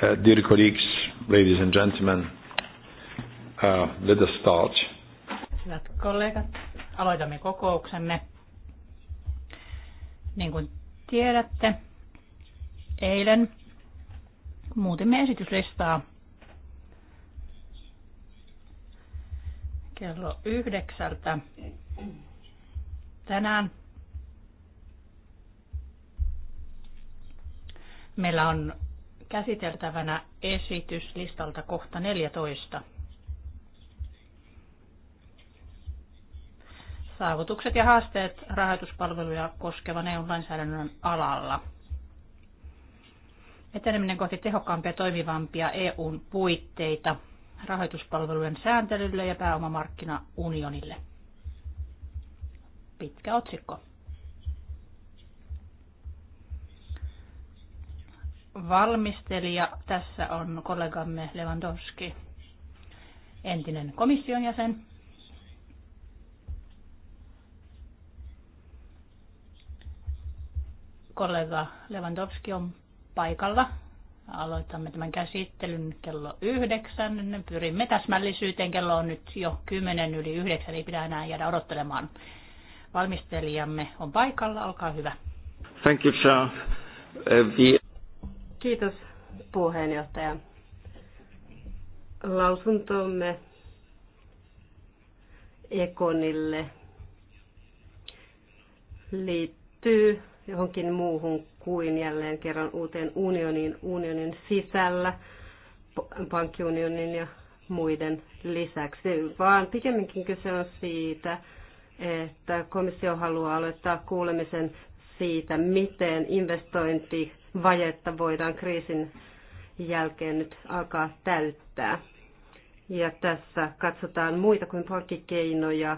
Uh, dear colleagues, ladies and gentlemen, uh, let us start. Hyvät kollegat, aloitamme kokouksemme. Niin kuin tiedätte, eilen muutimme esityslistaa kello yhdeksältä tänään. Meillä on käsiteltävänä esityslistalta kohta 14. Saavutukset ja haasteet rahoituspalveluja koskevan EU-lainsäädännön alalla. Eteneminen kohti tehokkaampia ja toimivampia EUn puitteita rahoituspalvelujen sääntelylle ja pääomamarkkinaunionille. Pitkä otsikko. valmistelija tässä on kollegamme Lewandowski, entinen komission jäsen. Kollega Lewandowski on paikalla. Aloitamme tämän käsittelyn kello yhdeksän. Pyrimme täsmällisyyteen. Kello on nyt jo kymmenen yli yhdeksän, ei pidä enää jäädä odottelemaan. Valmistelijamme on paikalla, olkaa hyvä. Thank you, sir. Uh, Kiitos puheenjohtaja. Lausuntomme Ekonille liittyy johonkin muuhun kuin jälleen kerran uuteen unionin, unionin sisällä, pankkiunionin ja muiden lisäksi, vaan pikemminkin kyse on siitä, että komissio haluaa aloittaa kuulemisen siitä, miten investointi vajetta voidaan kriisin jälkeen nyt alkaa täyttää. Ja tässä katsotaan muita kuin pankkikeinoja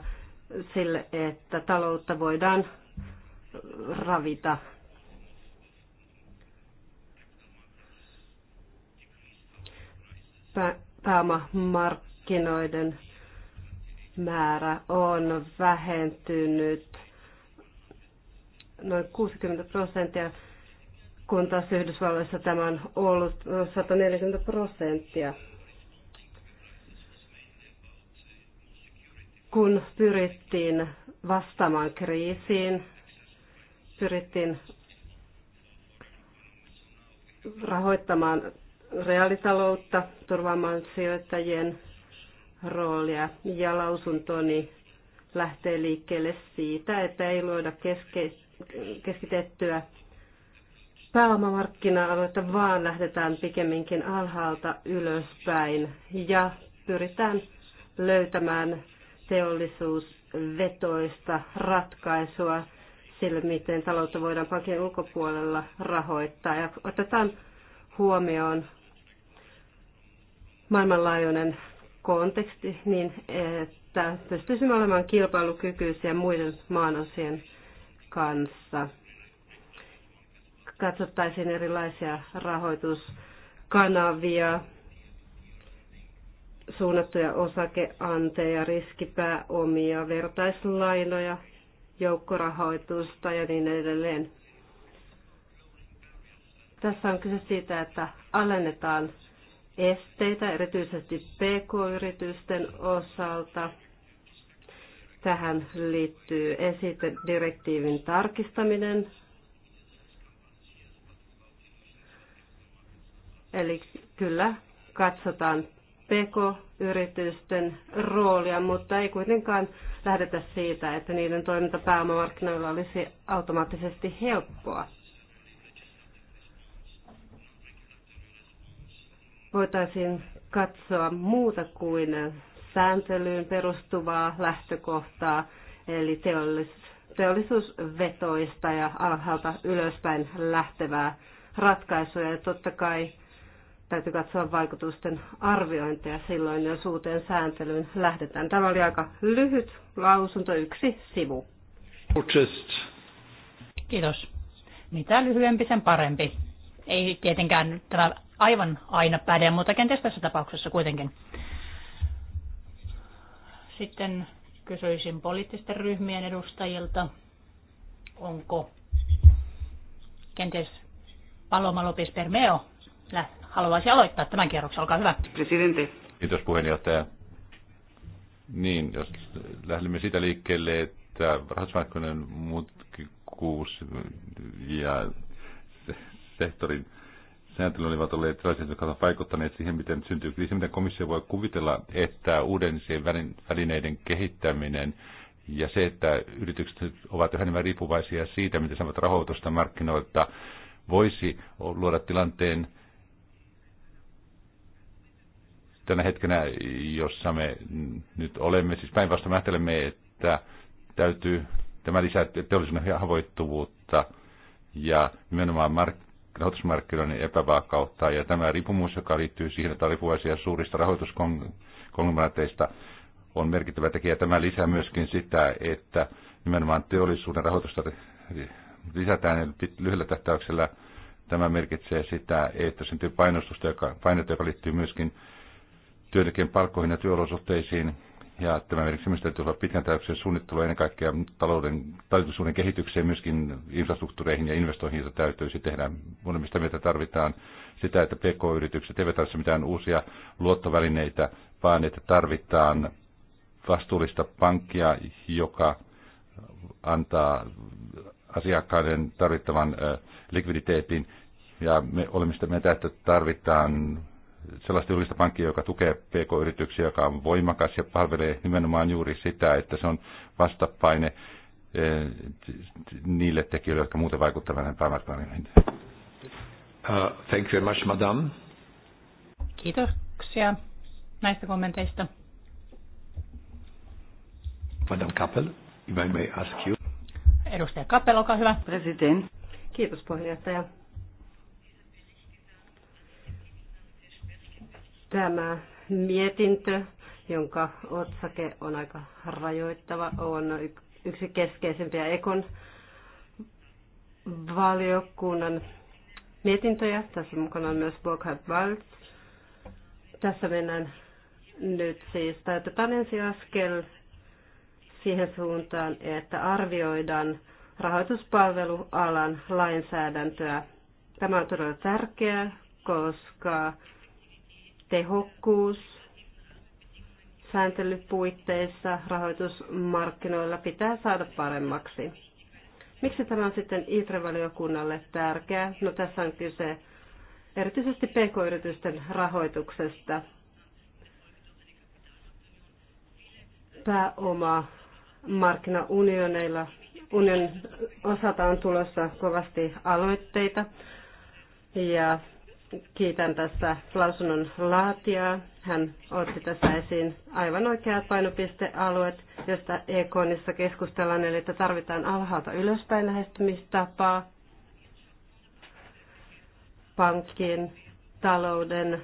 sille, että taloutta voidaan ravita. Pääomamarkkinoiden määrä on vähentynyt noin 60 prosenttia kun taas Yhdysvalloissa tämä on ollut 140 prosenttia. Kun pyrittiin vastaamaan kriisiin, pyrittiin rahoittamaan reaalitaloutta, turvaamaan sijoittajien roolia ja lausuntoni lähtee liikkeelle siitä, että ei luoda keskitettyä pääomamarkkina-aluetta, vaan lähdetään pikemminkin alhaalta ylöspäin ja pyritään löytämään teollisuusvetoista ratkaisua sille, miten taloutta voidaan pankin ulkopuolella rahoittaa. Ja otetaan huomioon maailmanlaajuinen konteksti niin, että pystyisimme olemaan kilpailukykyisiä muiden maanosien kanssa katsottaisiin erilaisia rahoituskanavia, suunnattuja osakeanteja, riskipääomia, vertaislainoja, joukkorahoitusta ja niin edelleen. Tässä on kyse siitä, että alennetaan esteitä erityisesti pk-yritysten osalta. Tähän liittyy esitedirektiivin tarkistaminen Eli kyllä katsotaan PK-yritysten roolia, mutta ei kuitenkaan lähdetä siitä, että niiden toiminta pääomamarkkinoilla olisi automaattisesti helppoa. Voitaisiin katsoa muuta kuin sääntelyyn perustuvaa lähtökohtaa, eli teollisuusvetoista ja alhaalta ylöspäin lähtevää ratkaisuja. Ja totta kai täytyy katsoa vaikutusten arviointeja silloin, jos uuteen sääntelyyn lähdetään. Tämä oli aika lyhyt lausunto, yksi sivu. Kiitos. Mitä lyhyempi, sen parempi. Ei tietenkään tämä aivan aina päde, mutta kenties tässä tapauksessa kuitenkin. Sitten kysyisin poliittisten ryhmien edustajilta, onko kenties Paloma Lopis Permeo haluaisi aloittaa tämän kierroksen. Olkaa hyvä. Presidentti. Kiitos puheenjohtaja. Niin, jos lähdemme siitä liikkeelle, että rahoitusmarkkinoiden mutkikuus ja sehtorin sääntely olivat olleet sellaiset, jotka ovat vaikuttaneet siihen, miten syntyy kriisi, miten komissio voi kuvitella, että uuden välineiden kehittäminen ja se, että yritykset ovat yhä enemmän riippuvaisia siitä, miten saavat rahoitusta markkinoilta, voisi luoda tilanteen, tänä hetkenä, jossa me nyt olemme, siis päinvastoin me ajattelemme, että täytyy, tämä lisää teollisuuden havoittuvuutta ja nimenomaan mark- rahoitusmarkkinoiden epävakautta ja tämä riippumus, joka liittyy siihen, että on riippuvaisia suurista rahoituskonglomeraateista, on merkittävä tekijä. Tämä lisää myöskin sitä, että nimenomaan teollisuuden rahoitusta lisätään lyhyellä tähtäyksellä. Tämä merkitsee sitä, että syntyy painostusta, joka, painetta, joka liittyy myöskin työntekijän palkkoihin ja työolosuhteisiin. Ja tämä merkitsee myös täytyy olla pitkän täyksen suunnittelu ennen kaikkea talouden, talouden kehitykseen, myöskin infrastruktuureihin ja investointeihin, joita täytyisi tehdä. mielestä mitä tarvitaan sitä, että PK-yritykset eivät tarvitse mitään uusia luottovälineitä, vaan että tarvitaan vastuullista pankkia, joka antaa asiakkaiden tarvittavan likviditeetin. Ja me olemme sitä mieltä, että tarvitaan sellaista julkista pankkia, joka tukee PK-yrityksiä, joka on voimakas ja palvelee nimenomaan juuri sitä, että se on vastapaine eh, niille tekijöille, jotka muuten vaikuttavat näihin päämarkkinoihin. Uh, thank you very much, madam. Kiitoksia näistä kommenteista. Madam Kappel, if I may ask you. Edustaja Kappel, olkaa hyvä. President. Kiitos puheenjohtaja Tämä mietintö, jonka otsake on aika rajoittava, on yksi keskeisempiä Ekon valiokunnan mietintöjä. Tässä mukana on myös Burkhard Waltz. Tässä mennään nyt siis, tai otetaan askel siihen suuntaan, että arvioidaan rahoituspalvelualan lainsäädäntöä. Tämä on todella tärkeää, koska tehokkuus sääntelypuitteissa rahoitusmarkkinoilla pitää saada paremmaksi. Miksi tämä on sitten ITRE-valiokunnalle tärkeää? No tässä on kyse erityisesti pk-yritysten rahoituksesta. Pääoma markkinaunioneilla union osalta on tulossa kovasti aloitteita ja kiitän tässä lausunnon laatiaa. Hän otti tässä esiin aivan oikeat painopistealueet, josta EKNissa keskustellaan, eli että tarvitaan alhaalta ylöspäin lähestymistapaa pankkien talouden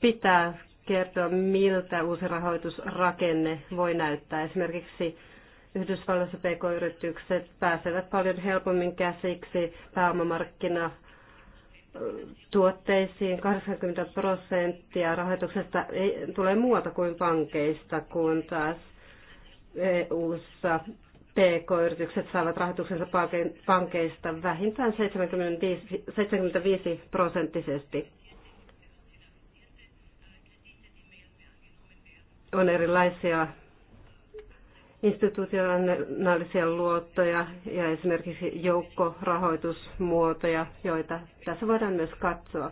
pitää kertoa, miltä uusi rahoitusrakenne voi näyttää. Esimerkiksi Yhdysvalloissa pk-yritykset pääsevät paljon helpommin käsiksi pääomamarkkina tuotteisiin 80 prosenttia rahoituksesta ei, tulee muualta kuin pankeista, kun taas EU-ssa PK-yritykset saavat rahoituksensa pankeista vähintään 75, 75 prosenttisesti. On erilaisia institutionaalisia luottoja ja esimerkiksi joukkorahoitusmuotoja, joita tässä voidaan myös katsoa.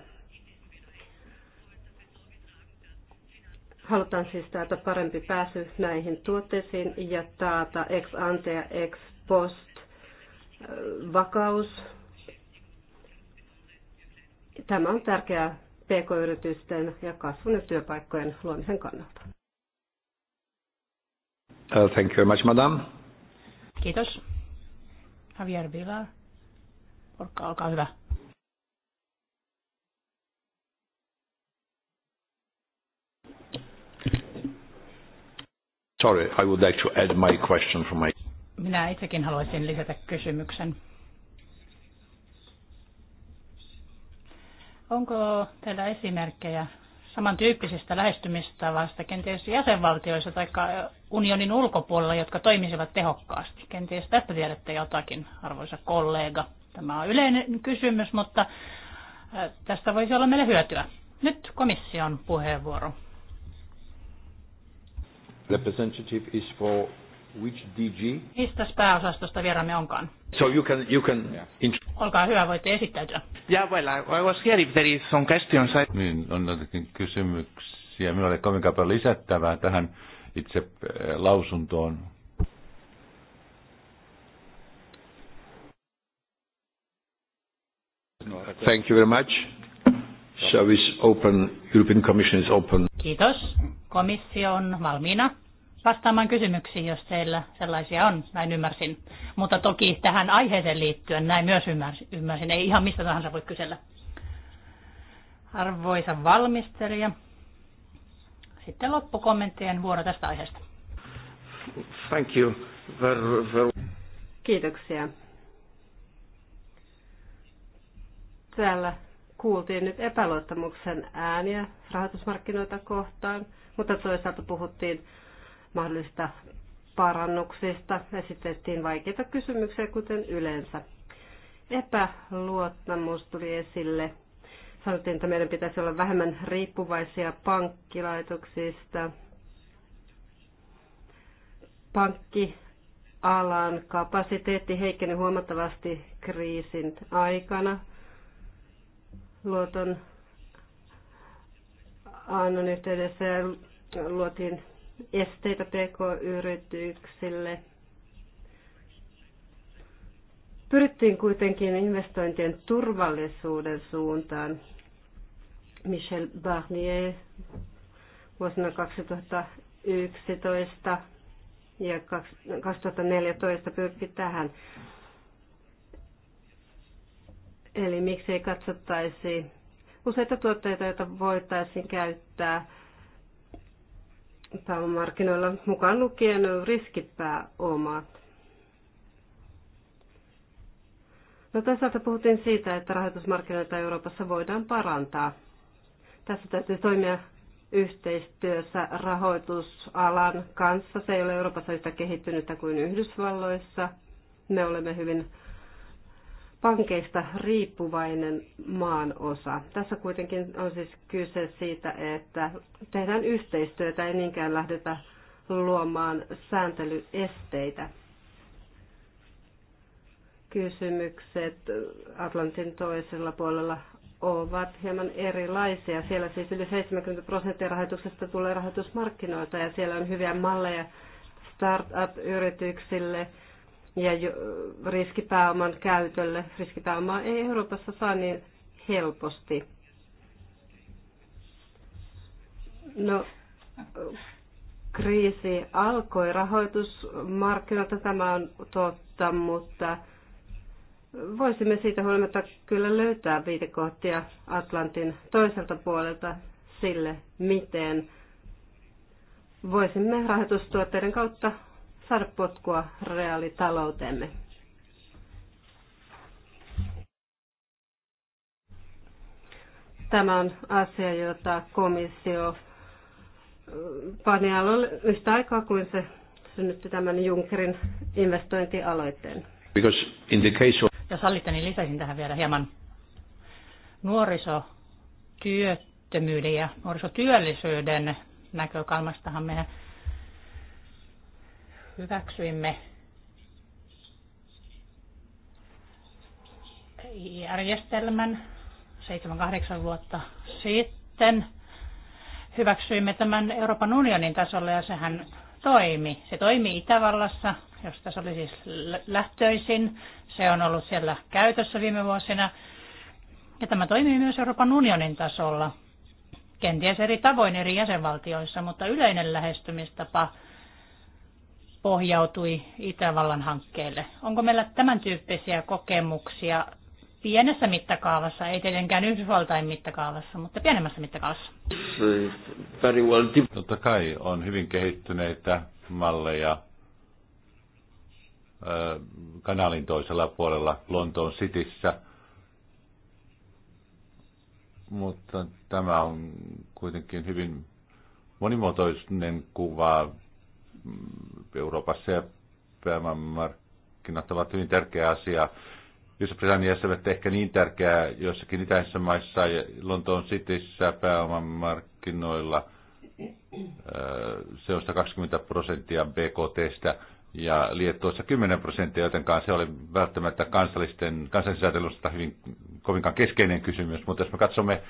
Halutaan siis taata parempi pääsy näihin tuotteisiin ja taata ex ante ja ex post äh, vakaus. Tämä on tärkeää pk-yritysten ja kasvun ja työpaikkojen luomisen kannalta. Uh, thank you very much, madam. Kiitos. Javier Vila. Porkka, olkaa hyvä. Sorry, I would like to add my question from my... Minä itsekin haluaisin lisätä kysymyksen. Onko teillä esimerkkejä samantyyppisestä lähestymistavasta kenties jäsenvaltioissa tai unionin ulkopuolella, jotka toimisivat tehokkaasti? Kenties tästä tiedätte jotakin, arvoisa kollega. Tämä on yleinen kysymys, mutta äh, tästä voisi olla meille hyötyä. Nyt komission puheenvuoro. Representative is for Which DG? Mistä pääosastosta vieramme onkaan? So you can, you can... Yeah. Olkaa hyvä, voitte esittäytyä. Yeah, well, I was here if there is some questions. I... Niin, on näitäkin kysymyksiä. Minulla ei kovinkaan paljon lisättävää tähän itse eh, lausuntoon. Thank you very much. Service open, European Commission is open. Kiitos. Komissio on valmiina vastaamaan kysymyksiin, jos teillä sellaisia on, näin ymmärsin. Mutta toki tähän aiheeseen liittyen näin myös ymmärsin. Ei ihan mistä tahansa voi kysellä. Arvoisa valmistelija, sitten loppukommenttien vuoro tästä aiheesta. Thank you. Very, very... Kiitoksia. Täällä kuultiin nyt epäluottamuksen ääniä rahoitusmarkkinoita kohtaan, mutta toisaalta puhuttiin mahdollista parannuksista. Esitettiin vaikeita kysymyksiä, kuten yleensä. Epäluottamus tuli esille. Sanottiin, että meidän pitäisi olla vähemmän riippuvaisia pankkilaitoksista. Pankkialan kapasiteetti heikkeni huomattavasti kriisin aikana. Luoton annon yhteydessä luotiin esteitä pk-yrityksille. Pyrittiin kuitenkin investointien turvallisuuden suuntaan. Michel Barnier vuosina 2011 ja 2014 pyrki tähän. Eli miksi ei katsottaisi useita tuotteita, joita voitaisiin käyttää pääomamarkkinoilla, mukaan lukien riskipääomat. No toisaalta puhuttiin siitä, että rahoitusmarkkinoita Euroopassa voidaan parantaa. Tässä täytyy toimia yhteistyössä rahoitusalan kanssa. Se ei ole Euroopassa yhtä kehittynyttä kuin Yhdysvalloissa. Me olemme hyvin pankeista riippuvainen maan osa. Tässä kuitenkin on siis kyse siitä, että tehdään yhteistyötä, ei niinkään lähdetä luomaan sääntelyesteitä. Kysymykset Atlantin toisella puolella ovat hieman erilaisia. Siellä siis yli 70 prosenttia rahoituksesta tulee rahoitusmarkkinoilta ja siellä on hyviä malleja startup-yrityksille – ja riskipääoman käytölle. Riskipääomaa ei Euroopassa saa niin helposti. No, kriisi alkoi rahoitusmarkkinoilta, tämä on totta, mutta voisimme siitä huolimatta kyllä löytää viitekohtia Atlantin toiselta puolelta sille, miten voisimme rahoitustuotteiden kautta saada potkua reaalitalouteemme. Tämä on asia, jota komissio pani aloille yhtä aikaa kuin se synnytti tämän Junckerin investointialoitteen. Because in the case of... Jos sallitte, niin lisäisin tähän vielä hieman nuorisotyöttömyyden ja nuorisotyöllisyyden näkökulmastahan meidän hyväksyimme järjestelmän 7-8 vuotta sitten. Hyväksyimme tämän Euroopan unionin tasolla ja sehän toimi. Se toimi Itävallassa, josta se oli siis lähtöisin. Se on ollut siellä käytössä viime vuosina. Ja tämä toimii myös Euroopan unionin tasolla. Kenties eri tavoin eri jäsenvaltioissa, mutta yleinen lähestymistapa pohjautui Itävallan hankkeelle. Onko meillä tämän tyyppisiä kokemuksia pienessä mittakaavassa, ei tietenkään Yhdysvaltain mittakaavassa, mutta pienemmässä mittakaavassa? Totta kai on hyvin kehittyneitä malleja kanalin toisella puolella Lontoon Cityssä, mutta tämä on kuitenkin hyvin monimuotoinen kuva Euroopassa ja pääomamarkkinat ovat hyvin tärkeä asia. jos britanniassa ovat ehkä niin tärkeää joissakin itäisissä maissa ja Lontoon Cityssä pääomamarkkinoilla äh, se on 120 prosenttia BKTstä ja Liettuossa 10 prosenttia, jotenkaan se oli välttämättä kansallisten, kansallisäätelystä hyvin kovinkaan keskeinen kysymys, mutta jos me katsomme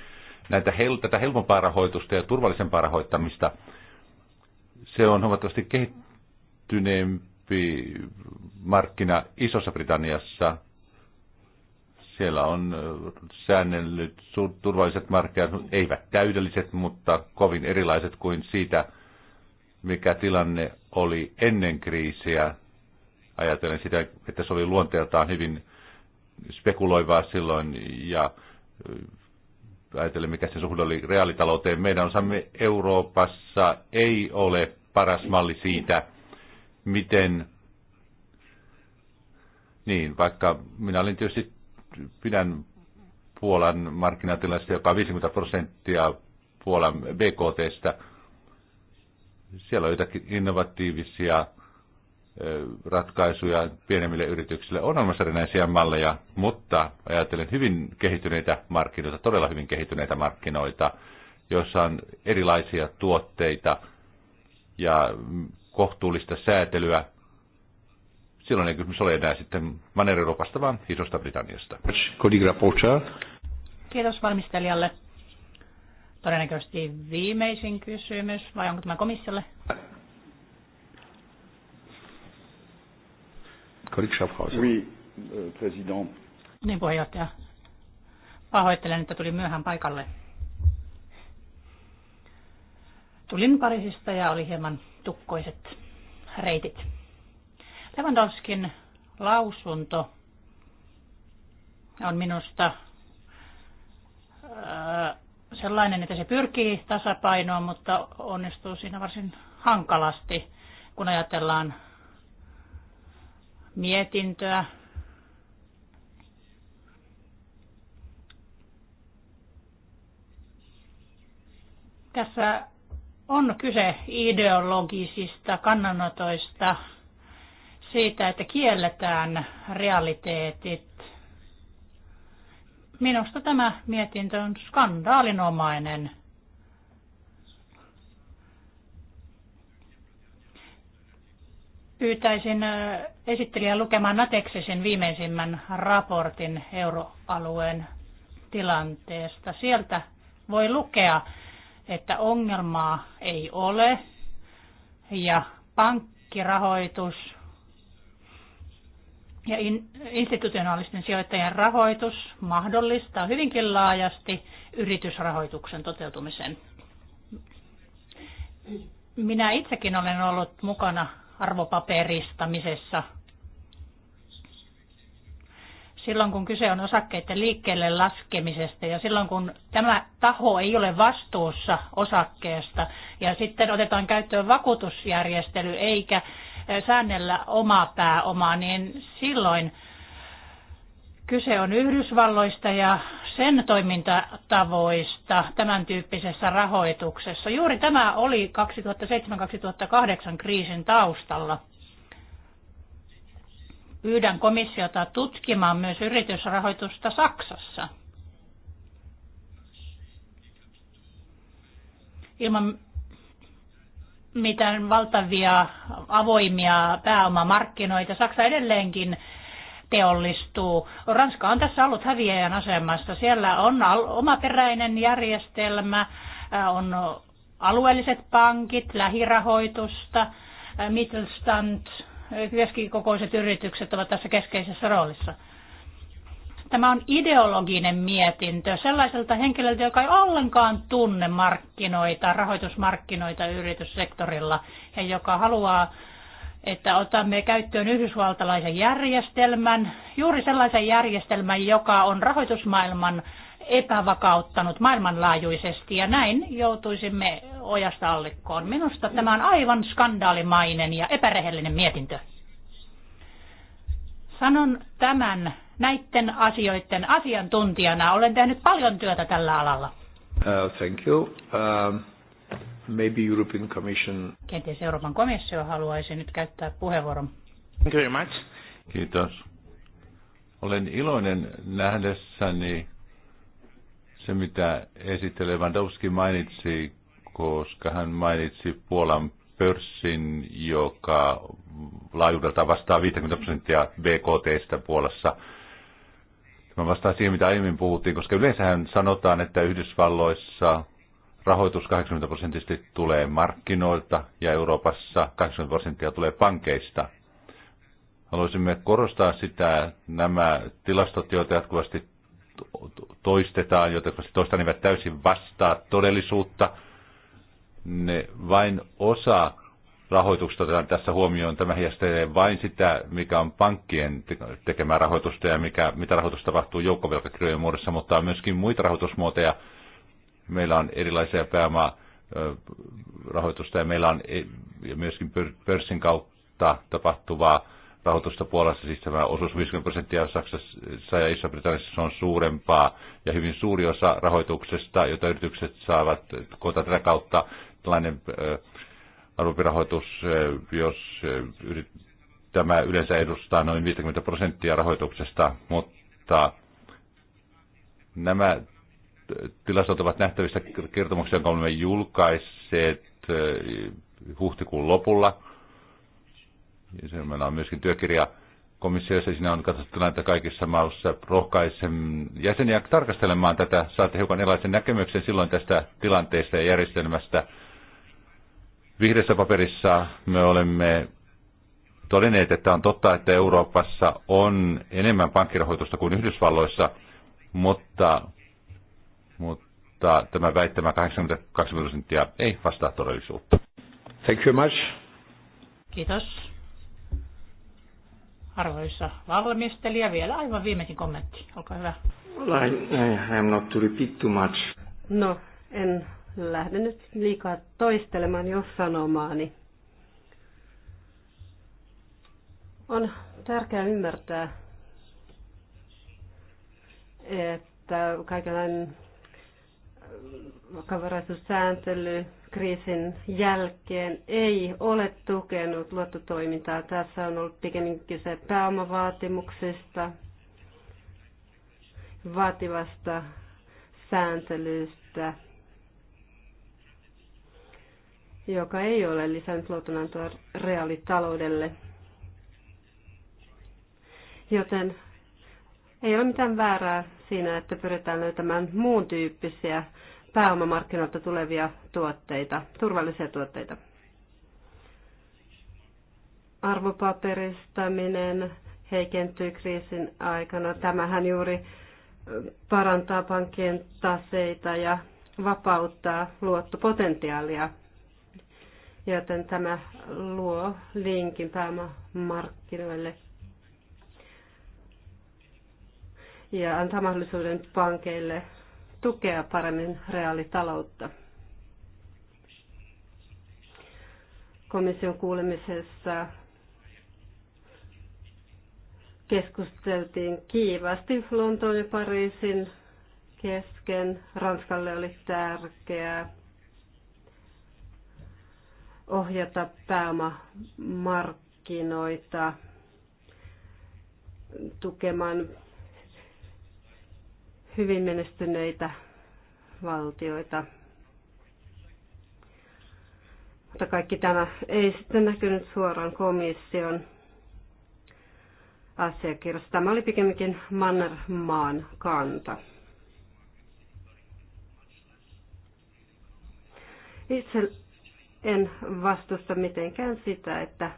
näitä, tätä helpompaa rahoitusta ja turvallisempaa rahoittamista, se on huomattavasti kehittyneempi markkina Isossa Britanniassa. Siellä on säännellyt turvalliset markkinat, eivät täydelliset, mutta kovin erilaiset kuin siitä, mikä tilanne oli ennen kriisiä. Ajatellen sitä, että se oli luonteeltaan hyvin spekuloivaa silloin ja ajatellen, mikä se suhde oli reaalitalouteen. Meidän osamme Euroopassa ei ole paras malli siitä, miten, niin vaikka minä olin tietysti, pidän Puolan markkinatilasta jopa 50 prosenttia Puolan BKTstä, siellä on jotakin innovatiivisia ratkaisuja pienemmille yrityksille. On olemassa erinäisiä malleja, mutta ajattelen hyvin kehittyneitä markkinoita, todella hyvin kehittyneitä markkinoita, joissa on erilaisia tuotteita – ja kohtuullista säätelyä, silloin ei kysymys ole enää sitten Manner-Euroopasta, vaan Isosta Britanniasta. Kiitos valmistelijalle. Todennäköisesti viimeisin kysymys, vai onko tämä komissiolle? Euh, niin puheenjohtaja. Pahoittelen, että tuli myöhään paikalle. Tulin Pariisista ja oli hieman tukkoiset reitit. Lewandowskin lausunto on minusta äh, sellainen, että se pyrkii tasapainoon, mutta onnistuu siinä varsin hankalasti, kun ajatellaan mietintöä. Tässä on kyse ideologisista kannanotoista, siitä, että kielletään realiteetit. Minusta tämä mietintö on skandaalinomainen. Pyytäisin äh, esittelijän lukemaan Natexisin viimeisimmän raportin euroalueen tilanteesta. Sieltä voi lukea, että ongelmaa ei ole ja pankkirahoitus ja institutionaalisten sijoittajien rahoitus mahdollistaa hyvinkin laajasti yritysrahoituksen toteutumisen. Minä itsekin olen ollut mukana arvopaperistamisessa – silloin kun kyse on osakkeiden liikkeelle laskemisesta ja silloin kun tämä taho ei ole vastuussa osakkeesta ja sitten otetaan käyttöön vakuutusjärjestely eikä eh, säännellä omaa pääomaa, niin silloin kyse on Yhdysvalloista ja sen toimintatavoista tämän tyyppisessä rahoituksessa. Juuri tämä oli 2007-2008 kriisin taustalla pyydän komissiota tutkimaan myös yritysrahoitusta Saksassa. Ilman mitään valtavia avoimia pääomamarkkinoita. Saksa edelleenkin teollistuu. Ranska on tässä ollut häviäjän asemassa. Siellä on omaperäinen järjestelmä, äh, on alueelliset pankit, lähirahoitusta, äh, Mittelstand, keskikokoiset yritykset ovat tässä keskeisessä roolissa. Tämä on ideologinen mietintö sellaiselta henkilöltä, joka ei ollenkaan tunne markkinoita, rahoitusmarkkinoita yrityssektorilla ja joka haluaa, että otamme käyttöön yhdysvaltalaisen järjestelmän, juuri sellaisen järjestelmän, joka on rahoitusmaailman epävakauttanut maailmanlaajuisesti ja näin joutuisimme ojasta allikkoon. Minusta tämä on aivan skandaalimainen ja epärehellinen mietintö. Sanon tämän näiden asioiden asiantuntijana. Olen tehnyt paljon työtä tällä alalla. Uh, thank you. Uh, maybe European Commission. Kenties Euroopan komissio haluaisi nyt käyttää puheenvuoron. Thank you very much. Kiitos. Olen iloinen nähdessäni se, mitä esittelee mainitsi, koska hän mainitsi Puolan pörssin, joka laajuudelta vastaa 50 prosenttia BKTstä Puolassa. Mä vastaan siihen, mitä aiemmin puhuttiin, koska yleensähän sanotaan, että Yhdysvalloissa rahoitus 80 prosenttisesti tulee markkinoilta ja Euroopassa 80 prosenttia tulee pankeista. Haluaisimme korostaa sitä, nämä tilastot, joita jatkuvasti toistetaan, se toistaan eivät täysin vastaa todellisuutta. Ne vain osa rahoituksesta otetaan tässä huomioon. Tämä heijastelee vain sitä, mikä on pankkien tekemää rahoitusta ja mikä, mitä rahoitusta tapahtuu joukkovelkakirjojen muodossa, mutta on myöskin muita rahoitusmuotoja. Meillä on erilaisia pääomaa rahoitusta ja meillä on e-, myöskin pörssin kautta tapahtuvaa rahoitusta Puolassa, siis tämä osuus 50 prosenttia Saksassa ja Iso-Britanniassa on suurempaa, ja hyvin suuri osa rahoituksesta, jota yritykset saavat koota tätä kautta, tällainen äh, arvopirahoitus, äh, jos äh, tämä yleensä edustaa noin 50 prosenttia rahoituksesta, mutta nämä tilastot ovat nähtävissä kertomuksia, jonka olemme julkaisseet huhtikuun lopulla – Meillä on myöskin työkirja komissiossa, siinä on katsottu näitä kaikissa maussa. Rohkaisen jäseniä tarkastelemaan tätä. Saatte hiukan erilaisen näkemyksen silloin tästä tilanteesta ja järjestelmästä. Vihreässä paperissa me olemme todenneet, että on totta, että Euroopassa on enemmän pankkirahoitusta kuin Yhdysvalloissa, mutta, mutta tämä väittämä 82 prosenttia ei vastaa todellisuutta. Thank you much. Kiitos. Arvoisa valmistelija, vielä aivan viimeisin kommentti. Olkaa hyvä. I, I am not to repeat too much. No, en lähde nyt liikaa toistelemaan jo sanomaani. On tärkeää ymmärtää, että kaikenlainen vakavaraisuussääntely finanssikriisin jälkeen ei ole tukenut luottotoimintaa. Tässä on ollut pikemminkin kyse pääomavaatimuksista, vaativasta sääntelystä, joka ei ole lisännyt luotonantoa reaalitaloudelle. Joten ei ole mitään väärää siinä, että pyritään löytämään muun tyyppisiä pääomamarkkinoilta tulevia tuotteita, turvallisia tuotteita. Arvopaperistaminen heikentyy kriisin aikana. Tämähän juuri parantaa pankkien taseita ja vapauttaa luottopotentiaalia, joten tämä luo linkin pääomamarkkinoille ja antaa mahdollisuuden pankeille tukea paremmin reaalitaloutta. Komission kuulemisessa keskusteltiin kiivasti Lontoon ja Pariisin kesken. Ranskalle oli tärkeää ohjata pääomamarkkinoita tukemaan hyvin menestyneitä valtioita. Mutta kaikki tämä ei sitten näkynyt suoraan komission asiakirjassa. Tämä oli pikemminkin Mannermaan kanta. Itse en vastusta mitenkään sitä, että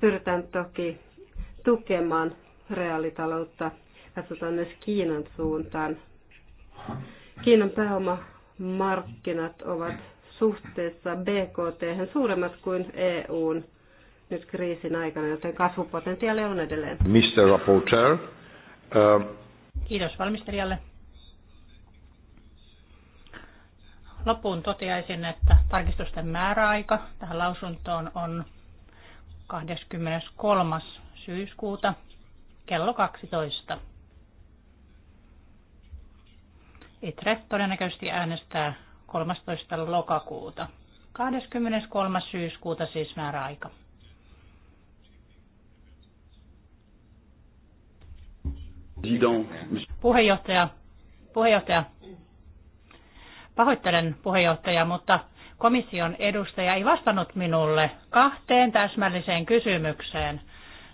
pyritään toki tukemaan reaalitaloutta – katsotaan myös Kiinan suuntaan. Kiinan pääomamarkkinat ovat suhteessa BKT suuremmat kuin EUn nyt kriisin aikana, joten kasvupotentiaali on edelleen. Mr. Rapporteur. Uh... Kiitos valmistelijalle. Loppuun toteaisin, että tarkistusten määräaika tähän lausuntoon on 23. syyskuuta kello 12. ITRE todennäköisesti äänestää 13. lokakuuta. 23. syyskuuta siis määräaika. Puheenjohtaja, puheenjohtaja. Pahoittelen puheenjohtaja, mutta komission edustaja ei vastannut minulle kahteen täsmälliseen kysymykseen.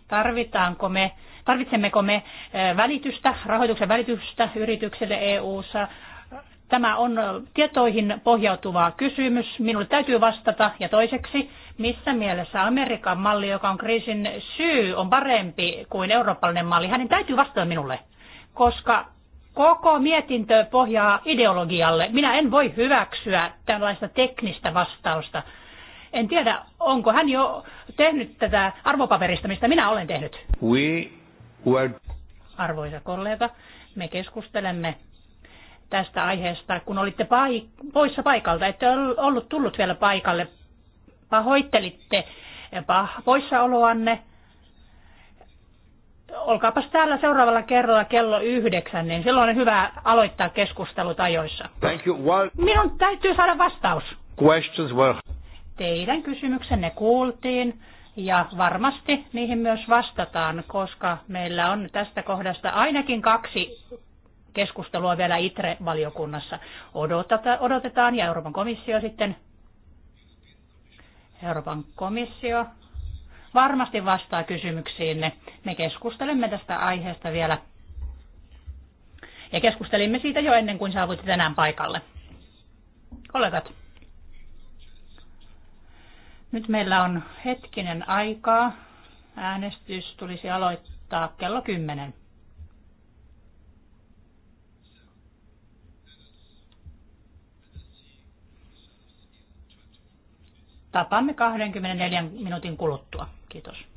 Tarvitaanko me Tarvitsemmeko me eh, välitystä, rahoituksen välitystä yritykselle EU-ssa? Tämä on eh, tietoihin pohjautuva kysymys. Minulle täytyy vastata. Ja toiseksi, missä mielessä Amerikan malli, joka on kriisin syy, on parempi kuin eurooppalainen malli? Hänen täytyy vastata minulle, koska koko mietintö pohjaa ideologialle. Minä en voi hyväksyä tällaista teknistä vastausta. En tiedä, onko hän jo tehnyt tätä mistä minä olen tehnyt. We Arvoisa kollega, me keskustelemme tästä aiheesta, kun olitte paik- poissa paikalta, ette ollut tullut vielä paikalle. Pahoittelitte pah- poissaoloanne. Olkaapas täällä seuraavalla kerralla kello yhdeksän, niin silloin on hyvä aloittaa keskustelut ajoissa. Thank you. Well... Minun täytyy saada vastaus. Questions were... Teidän kysymyksenne kuultiin ja varmasti niihin myös vastataan, koska meillä on tästä kohdasta ainakin kaksi keskustelua vielä ITRE-valiokunnassa. Odotetaan ja Euroopan komissio sitten. Euroopan komissio varmasti vastaa kysymyksiinne. Me keskustelemme tästä aiheesta vielä. Ja keskustelimme siitä jo ennen kuin saavuitte tänään paikalle. Kollegat. Nyt meillä on hetkinen aikaa. Äänestys tulisi aloittaa kello 10. Tapaamme 24 minuutin kuluttua. Kiitos.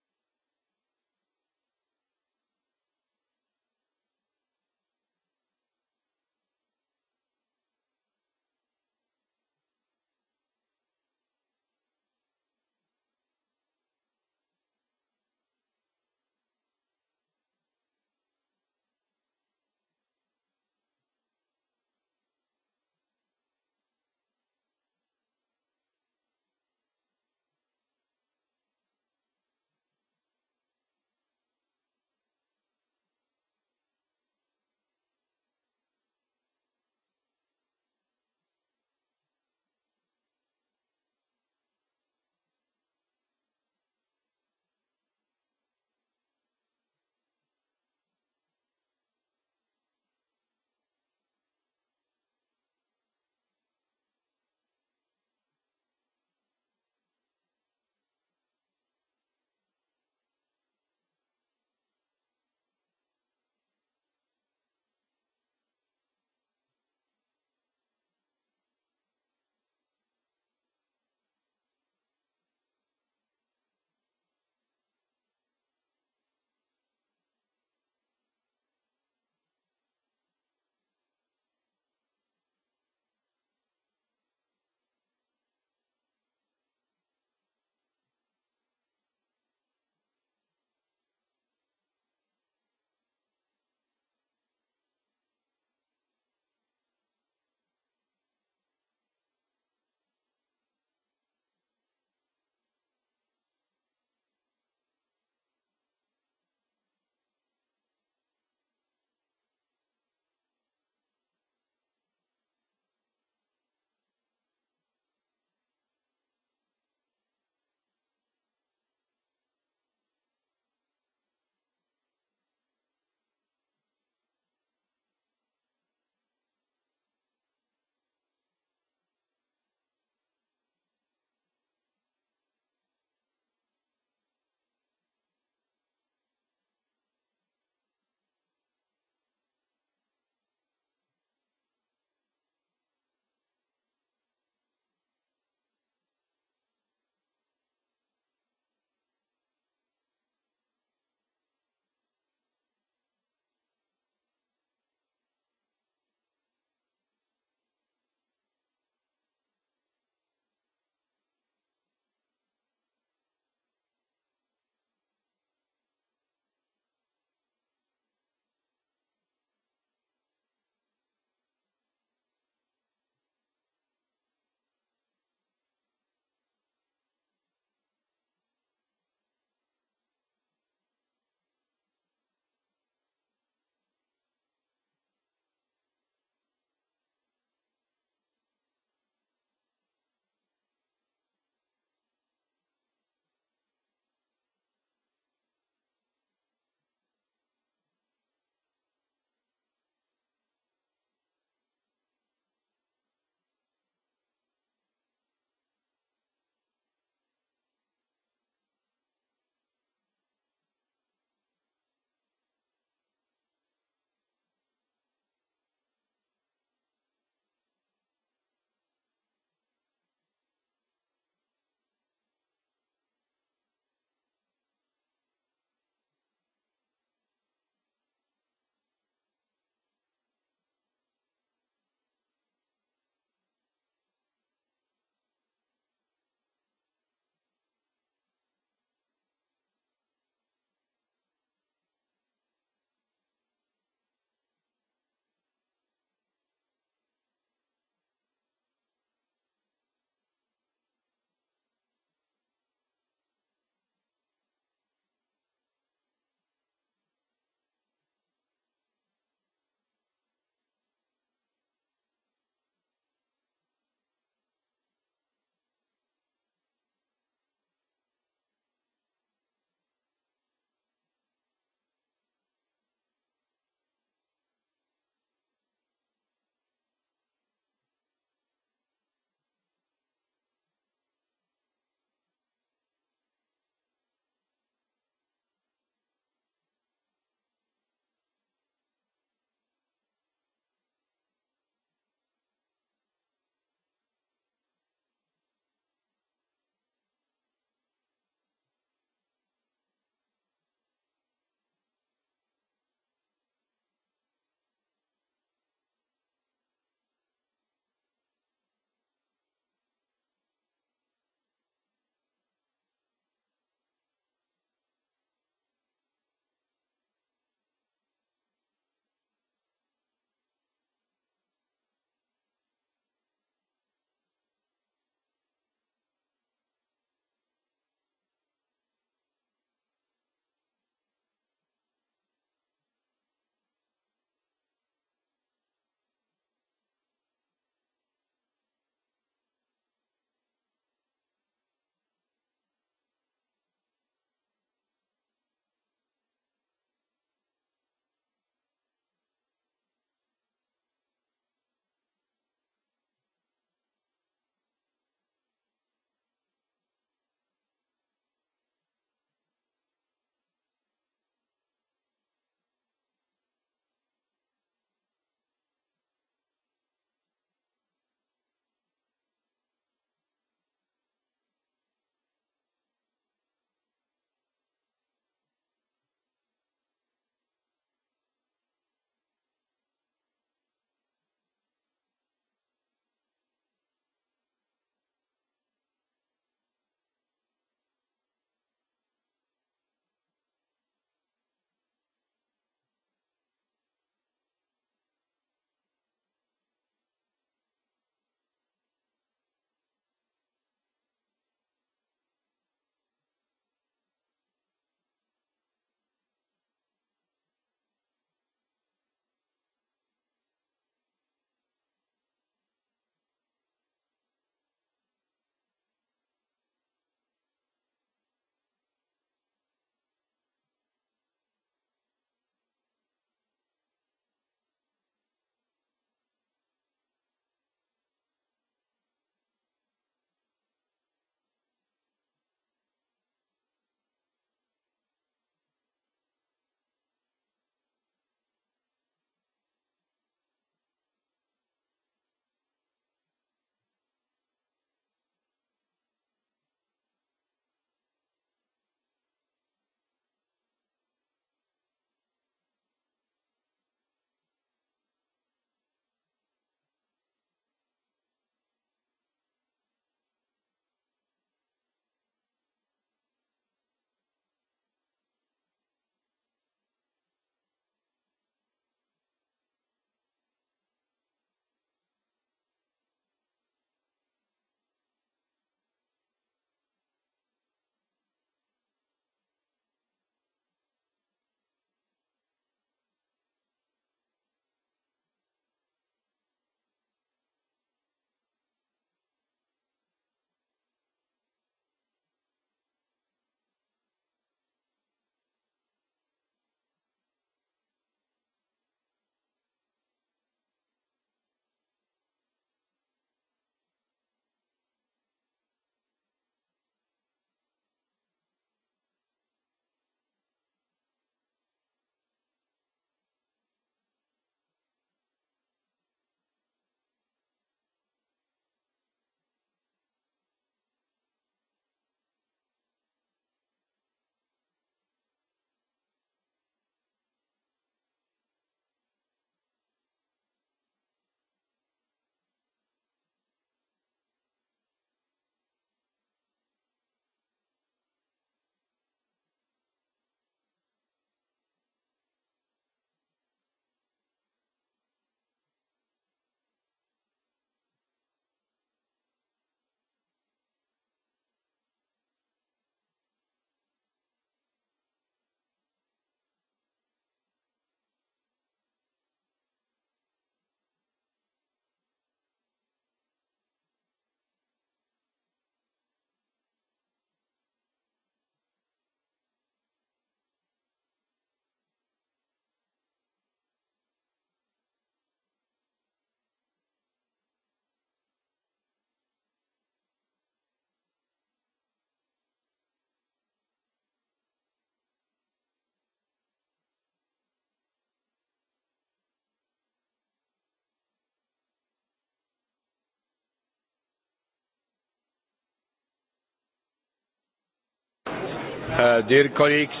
Uh, dear colleagues,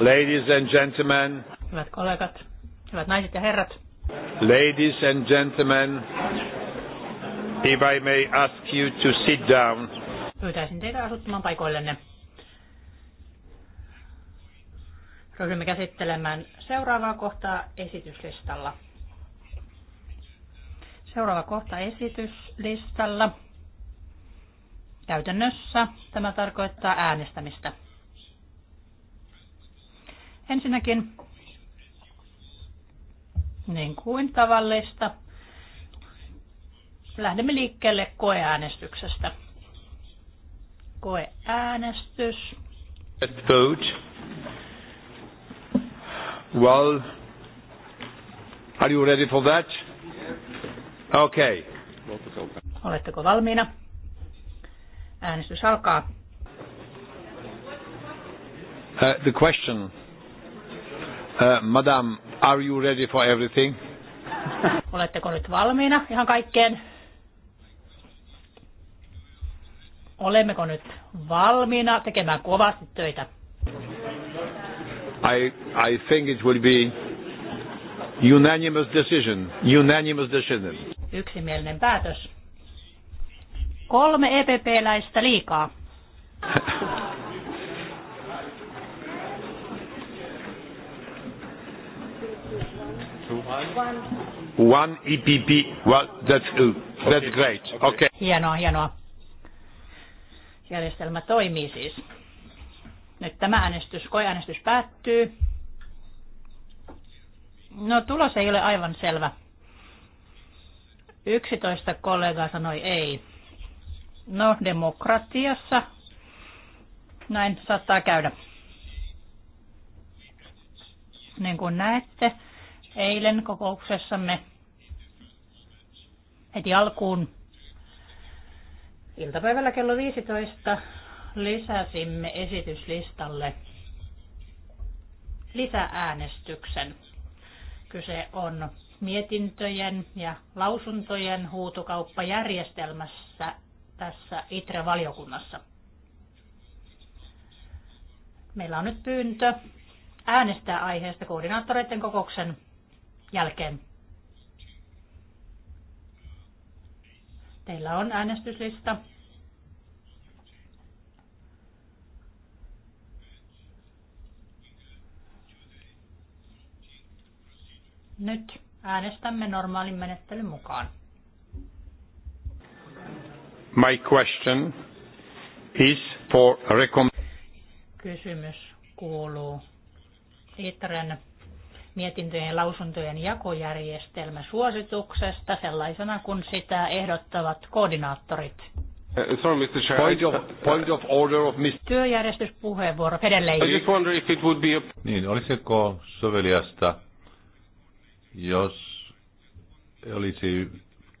ladies and gentlemen. Hyvät kollegat, hyvät naiset ja herrat. Ladies and gentlemen, if I may ask you to sit down. Pyytäisin teitä asuttamaan paikoillenne. Ryhdymme käsittelemään seuraavaa kohtaa esityslistalla. Seuraava kohta esityslistalla. Käytännössä tämä tarkoittaa äänestämistä. Ensinnäkin, niin kuin tavallista, lähdemme liikkeelle koeäänestyksestä. Koeäänestys. Vote. Well, are you ready for that? Okay. Oletteko valmiina? Äänestys alkaa. Uh, the question Uh, madam, are you ready for everything? Oletteko nyt valmiina ihan kaikkeen? Olemmeko nyt valmiina tekemään kovasti töitä? I, I think it will be unanimous decision. Unanimous decision. Yksimielinen päätös. Kolme EPP-läistä liikaa. One EPP. Well, that's, uh, that's great. Okay. Hienoa, hienoa. Järjestelmä toimii siis. Nyt tämä äänestys, koeäänestys päättyy. No tulos ei ole aivan selvä. 11 kollegaa sanoi ei. No demokratiassa näin saattaa käydä. Niin kuin näette, Eilen kokouksessamme heti alkuun iltapäivällä kello 15 lisäsimme esityslistalle lisääänestyksen. Kyse on mietintöjen ja lausuntojen huutokauppajärjestelmässä tässä ITRE-valiokunnassa. Meillä on nyt pyyntö äänestää aiheesta koordinaattoreiden kokouksen jälkeen. Teillä on äänestyslista. Nyt äänestämme normaalin menettelyn mukaan. My question is for recommendation. Kysymys kuuluu Itren mietintöjen lausuntojen jakojärjestelmä suosituksesta sellaisena, kun sitä ehdottavat koordinaattorit. Uh, sorry, Mr. Chair. Point of, point of order of Työjärjestyspuheenvuoro, edelleen. I just wonder if it would be a... Niin, olisiko soveliasta, jos olisi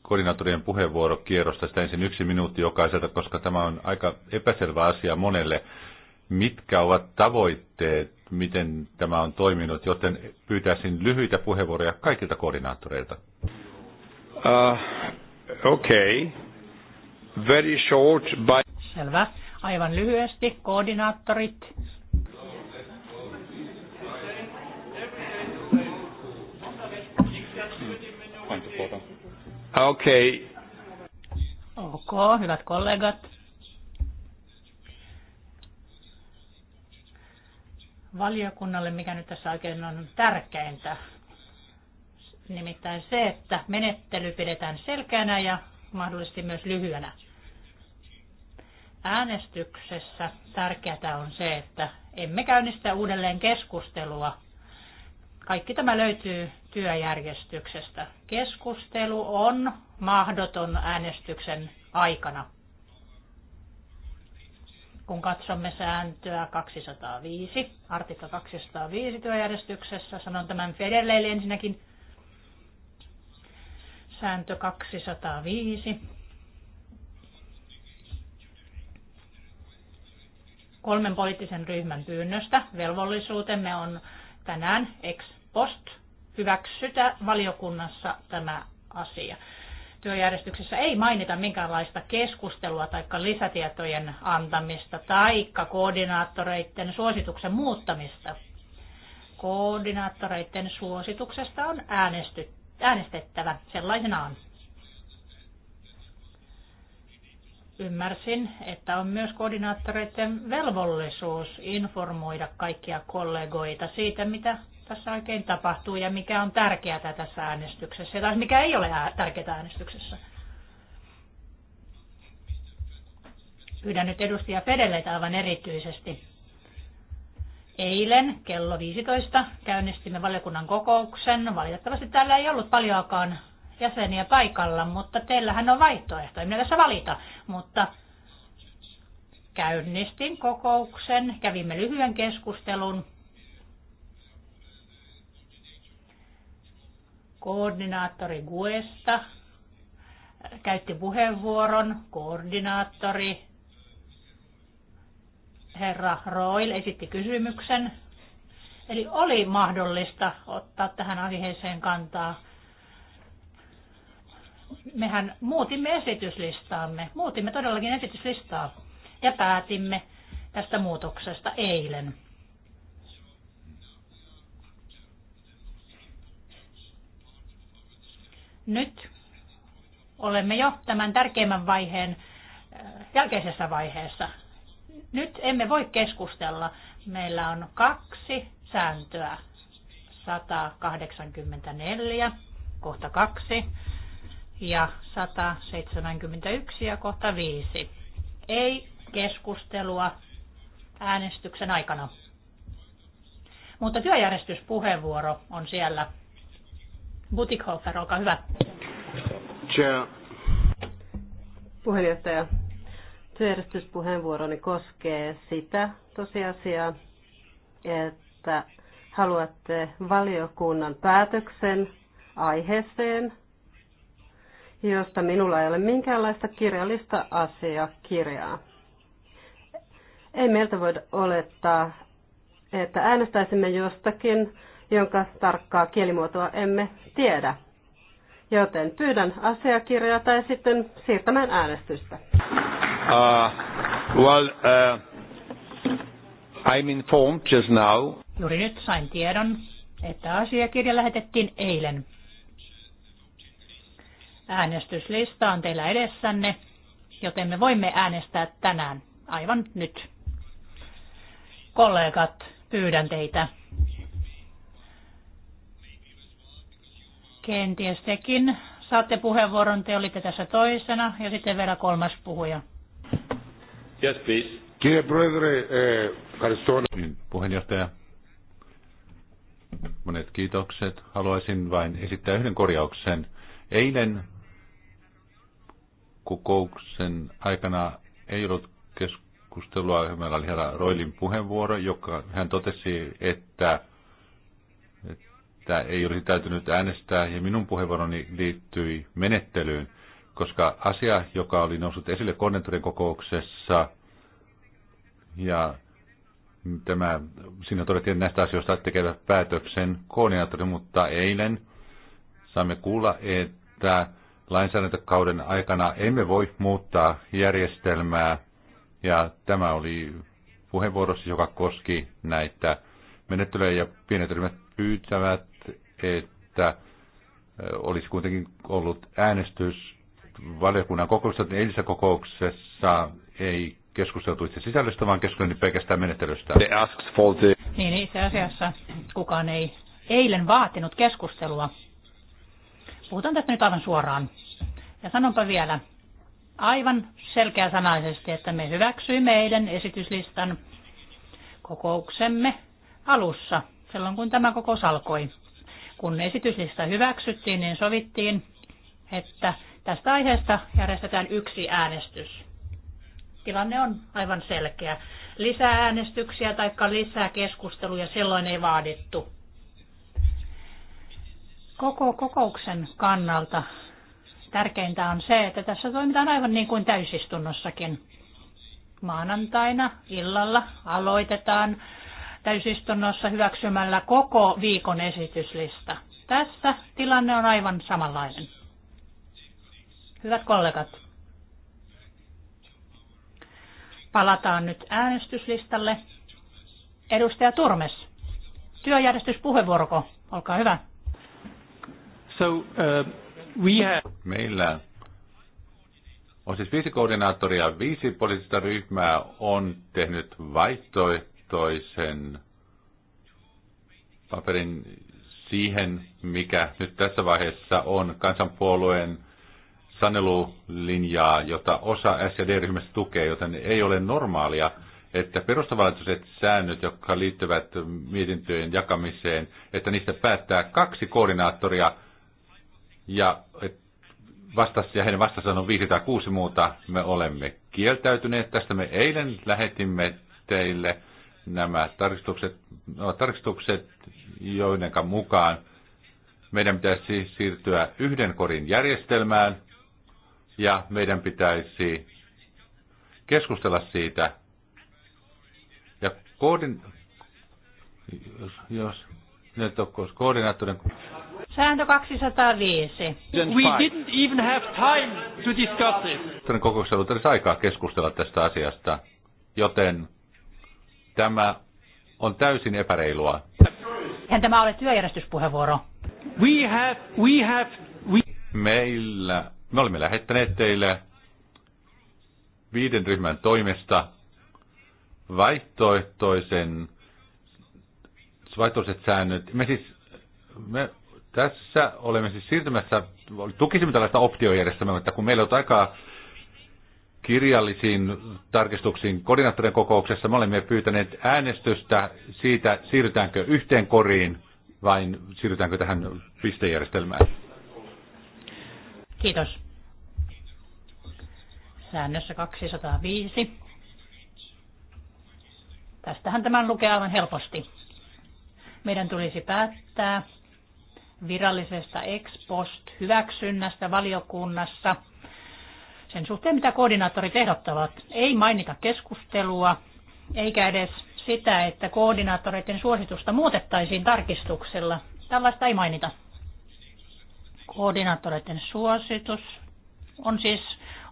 koordinaattorien kierrosta sitä ensin yksi minuutti jokaiselta, koska tämä on aika epäselvä asia monelle mitkä ovat tavoitteet, miten tämä on toiminut, joten pyytäisin lyhyitä puheenvuoroja kaikilta koordinaattoreilta. Uh, Okei. Okay. Very short by... Selvä. Aivan lyhyesti koordinaattorit. Okei. Okay. okay, hyvät kollegat. valiokunnalle, mikä nyt tässä oikein on tärkeintä. Nimittäin se, että menettely pidetään selkeänä ja mahdollisesti myös lyhyenä. Äänestyksessä tärkeää on se, että emme käynnistä uudelleen keskustelua. Kaikki tämä löytyy työjärjestyksestä. Keskustelu on mahdoton äänestyksen aikana kun katsomme sääntöä 205, artikla 205 työjärjestyksessä, sanon tämän Fedeleille ensinnäkin, sääntö 205, kolmen poliittisen ryhmän pyynnöstä. Velvollisuutemme on tänään ex post hyväksytä valiokunnassa tämä asia työjärjestyksessä ei mainita minkäänlaista keskustelua tai lisätietojen antamista tai koordinaattoreiden suosituksen muuttamista. Koordinaattoreiden suosituksesta on äänesty, äänestettävä sellaisenaan. Ymmärsin, että on myös koordinaattoreiden velvollisuus informoida kaikkia kollegoita siitä, mitä tässä oikein tapahtuu ja mikä on tärkeää tässä äänestyksessä ja taas mikä ei ole tärkeää äänestyksessä. Pyydän nyt edustaja Fedeleitä aivan erityisesti. Eilen kello 15 käynnistimme valiokunnan kokouksen. Valitettavasti täällä ei ollut paljoakaan jäseniä paikalla, mutta teillähän on vaihtoehto. Minä tässä valita, mutta käynnistin kokouksen, kävimme lyhyen keskustelun koordinaattori Guesta käytti puheenvuoron, koordinaattori herra Roil esitti kysymyksen. Eli oli mahdollista ottaa tähän aiheeseen kantaa. Mehän muutimme esityslistaamme, muutimme todellakin esityslistaa ja päätimme tästä muutoksesta eilen. Nyt olemme jo tämän tärkeimmän vaiheen äh, jälkeisessä vaiheessa. Nyt emme voi keskustella. Meillä on kaksi sääntöä. 184 kohta 2 ja 171 ja kohta 5. Ei keskustelua äänestyksen aikana. Mutta työjärjestyspuheenvuoro on siellä Butikhofer, olkaa hyvä. Chair. Puheenjohtaja, työjärjestyspuheenvuoroni koskee sitä tosiasiaa, että haluatte valiokunnan päätöksen aiheeseen, josta minulla ei ole minkäänlaista kirjallista asiakirjaa. Ei meiltä voida olettaa, että äänestäisimme jostakin jonka tarkkaa kielimuotoa emme tiedä. Joten pyydän asiakirjaa tai sitten siirtämään äänestystä. Uh, well, uh, I'm informed just now. Juuri nyt sain tiedon, että asiakirja lähetettiin eilen. Äänestyslista on teillä edessänne, joten me voimme äänestää tänään, aivan nyt. Kollegat, pyydän teitä Kenties tekin saatte puheenvuoron, te olitte tässä toisena ja sitten vielä kolmas puhuja. Yes, please. Κύριε Πρόεδρε, eh, niin, Puheenjohtaja, monet kiitokset. Haluaisin vain esittää yhden korjauksen. Eilen kokouksen aikana ei ollut keskustelua. Meillä oli herra Roilin puheenvuoro, joka hän totesi, että että ei olisi täytynyt äänestää, ja minun puheenvuoroni liittyi menettelyyn, koska asia, joka oli noussut esille koordinaattorin kokouksessa, ja tämä, siinä todettiin, että näistä asioista tekevät päätöksen koordinaattori, mutta eilen saimme kuulla, että lainsäädäntökauden aikana emme voi muuttaa järjestelmää, ja tämä oli puheenvuorossa, joka koski näitä menettelyjä, ja pienet ryhmät pyytävät että olisi kuitenkin ollut äänestys valiokunnan kokouksessa, että eilisessä kokouksessa ei keskusteltu itse sisällöstä, vaan keskusteltiin pelkästään menettelystä. Niin, itse asiassa kukaan ei eilen vaatinut keskustelua. Puhutaan tästä nyt aivan suoraan. Ja sanonpa vielä aivan selkeäsanaisesti, että me hyväksyimme eilen esityslistan kokouksemme alussa, silloin kun tämä kokous alkoi. Kun esityslista hyväksyttiin, niin sovittiin, että tästä aiheesta järjestetään yksi äänestys. Tilanne on aivan selkeä. Lisää äänestyksiä tai lisää keskusteluja silloin ei vaadittu. Koko kokouksen kannalta tärkeintä on se, että tässä toimitaan aivan niin kuin täysistunnossakin. Maanantaina illalla aloitetaan täysistunnossa hyväksymällä koko viikon esityslista. Tässä tilanne on aivan samanlainen. Hyvät kollegat, palataan nyt äänestyslistalle. Edustaja Turmes, työjärjestyspuheenvuoroko, olkaa hyvä. So, uh, we have... Meillä on siis viisi koordinaattoria, viisi poliittista ryhmää on tehnyt vaihtoehto sen paperin siihen, mikä nyt tässä vaiheessa on kansanpuolueen sanelulinjaa, jota osa sd ryhmästä tukee, joten ei ole normaalia, että perustavallisuuset säännöt, jotka liittyvät mietintöjen jakamiseen, että niistä päättää kaksi koordinaattoria ja vastas, ja heidän vastassa on viisi tai kuusi muuta. Me olemme kieltäytyneet tästä. Me eilen lähetimme teille nämä tarkistukset, no, tarkistukset joiden mukaan meidän pitäisi siirtyä yhden korin järjestelmään ja meidän pitäisi keskustella siitä. Ja koordin, jos nyt on koordinaattorin... Sääntö 205. We didn't even have time to discuss it. Kokouksessa ei ollut edes aikaa keskustella tästä asiasta, joten Tämä on täysin epäreilua. Hän tämä ole työjärjestyspuheenvuoro. We have, we have, we... Meillä, me olemme lähettäneet teille viiden ryhmän toimesta vaihtoehtoisen, vaihtoiset säännöt. Me siis, me tässä olemme siis siirtymässä, tukisimme tällaista optiojärjestelmää, että kun meillä on aikaa kirjallisiin tarkistuksiin koordinaattorien kokouksessa. Me olemme pyytäneet äänestystä siitä, siirrytäänkö yhteen koriin vai siirrytäänkö tähän pistejärjestelmään. Kiitos. Säännössä 205. Tästähän tämän lukee aivan helposti. Meidän tulisi päättää virallisesta ex post hyväksynnästä valiokunnassa – sen suhteen, mitä koordinaattorit ehdottavat. Ei mainita keskustelua, eikä edes sitä, että koordinaattoreiden suositusta muutettaisiin tarkistuksella. Tällaista ei mainita. Koordinaattoreiden suositus on siis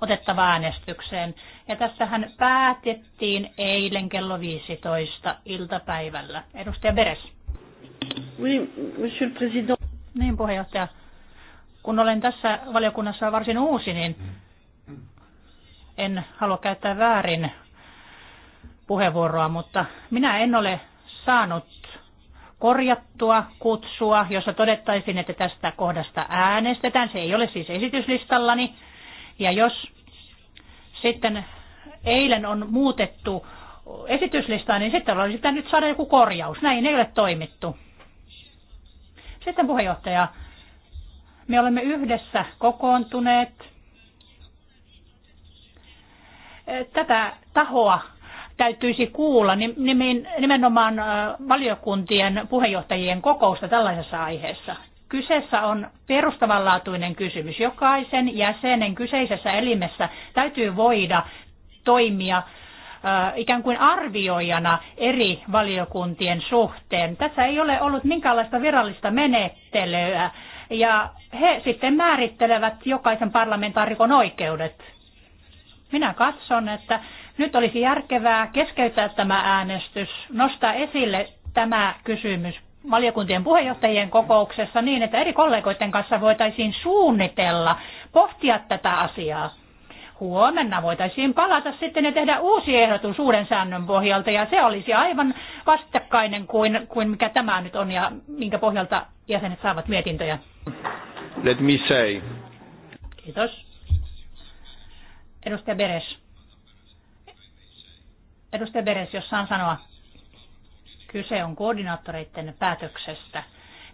otettava äänestykseen. Ja tässähän päätettiin eilen kello 15 iltapäivällä. Edustaja Beres. Oui, monsieur le président. Niin, puheenjohtaja. Kun olen tässä valiokunnassa varsin uusi, niin en halua käyttää väärin puheenvuoroa, mutta minä en ole saanut korjattua kutsua, jossa todettaisiin, että tästä kohdasta äänestetään. Se ei ole siis esityslistallani. Ja jos sitten eilen on muutettu esityslistaa, niin sitten olisi nyt saada joku korjaus. Näin ei ole toimittu. Sitten puheenjohtaja, me olemme yhdessä kokoontuneet tätä tahoa täytyisi kuulla nimenomaan valiokuntien puheenjohtajien kokousta tällaisessa aiheessa. Kyseessä on perustavanlaatuinen kysymys. Jokaisen jäsenen kyseisessä elimessä täytyy voida toimia ikään kuin arvioijana eri valiokuntien suhteen. Tässä ei ole ollut minkäänlaista virallista menettelyä ja he sitten määrittelevät jokaisen parlamentaarikon oikeudet minä katson, että nyt olisi järkevää keskeyttää tämä äänestys, nostaa esille tämä kysymys valiokuntien puheenjohtajien kokouksessa niin, että eri kollegoiden kanssa voitaisiin suunnitella, pohtia tätä asiaa. Huomenna voitaisiin palata sitten ja tehdä uusi ehdotus uuden säännön pohjalta, ja se olisi aivan vastakkainen kuin, kuin mikä tämä nyt on ja minkä pohjalta jäsenet saavat mietintöjä. Let me say. Kiitos. Edustaja Beres. Edustaja Beres, jos saan sanoa, kyse on koordinaattoreiden päätöksestä.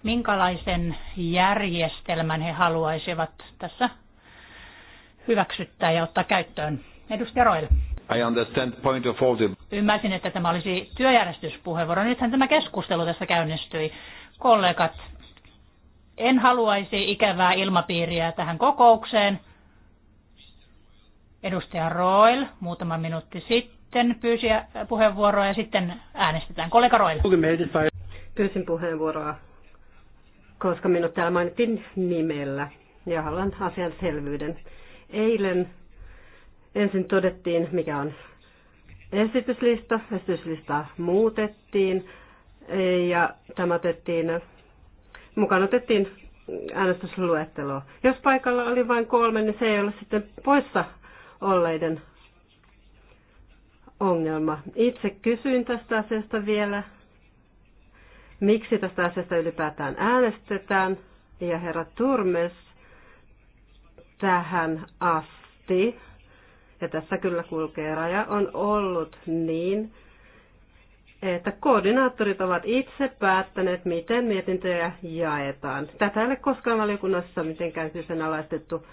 Minkälaisen järjestelmän he haluaisivat tässä hyväksyttää ja ottaa käyttöön? Edustaja Roil. I understand point of order. Ymmärsin, että tämä olisi työjärjestyspuheenvuoro. Nythän tämä keskustelu tässä käynnistyi. Kollegat, en haluaisi ikävää ilmapiiriä tähän kokoukseen – Edustaja Roil muutama minuutti sitten pyysi puheenvuoroa ja sitten äänestetään. Kollega Roil. Pyysin puheenvuoroa, koska minut täällä mainittiin nimellä ja haluan asian selvyyden. Eilen ensin todettiin, mikä on esityslista. Esityslista muutettiin ja tämä otettiin, mukaan otettiin äänestysluettelo. Jos paikalla oli vain kolme, niin se ei ole sitten poissa olleiden ongelma. Itse kysyin tästä asiasta vielä, miksi tästä asiasta ylipäätään äänestetään, ja herra Turmes tähän asti, ja tässä kyllä kulkee raja, on ollut niin, että koordinaattorit ovat itse päättäneet, miten mietintöjä jaetaan. Tätä ei ole koskaan valiokunnassa mitenkään kyseenalaistettu.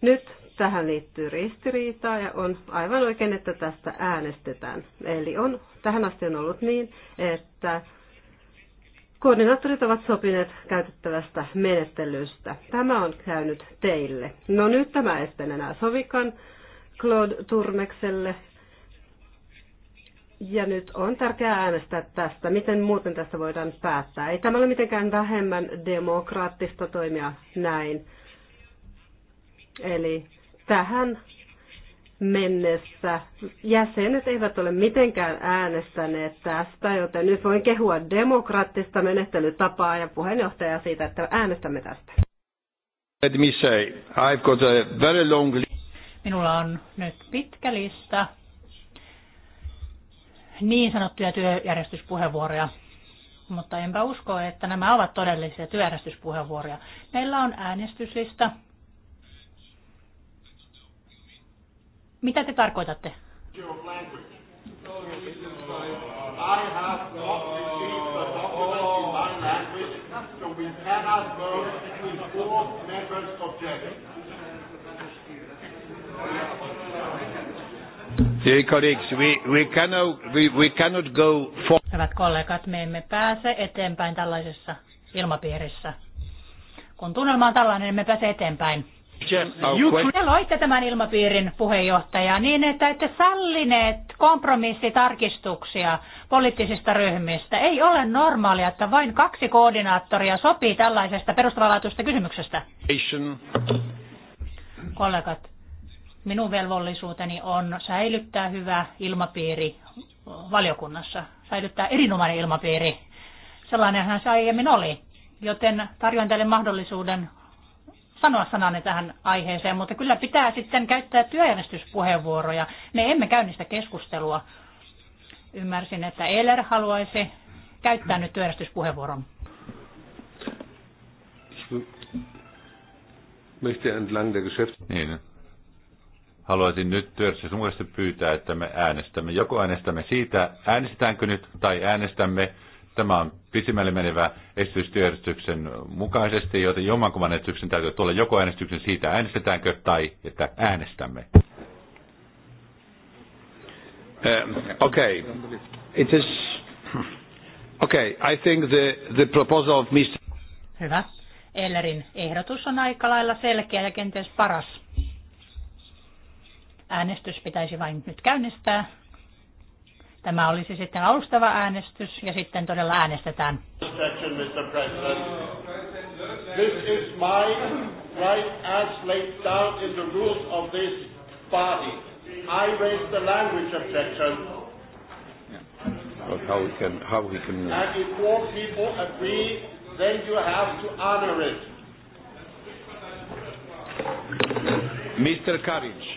Nyt tähän liittyy ristiriitaa ja on aivan oikein, että tästä äänestetään. Eli on, tähän asti on ollut niin, että koordinaattorit ovat sopineet käytettävästä menettelystä. Tämä on käynyt teille. No nyt tämä ei sitten enää sovikan Claude Turmekselle. Ja nyt on tärkeää äänestää tästä, miten muuten tästä voidaan päättää. Ei tämä ole mitenkään vähemmän demokraattista toimia näin Eli tähän mennessä jäsenet eivät ole mitenkään äänestäneet tästä, joten nyt voin kehua demokraattista menettelytapaa ja puheenjohtajaa siitä, että äänestämme tästä. Let me say, I've got a very long Minulla on nyt pitkä lista niin sanottuja työjärjestyspuheenvuoroja, mutta enpä usko, että nämä ovat todellisia työjärjestyspuheenvuoroja. Meillä on äänestyslista, Mitä te tarkoitatte? Dear colleagues, we, we, cannot, we, we cannot go for... Hyvät kollegat, me emme pääse eteenpäin tällaisessa ilmapiirissä. Kun tunnelma on tällainen, emme pääse eteenpäin. Oh, Te loitte tämän ilmapiirin puheenjohtaja niin, että ette sallineet kompromissitarkistuksia poliittisista ryhmistä. Ei ole normaalia, että vain kaksi koordinaattoria sopii tällaisesta perustavanlaatuista kysymyksestä. Kollegat, minun velvollisuuteni on säilyttää hyvä ilmapiiri valiokunnassa, säilyttää erinomainen ilmapiiri. Sellainenhan se aiemmin oli, joten tarjoan teille mahdollisuuden sanoa sananne tähän aiheeseen, mutta kyllä pitää sitten käyttää työjärjestyspuheenvuoroja. Me emme käynnistä keskustelua. Ymmärsin, että Eler haluaisi käyttää nyt työjärjestyspuheenvuoron. Niin. Haluaisin nyt työjärjestysmukaisesti pyytää, että me äänestämme. Joko äänestämme siitä, äänestetäänkö nyt, tai äänestämme Tämä on pisimmälle menevä esitys työjärjestyksen mukaisesti, joten jommankumman esityksen täytyy tulla joko äänestyksen siitä äänestetäänkö tai että äänestämme. Um, okay. It is... Okay, I think the, the proposal of Mr. Hyvä. Ellerin ehdotus on aika lailla selkeä ja kenties paras. Äänestys pitäisi vain nyt käynnistää. Tämä olisi sitten alustava äänestys ja sitten todella äänestetään. I raise the language objection. But how we can, how we can... And if four people agree, then you have to honor it. Mr. Courage,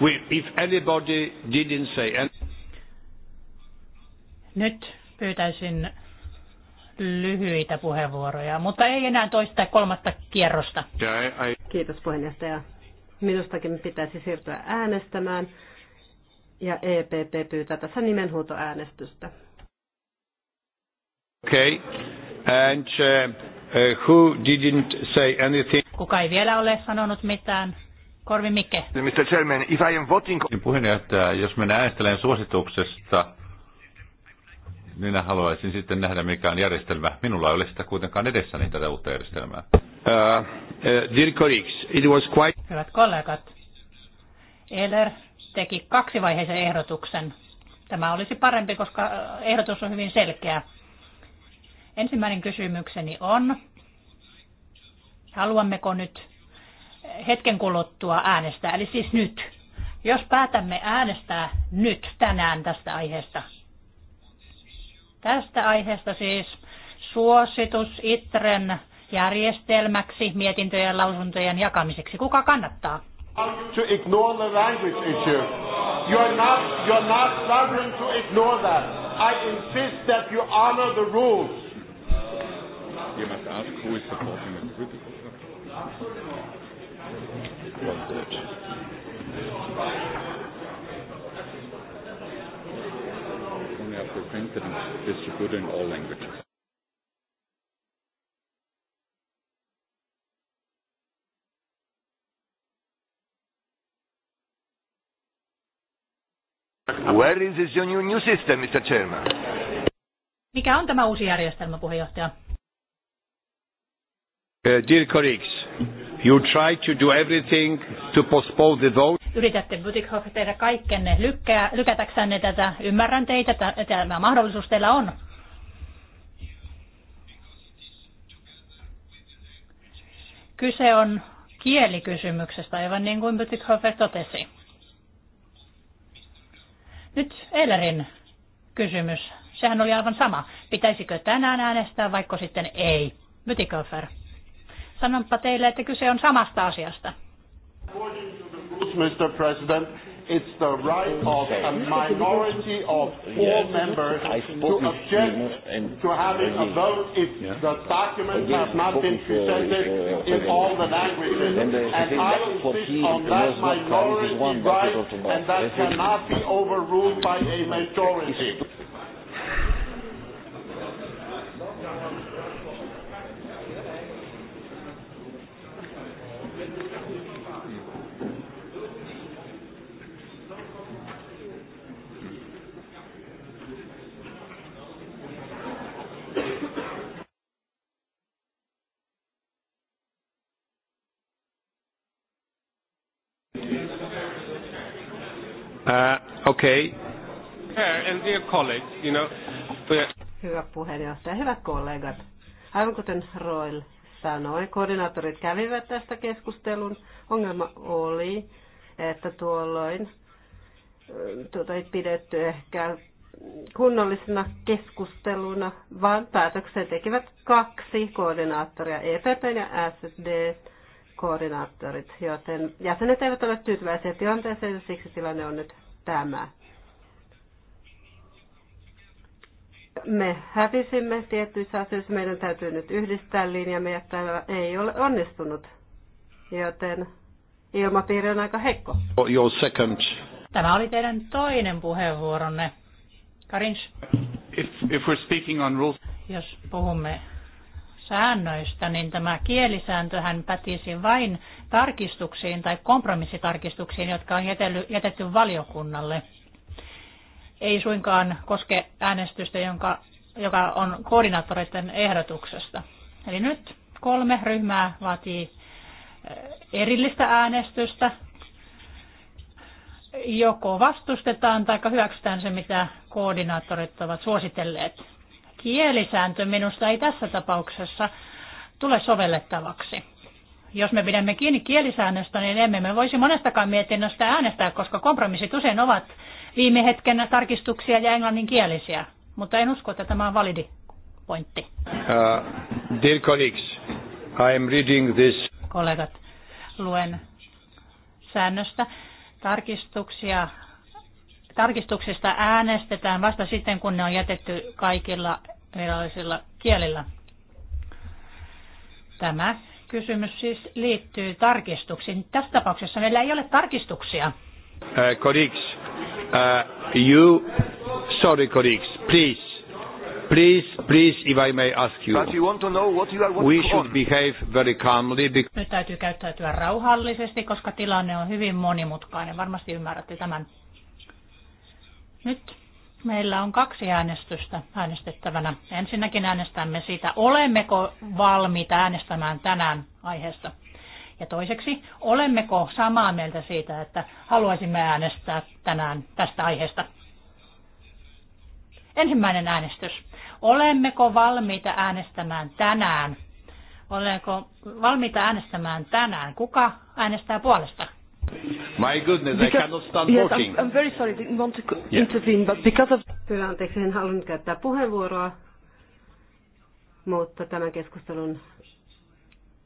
we, if anybody didn't say anything... Nyt pyytäisin lyhyitä puheenvuoroja, mutta ei enää toista kolmatta kierrosta. Kiitos puheenjohtaja. Minustakin pitäisi siirtyä äänestämään ja EPP pyytää tässä nimenhuutoäänestystä. Okay. And uh, uh, who didn't say anything? Kuka ei vielä ole sanonut mitään? Korvi Mikke. Mr. Chairman, if I am voting... Niin, puheenjohtaja, jos minä äänestelen suosituksesta, minä haluaisin sitten nähdä, mikä on järjestelmä. Minulla ei ole sitä kuitenkaan edessäni tätä uutta järjestelmää. Uh, uh, dear it was quite... Hyvät kollegat, Eller teki kaksivaiheisen ehdotuksen. Tämä olisi parempi, koska uh, ehdotus on hyvin selkeä. Ensimmäinen kysymykseni on, haluammeko nyt hetken kuluttua äänestää, eli siis nyt. Jos päätämme äänestää nyt tänään tästä aiheesta, Tästä aiheesta siis suositus ITREN järjestelmäksi mietintöjen ja lausuntojen jakamiseksi. Kuka kannattaa? To ignore the language issue. You're not, you're not sovereign to ignore that. I insist that you honor the rules. You must ask who is supporting the critical. One third. printed and distributed in all languages. Where is this new, new system, Mr. Chairman? Mikä on tämä uusi järjestelmä, puheenjohtaja? Uh, dear colleagues, You try to do everything to postpone the vote. Yritätte Butikhoff tehdä kaikkenne lykkää, lykätäksänne tätä. Ymmärrän teitä, tämä mahdollisuus teillä on. Kyse on kielikysymyksestä, aivan niin kuin Butikhofer totesi. Nyt Eilerin kysymys. Sehän oli aivan sama. Pitäisikö tänään äänestää, vaikka sitten ei? Butikhofer sanonpa teille, että kyse on samasta asiasta. Mr. President, it's the right of a minority of all members to object to having a vote if the documents have not been presented in all the languages. And I insist on that minority right, and that cannot be overruled by a majority. Uh, okay. Hyvä puheenjohtaja, hyvät kollegat. Aivan kuten Roil sanoi, koordinaattorit kävivät tästä keskustelun. Ongelma oli, että tuolloin äh, tuota ei pidetty ehkä kunnollisena keskusteluna, vaan päätöksen tekivät kaksi koordinaattoria, EPP ja SSD koordinaattorit, joten jäsenet eivät ole tyytyväisiä tilanteeseen ja siksi tilanne on nyt tämä. Me hävisimme tietyissä asioissa, meidän täytyy nyt yhdistää linja, ja ei ole onnistunut, joten ilmapiiri on aika heikko. Your second. Tämä oli teidän toinen puheenvuoronne. Karins. If, if we're speaking on rules. Jos puhumme säännöistä, niin tämä kielisääntöhän pätisi vain tarkistuksiin tai kompromissitarkistuksiin, jotka on jätetty valiokunnalle. Ei suinkaan koske äänestystä, jonka, joka on koordinaattoreiden ehdotuksesta. Eli nyt kolme ryhmää vaatii eh, erillistä äänestystä. Joko vastustetaan tai hyväksytään se, mitä koordinaattorit ovat suositelleet kielisääntö minusta ei tässä tapauksessa tule sovellettavaksi. Jos me pidämme kiinni kielisäännöstä, niin emme me voisi monestakaan mietinnöstä äänestää, koska kompromissit usein ovat viime hetken tarkistuksia ja englanninkielisiä. Mutta en usko, että tämä on validi pointti. Uh, dear colleagues, I am reading this. Kollegat, luen säännöstä. Tarkistuksia tarkistuksista äänestetään vasta sitten, kun ne on jätetty kaikilla virallisilla kielillä. Tämä kysymys siis liittyy tarkistuksiin. Tässä tapauksessa meillä ei ole tarkistuksia. Uh, colleagues, uh, you, sorry colleagues, please, please, please, if I may ask you. But you want to know what you are what We should on. behave very calmly. Because... Nyt täytyy käyttäytyä rauhallisesti, koska tilanne on hyvin monimutkainen. Varmasti ymmärrätte tämän. Nyt Meillä on kaksi äänestystä äänestettävänä. Ensinnäkin äänestämme siitä, olemmeko valmiita äänestämään tänään aiheesta. Ja toiseksi, olemmeko samaa mieltä siitä, että haluaisimme äänestää tänään tästä aiheesta. Ensimmäinen äänestys. Olemmeko valmiita äänestämään tänään? Olemmeko valmiita äänestämään tänään? Kuka äänestää puolesta? My goodness, because, I cannot stand yes, talking. I'm, I'm very sorry, didn't want to yeah. intervene, but because of... Kyllä anteeksi, en halunnut käyttää puheenvuoroa, mutta tämän keskustelun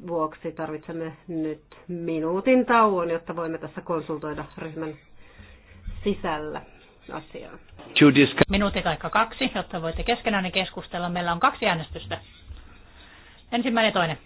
vuoksi tarvitsemme nyt minuutin tauon, jotta voimme tässä konsultoida ryhmän sisällä asiaa. Minuutit tai kaksi, jotta voitte keskenään keskustella. Meillä on kaksi äänestystä. Ensimmäinen ja toinen.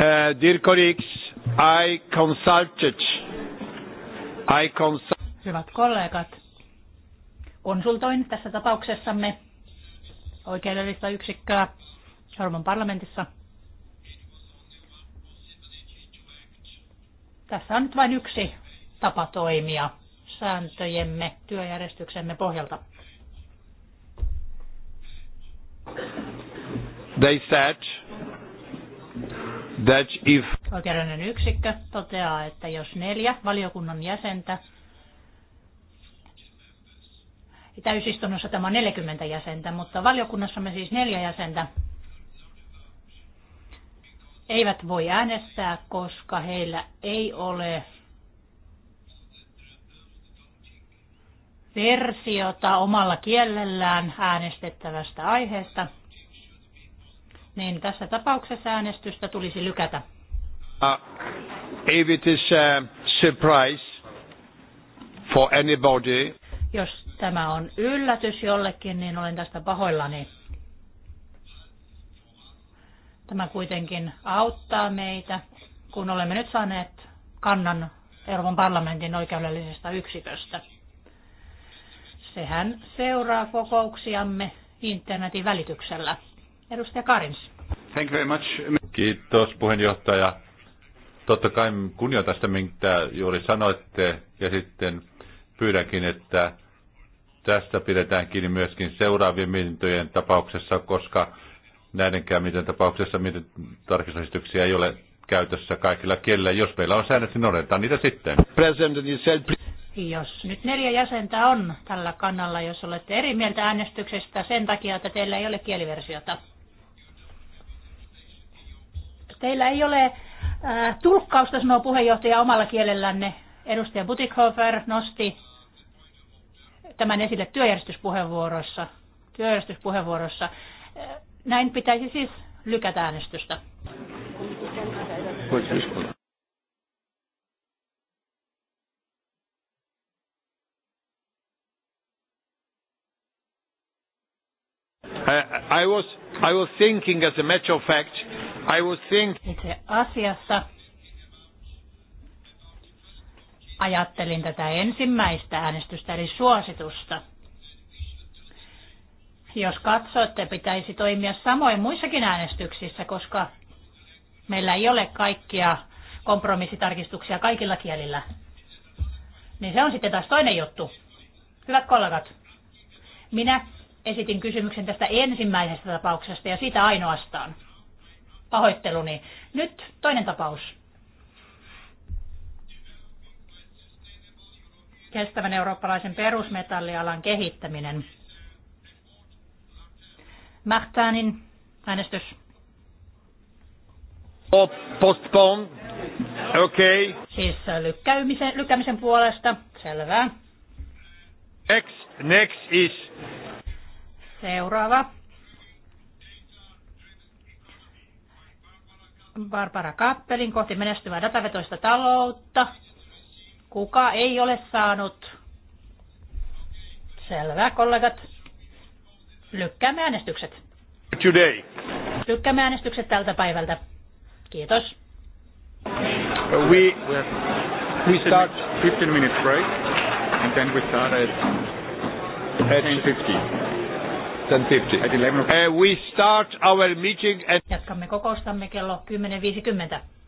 Uh, dear colleagues, I consulted. I consulted. Hyvät kollegat, konsultoin tässä tapauksessamme oikeudellista yksikköä Euroopan parlamentissa. Tässä on nyt vain yksi tapa toimia sääntöjemme, työjärjestyksemme pohjalta. They said that if... Oikeudellinen yksikkö toteaa, että jos neljä valiokunnan jäsentä, täysistunnossa tämä on 40 jäsentä, mutta valiokunnassa me siis neljä jäsentä, eivät voi äänestää, koska heillä ei ole versiota omalla kielellään äänestettävästä aiheesta – niin tässä tapauksessa äänestystä tulisi lykätä. Uh, if it is a surprise for anybody. Jos tämä on yllätys jollekin, niin olen tästä pahoillani. Tämä kuitenkin auttaa meitä, kun olemme nyt saaneet kannan Euroopan parlamentin oikeudellisesta yksiköstä. Sehän seuraa kokouksiamme internetin välityksellä. Edustaja Karins. Thank you very much. Kiitos puheenjohtaja. Totta kai kunnioitan sitä, mitä juuri sanoitte, ja sitten pyydänkin, että tästä pidetään kiinni myöskin seuraavien mietintöjen tapauksessa, koska näidenkään miten tapauksessa miten tarkistusesityksiä ei ole käytössä kaikilla kielillä. Jos meillä on säännöt, niin odotetaan niitä sitten. Jos nyt neljä jäsentä on tällä kannalla, jos olette eri mieltä äänestyksestä sen takia, että teillä ei ole kieliversiota. Teillä ei ole äh, tulkkausta, sanoo puheenjohtaja omalla kielellänne. Edustaja Butikhofer nosti tämän esille työjärjestyspuheenvuorossa. työjärjestyspuheenvuorossa. Äh, näin pitäisi siis lykätä äänestystä. I was I was thinking as a matter of fact I would think... Itse asiassa ajattelin tätä ensimmäistä äänestystä, eli suositusta. Jos katsotte, pitäisi toimia samoin muissakin äänestyksissä, koska meillä ei ole kaikkia kompromissitarkistuksia kaikilla kielillä. Niin se on sitten taas toinen juttu. Hyvät kollegat, minä esitin kysymyksen tästä ensimmäisestä tapauksesta ja siitä ainoastaan. Pahoitteluni. Niin nyt toinen tapaus. Kestävän eurooppalaisen perusmetallialan kehittäminen. Mähtäänin äänestys. Oh, postpone. Okei. Okay. Siis äh, lykkäymisen, lykkämisen puolesta. Selvä. Next, next is... Seuraava. Barbara Kappelin kohti menestyvää datavetoista taloutta. Kuka ei ole saanut? Selvä, kollegat. Lykkäämme äänestykset. Today. Lykkäämme äänestykset tältä päivältä. Kiitos. We, we start 15 minutes break and then we start at 10.50. 10.50. Uh, we start our meeting at... Jatkamme kokoustamme kello 10.50.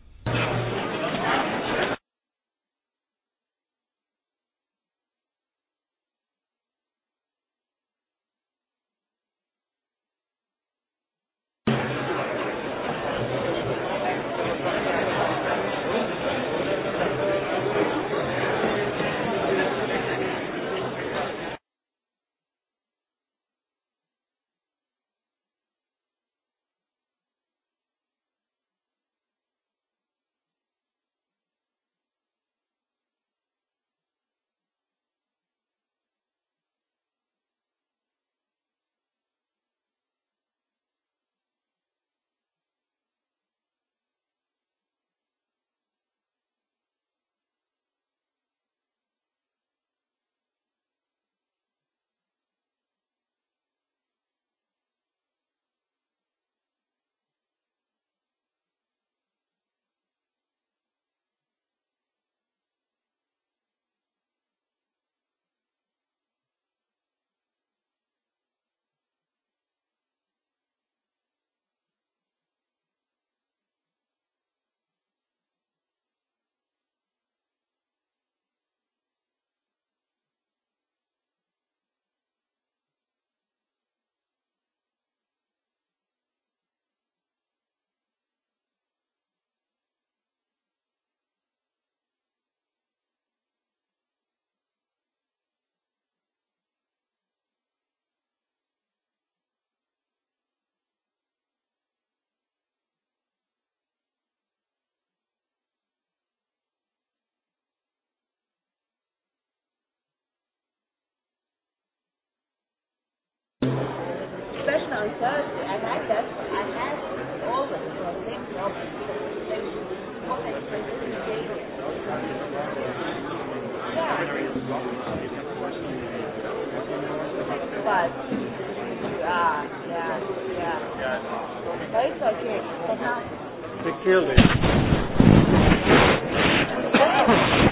Thursday, and I left, I had all the things up for the station. What they said is the day. Yeah. But, ah, yeah, yeah. Yeah. But it's okay, but now. They killed it.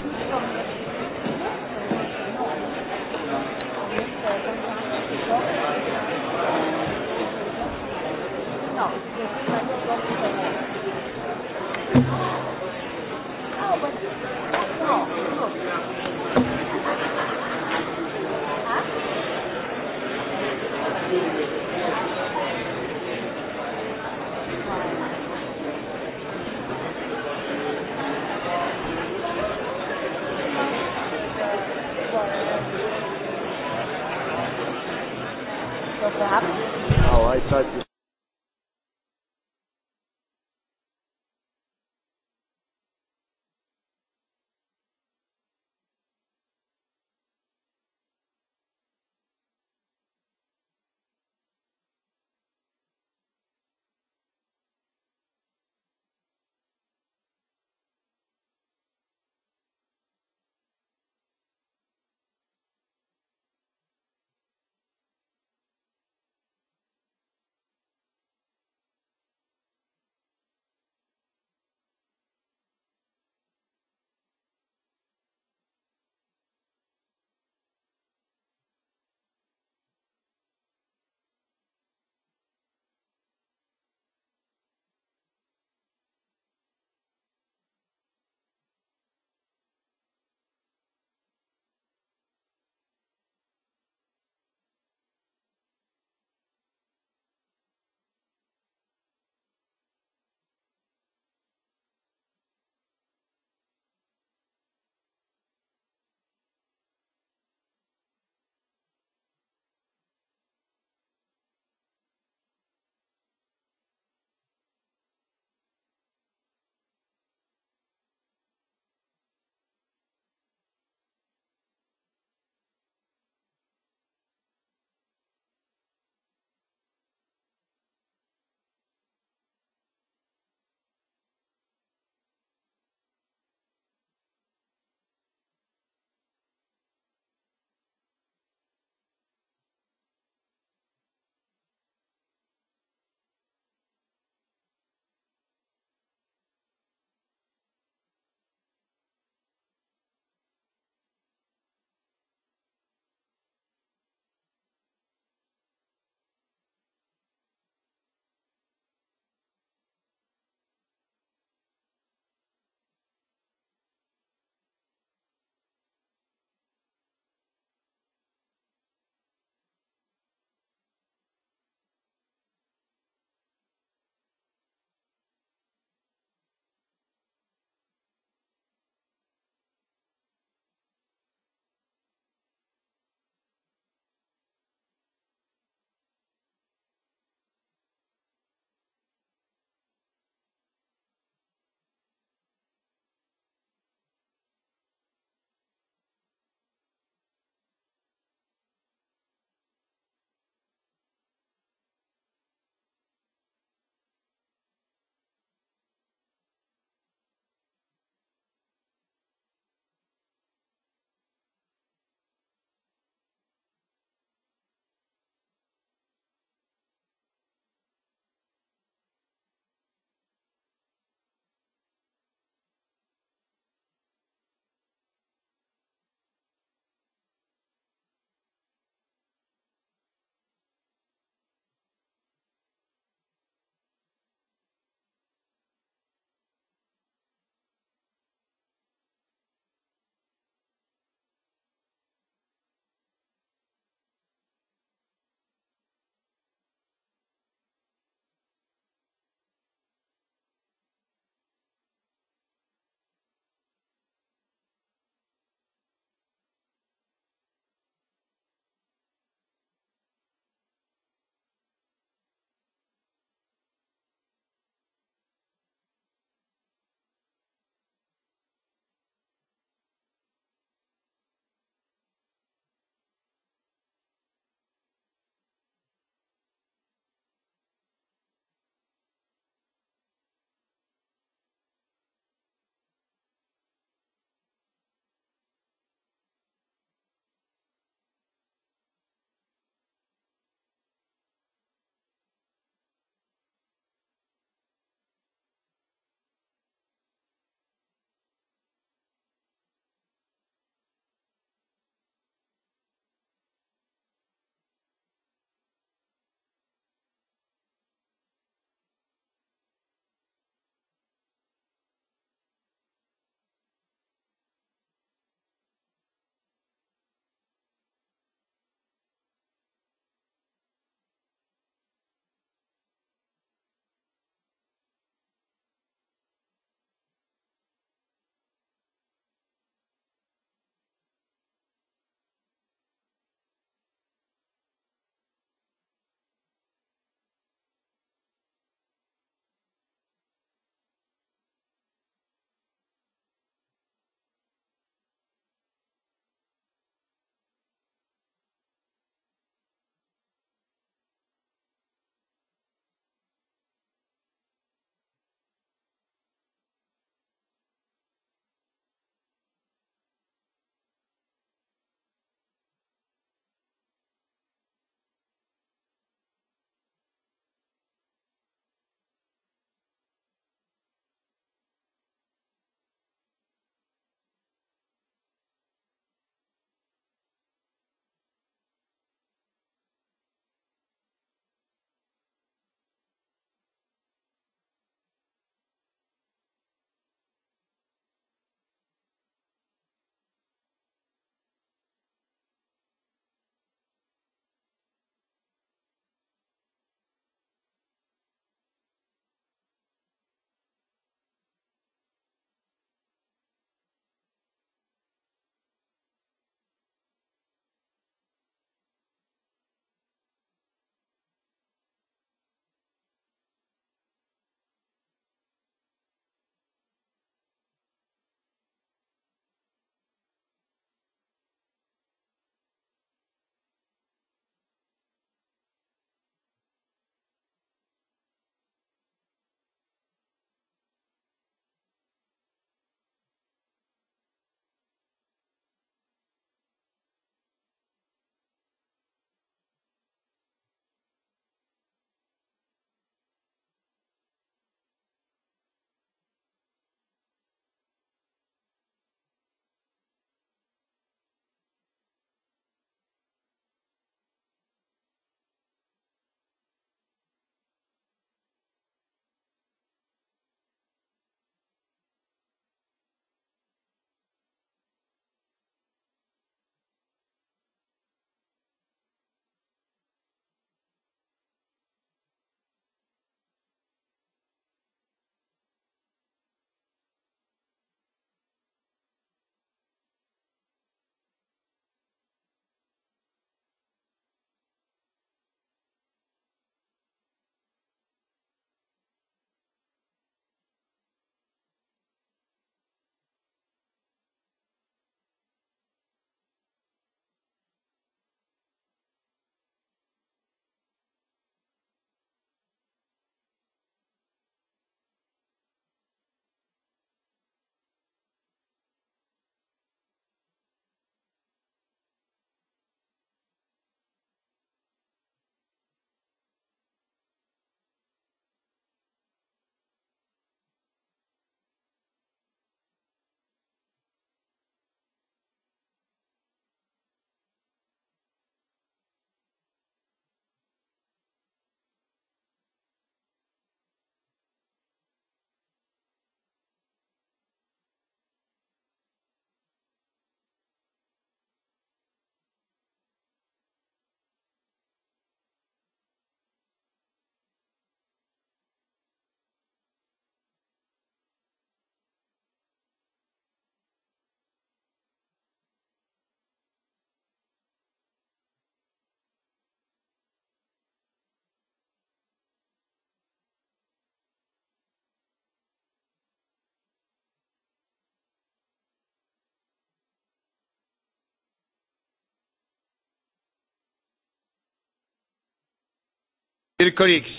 Dear colleagues,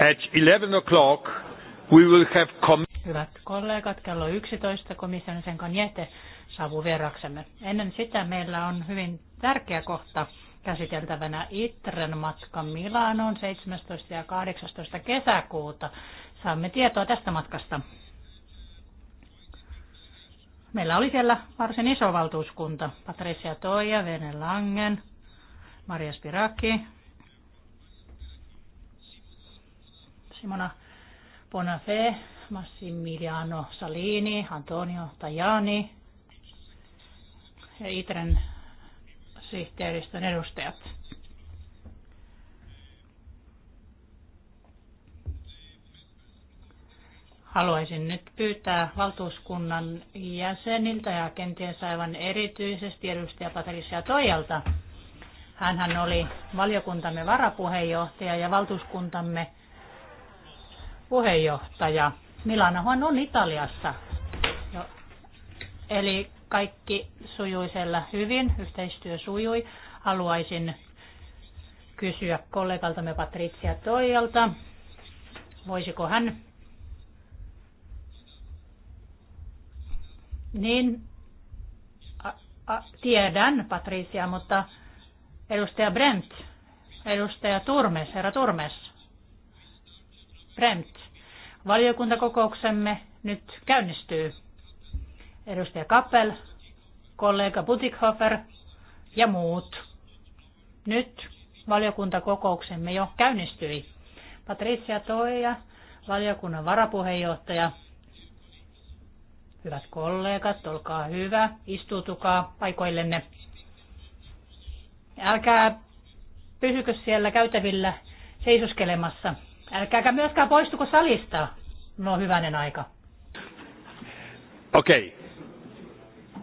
at 11 o'clock we will have Hyvät kollegat, kello 11 komission sen kanjete saavu vieraksemme. Ennen sitä meillä on hyvin tärkeä kohta käsiteltävänä Itren matka Milanoon 17. ja 18. kesäkuuta. Saamme tietoa tästä matkasta. Meillä oli siellä varsin iso valtuuskunta. Patricia Toija, Vene Langen, Maria Spiraki, Simona Bonafé, Massimiliano Salini, Antonio Tajani ja Itren sihteeristön edustajat. Haluaisin nyt pyytää valtuuskunnan jäseniltä ja kenties aivan erityisesti edustaja Patricia Toijalta. Hänhän oli valiokuntamme varapuheenjohtaja ja valtuuskuntamme puheenjohtaja. Milanohan on Italiassa. Jo. eli kaikki sujui siellä hyvin, yhteistyö sujui. Haluaisin kysyä kollegaltamme Patricia Toijalta, voisiko hän Niin, a, a, tiedän Patricia, mutta edustaja Brent, edustaja Turmes, herra Turmes. Brent. Valiokuntakokouksemme nyt käynnistyy. Edustaja Kappel, kollega Butikhofer ja muut. Nyt valiokuntakokouksemme jo käynnistyi. Patricia Toija, valiokunnan varapuheenjohtaja. Hyvät kollegat, olkaa hyvä, istuutukaa paikoillenne. Älkää pysykö siellä käytävillä seisoskelemassa. Älkääkä myöskään poistuko salista. No hyvänen aika. Okei. Okay.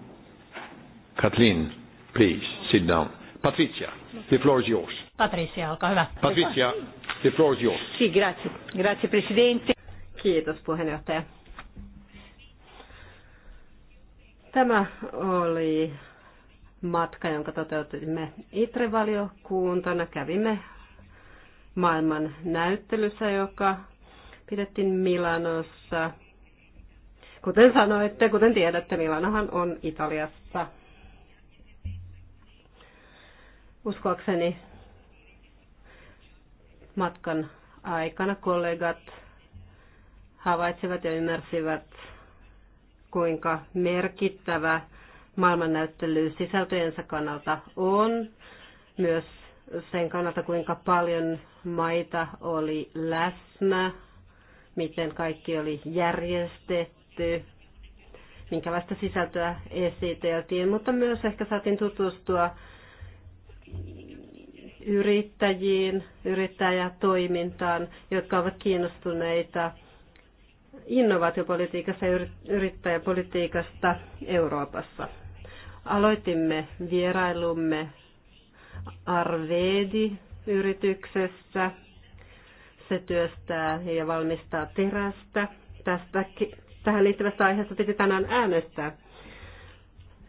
Kathleen, please, sit down. Patricia, the floor is yours. Patricia, olkaa hyvä. Patricia, the floor is yours. Si, grazie. Grazie, Presidente. Kiitos, puheenjohtaja. Tämä oli matka, jonka toteutimme itre Kävimme maailman näyttelyssä, joka pidettiin Milanossa. Kuten sanoitte, kuten tiedätte, Milanohan on Italiassa. Uskoakseni matkan aikana kollegat havaitsivat ja ymmärsivät, kuinka merkittävä maailmannäyttely sisältöjensä kannalta on. Myös sen kannalta, kuinka paljon maita oli läsnä, miten kaikki oli järjestetty, minkälaista sisältöä esiteltiin, mutta myös ehkä saatiin tutustua yrittäjiin, yrittäjätoimintaan, jotka ovat kiinnostuneita innovaatiopolitiikasta ja yrittäjäpolitiikasta Euroopassa. Aloitimme vierailumme Arvedi-yrityksessä. Se työstää ja valmistaa terästä. Tästä, tähän liittyvästä aiheesta piti tänään äänestää.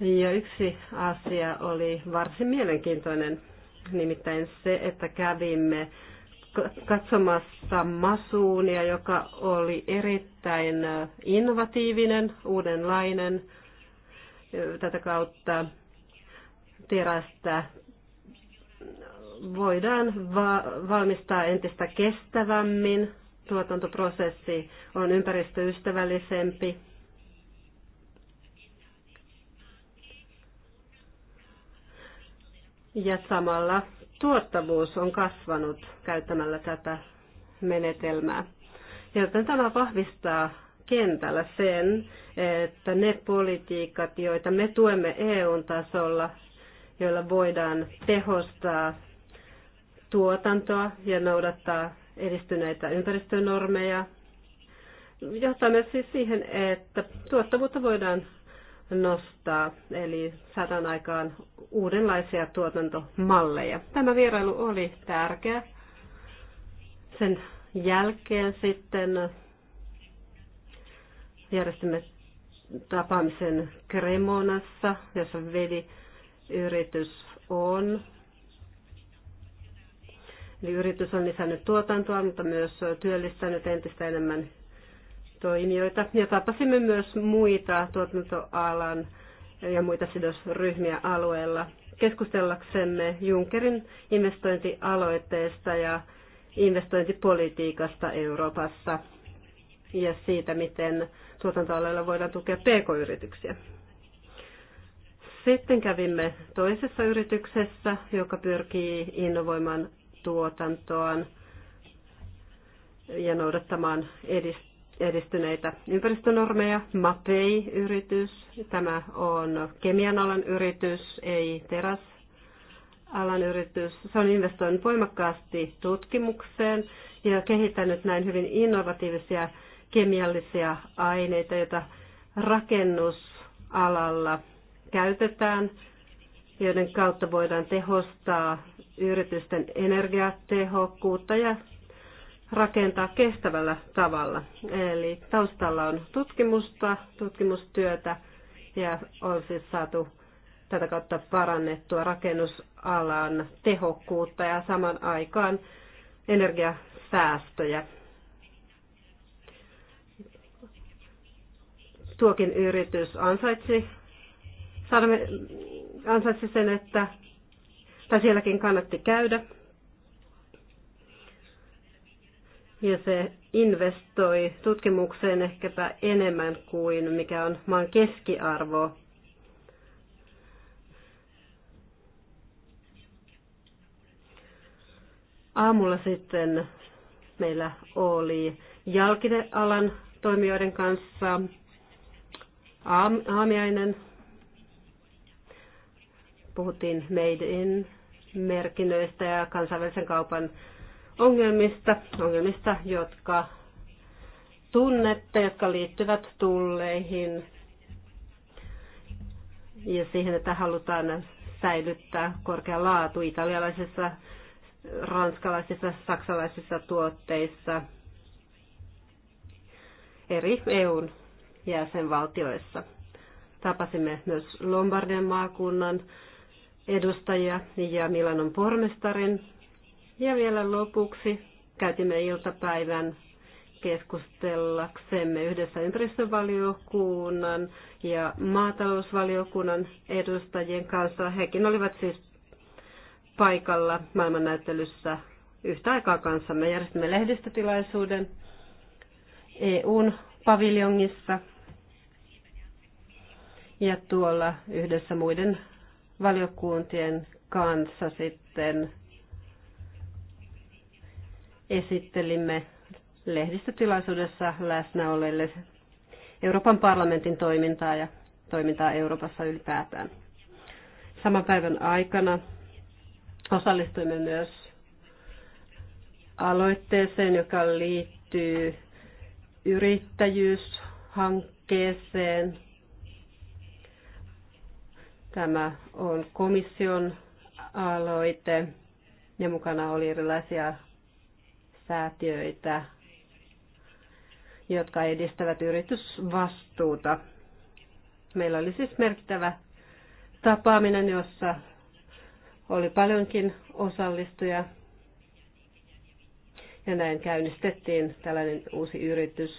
Ja yksi asia oli varsin mielenkiintoinen, nimittäin se, että kävimme katsomassa masuunia, joka oli erittäin innovatiivinen, uudenlainen. Tätä kautta terästä voidaan va- valmistaa entistä kestävämmin, tuotantoprosessi on ympäristöystävällisempi. Ja samalla tuottavuus on kasvanut käyttämällä tätä menetelmää. Joten tämä vahvistaa kentällä sen, että ne politiikat, joita me tuemme eu tasolla, joilla voidaan tehostaa tuotantoa ja noudattaa edistyneitä ympäristönormeja. Johtaa myös siis siihen, että tuottavuutta voidaan nostaa, eli saadaan aikaan uudenlaisia tuotantomalleja. Tämä vierailu oli tärkeä. Sen jälkeen sitten järjestimme tapaamisen Cremonassa, jossa vedi yritys on. Eli yritys on lisännyt tuotantoa, mutta myös työllistänyt entistä enemmän toimijoita. Ja tapasimme myös muita tuotantoalan ja muita sidosryhmiä alueella keskustellaksemme Junckerin investointialoitteesta ja investointipolitiikasta Euroopassa ja siitä, miten tuotantoalueella voidaan tukea pk-yrityksiä. Sitten kävimme toisessa yrityksessä, joka pyrkii innovoimaan tuotantoaan ja noudattamaan edistyneitä ympäristönormeja. MAPEI-yritys, tämä on kemian alan yritys, ei teräs alan yritys. Se on investoinut voimakkaasti tutkimukseen ja kehittänyt näin hyvin innovatiivisia kemiallisia aineita, joita rakennusalalla käytetään, joiden kautta voidaan tehostaa yritysten energiatehokkuutta ja rakentaa kestävällä tavalla. Eli taustalla on tutkimusta, tutkimustyötä ja on siis saatu tätä kautta parannettua rakennusalan tehokkuutta ja saman aikaan energiasäästöjä. Tuokin yritys ansaitsi Saadamme ansaitsi sen, että tai sielläkin kannatti käydä. Ja se investoi tutkimukseen ehkäpä enemmän kuin mikä on maan keskiarvo. Aamulla sitten meillä oli jalkinealan toimijoiden kanssa aamiainen puhuttiin Made in merkinnöistä ja kansainvälisen kaupan ongelmista, ongelmista, jotka tunnette, jotka liittyvät tulleihin ja siihen, että halutaan säilyttää korkea laatu italialaisissa, ranskalaisissa, saksalaisissa tuotteissa eri EUn jäsenvaltioissa. Tapasimme myös Lombardian maakunnan edustajia ja Milanon pormestarin. Ja vielä lopuksi käytimme iltapäivän keskustellaksemme yhdessä ympäristövaliokunnan ja maatalousvaliokunnan edustajien kanssa. Hekin olivat siis paikalla maailmannäyttelyssä yhtä aikaa kanssamme. Järjestimme lehdistötilaisuuden EUn paviljongissa ja tuolla yhdessä muiden valiokuntien kanssa sitten esittelimme lehdistötilaisuudessa läsnä olleille Euroopan parlamentin toimintaa ja toimintaa Euroopassa ylipäätään. Saman päivän aikana osallistuimme myös aloitteeseen, joka liittyy yrittäjyyshankkeeseen Tämä on komission aloite ja mukana oli erilaisia säätiöitä, jotka edistävät yritysvastuuta. Meillä oli siis merkittävä tapaaminen, jossa oli paljonkin osallistuja. Ja näin käynnistettiin tällainen uusi yritys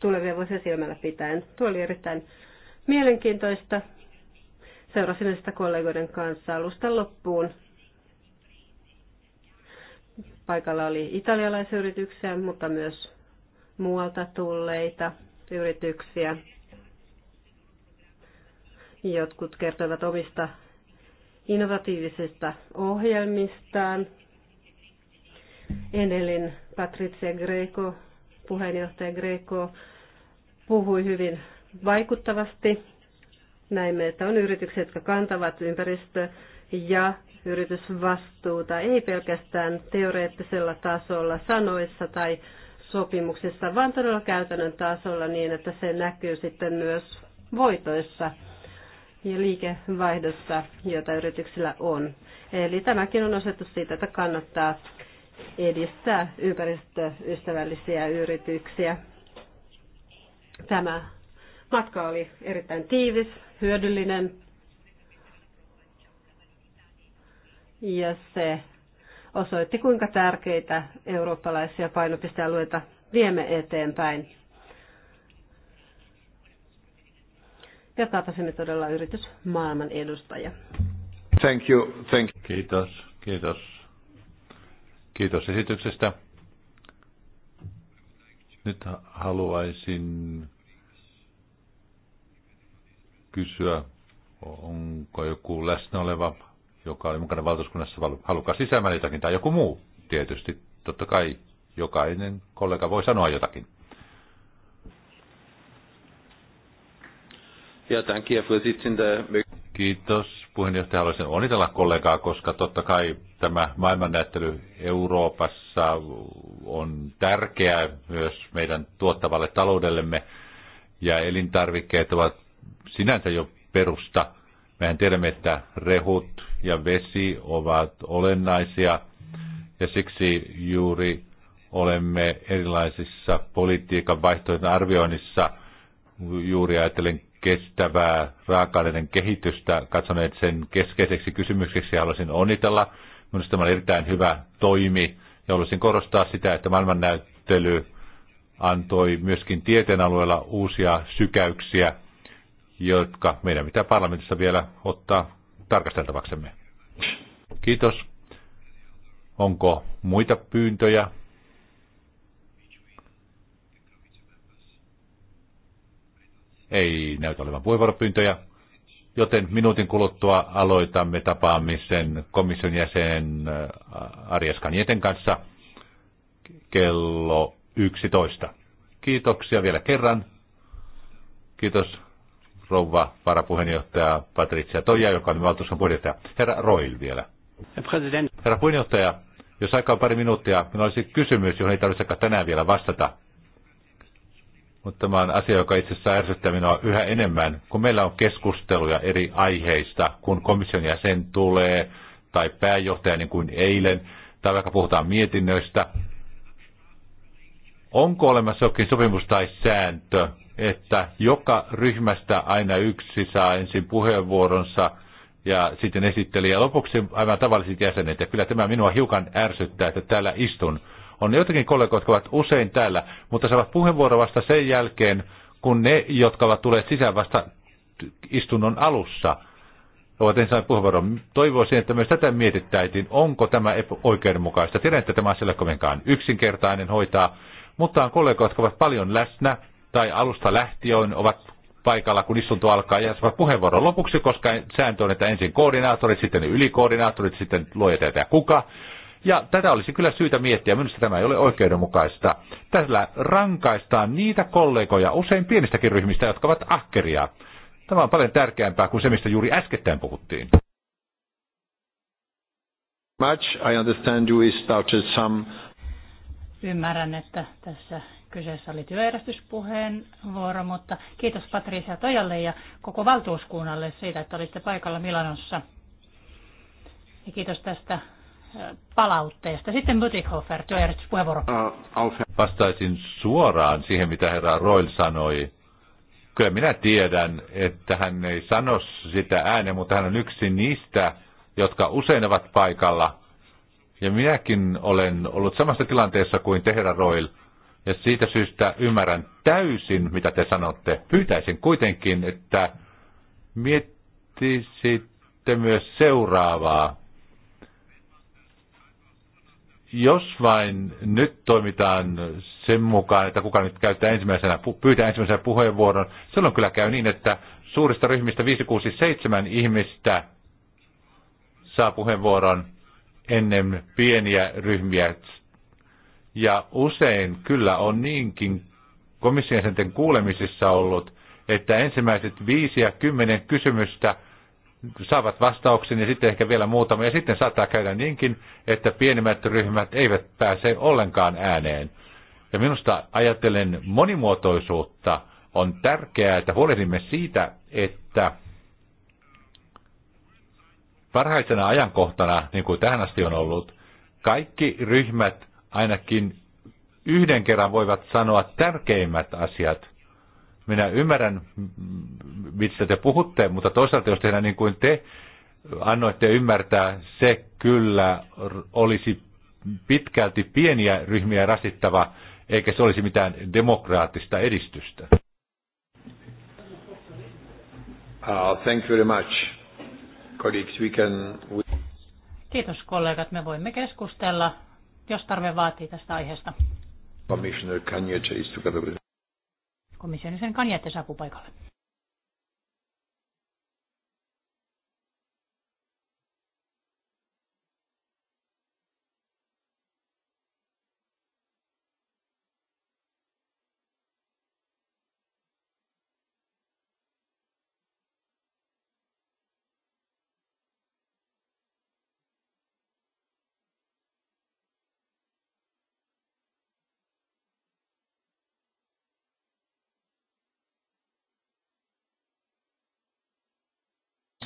tulevia vuosia silmällä pitäen. Tuo oli erittäin mielenkiintoista Seurasimme sitä kollegoiden kanssa alusta loppuun. Paikalla oli italialaisia yrityksiä, mutta myös muualta tulleita yrityksiä. Jotkut kertoivat omista innovatiivisista ohjelmistaan. Enelin Patricia Greco, puheenjohtaja Greco, puhui hyvin vaikuttavasti näimme, että on yrityksiä, jotka kantavat ympäristö- ja yritysvastuuta, ei pelkästään teoreettisella tasolla, sanoissa tai sopimuksissa, vaan todella käytännön tasolla niin, että se näkyy sitten myös voitoissa ja liikevaihdossa, jota yrityksillä on. Eli tämäkin on osoitus siitä, että kannattaa edistää ympäristöystävällisiä yrityksiä. Tämä Matka oli erittäin tiivis, hyödyllinen ja se osoitti, kuinka tärkeitä eurooppalaisia painopistealueita viemme eteenpäin. Ja tapasimme todella yritys maailman edustaja? Thank you. Thank you. Kiitos. Kiitos. Kiitos esityksestä. Nyt haluaisin kysyä, onko joku läsnä oleva, joka oli mukana valtuuskunnassa, halukas lisäämään jotakin, tai joku muu tietysti. Totta kai jokainen kollega voi sanoa jotakin. Ja tämän Kiitos. Puheenjohtaja, haluaisin onnitella kollegaa, koska totta kai tämä maailmannäyttely Euroopassa on tärkeää myös meidän tuottavalle taloudellemme. Ja elintarvikkeet ovat sinänsä jo perusta. Mehän tiedämme, että rehut ja vesi ovat olennaisia ja siksi juuri olemme erilaisissa politiikan vaihtoehtojen arvioinnissa juuri ajatellen kestävää raaka kehitystä katsoneet sen keskeiseksi kysymykseksi ja haluaisin onnitella. Minusta tämä on erittäin hyvä toimi ja haluaisin korostaa sitä, että maailmannäyttely antoi myöskin tieteen alueella uusia sykäyksiä jotka meidän pitää parlamentissa vielä ottaa tarkasteltavaksemme. Kiitos. Onko muita pyyntöjä? Ei näytä olevan puheenvuoropyyntöjä, joten minuutin kuluttua aloitamme tapaamisen komission jäsen äh, Arias Jeten kanssa kello 11. Kiitoksia vielä kerran. Kiitos rouva varapuheenjohtaja Patricia Toja, joka on valtuuston puheenjohtaja. Herra Roil vielä. Herra puheenjohtaja, jos aikaa on pari minuuttia, minulla olisi kysymys, johon ei tarvitse tänään vielä vastata. Mutta tämä on asia, joka itse asiassa ärsyttää minua yhä enemmän, kun meillä on keskusteluja eri aiheista, kun komission jäsen tulee, tai pääjohtaja niin kuin eilen, tai vaikka puhutaan mietinnöistä. Onko olemassa jokin sopimus tai sääntö, että joka ryhmästä aina yksi saa ensin puheenvuoronsa ja sitten esitteli. Ja lopuksi aivan tavalliset jäsenet. Ja kyllä tämä minua hiukan ärsyttää, että täällä istun. On jotenkin kollegoita, jotka ovat usein täällä, mutta saavat puheenvuoron vasta sen jälkeen, kun ne, jotka ovat tulleet sisään vasta istunnon alussa, ovat ensin saaneet puheenvuoron. Toivoisin, että myös tätä mietittäisiin, onko tämä oikeudenmukaista. Tiedän, että tämä on sillä kovinkaan yksinkertainen hoitaa, mutta on kollegoita, jotka ovat paljon läsnä, tai alusta lähtien ovat paikalla, kun istunto alkaa ja saavat puheenvuoron lopuksi, koska sääntö on, että ensin koordinaattorit, sitten ylikoordinaattorit, sitten luoja tietää kuka. Ja tätä olisi kyllä syytä miettiä, minusta tämä ei ole oikeudenmukaista. Tällä rankaistaan niitä kollegoja usein pienistäkin ryhmistä, jotka ovat ahkeria. Tämä on paljon tärkeämpää kuin se, mistä juuri äskettäin puhuttiin. Much. I understand you is some... Ymmärrän, että tässä Kyseessä oli työjärjestyspuheen vuoro, mutta kiitos Patricia Tojalle ja koko valtuuskunnalle siitä, että olitte paikalla Milanossa. Ja kiitos tästä palautteesta. Sitten Butikhofer, työjärjestyspuheenvuoro. Vastaisin suoraan siihen, mitä herra Roil sanoi. Kyllä minä tiedän, että hän ei sano sitä ääneen, mutta hän on yksi niistä, jotka usein ovat paikalla. Ja minäkin olen ollut samassa tilanteessa kuin te, Roil ja siitä syystä ymmärrän täysin, mitä te sanotte. Pyytäisin kuitenkin, että miettisitte myös seuraavaa. Jos vain nyt toimitaan sen mukaan, että kuka nyt käyttää ensimmäisenä, pyytää ensimmäisenä puheenvuoron, silloin kyllä käy niin, että suurista ryhmistä 5, 6, 7 ihmistä saa puheenvuoron ennen pieniä ryhmiä ja usein kyllä on niinkin komission jäsenten kuulemisissa ollut, että ensimmäiset viisi ja kymmenen kysymystä saavat vastauksen ja sitten ehkä vielä muutama. Ja sitten saattaa käydä niinkin, että pienemmät ryhmät eivät pääse ollenkaan ääneen. Ja minusta ajatellen monimuotoisuutta on tärkeää, että huolehdimme siitä, että parhaisena ajankohtana, niin kuin tähän asti on ollut, kaikki ryhmät ainakin yhden kerran voivat sanoa tärkeimmät asiat. Minä ymmärrän, mistä te puhutte, mutta toisaalta jos tehdään niin kuin te annoitte ymmärtää, se kyllä olisi pitkälti pieniä ryhmiä rasittava, eikä se olisi mitään demokraattista edistystä. Uh, thank you very much. Colleagues, we can... Kiitos kollegat, me voimme keskustella jos tarve vaatii tästä aiheesta. Commissioner Kanjete together with... Kanjete saapuu paikalle.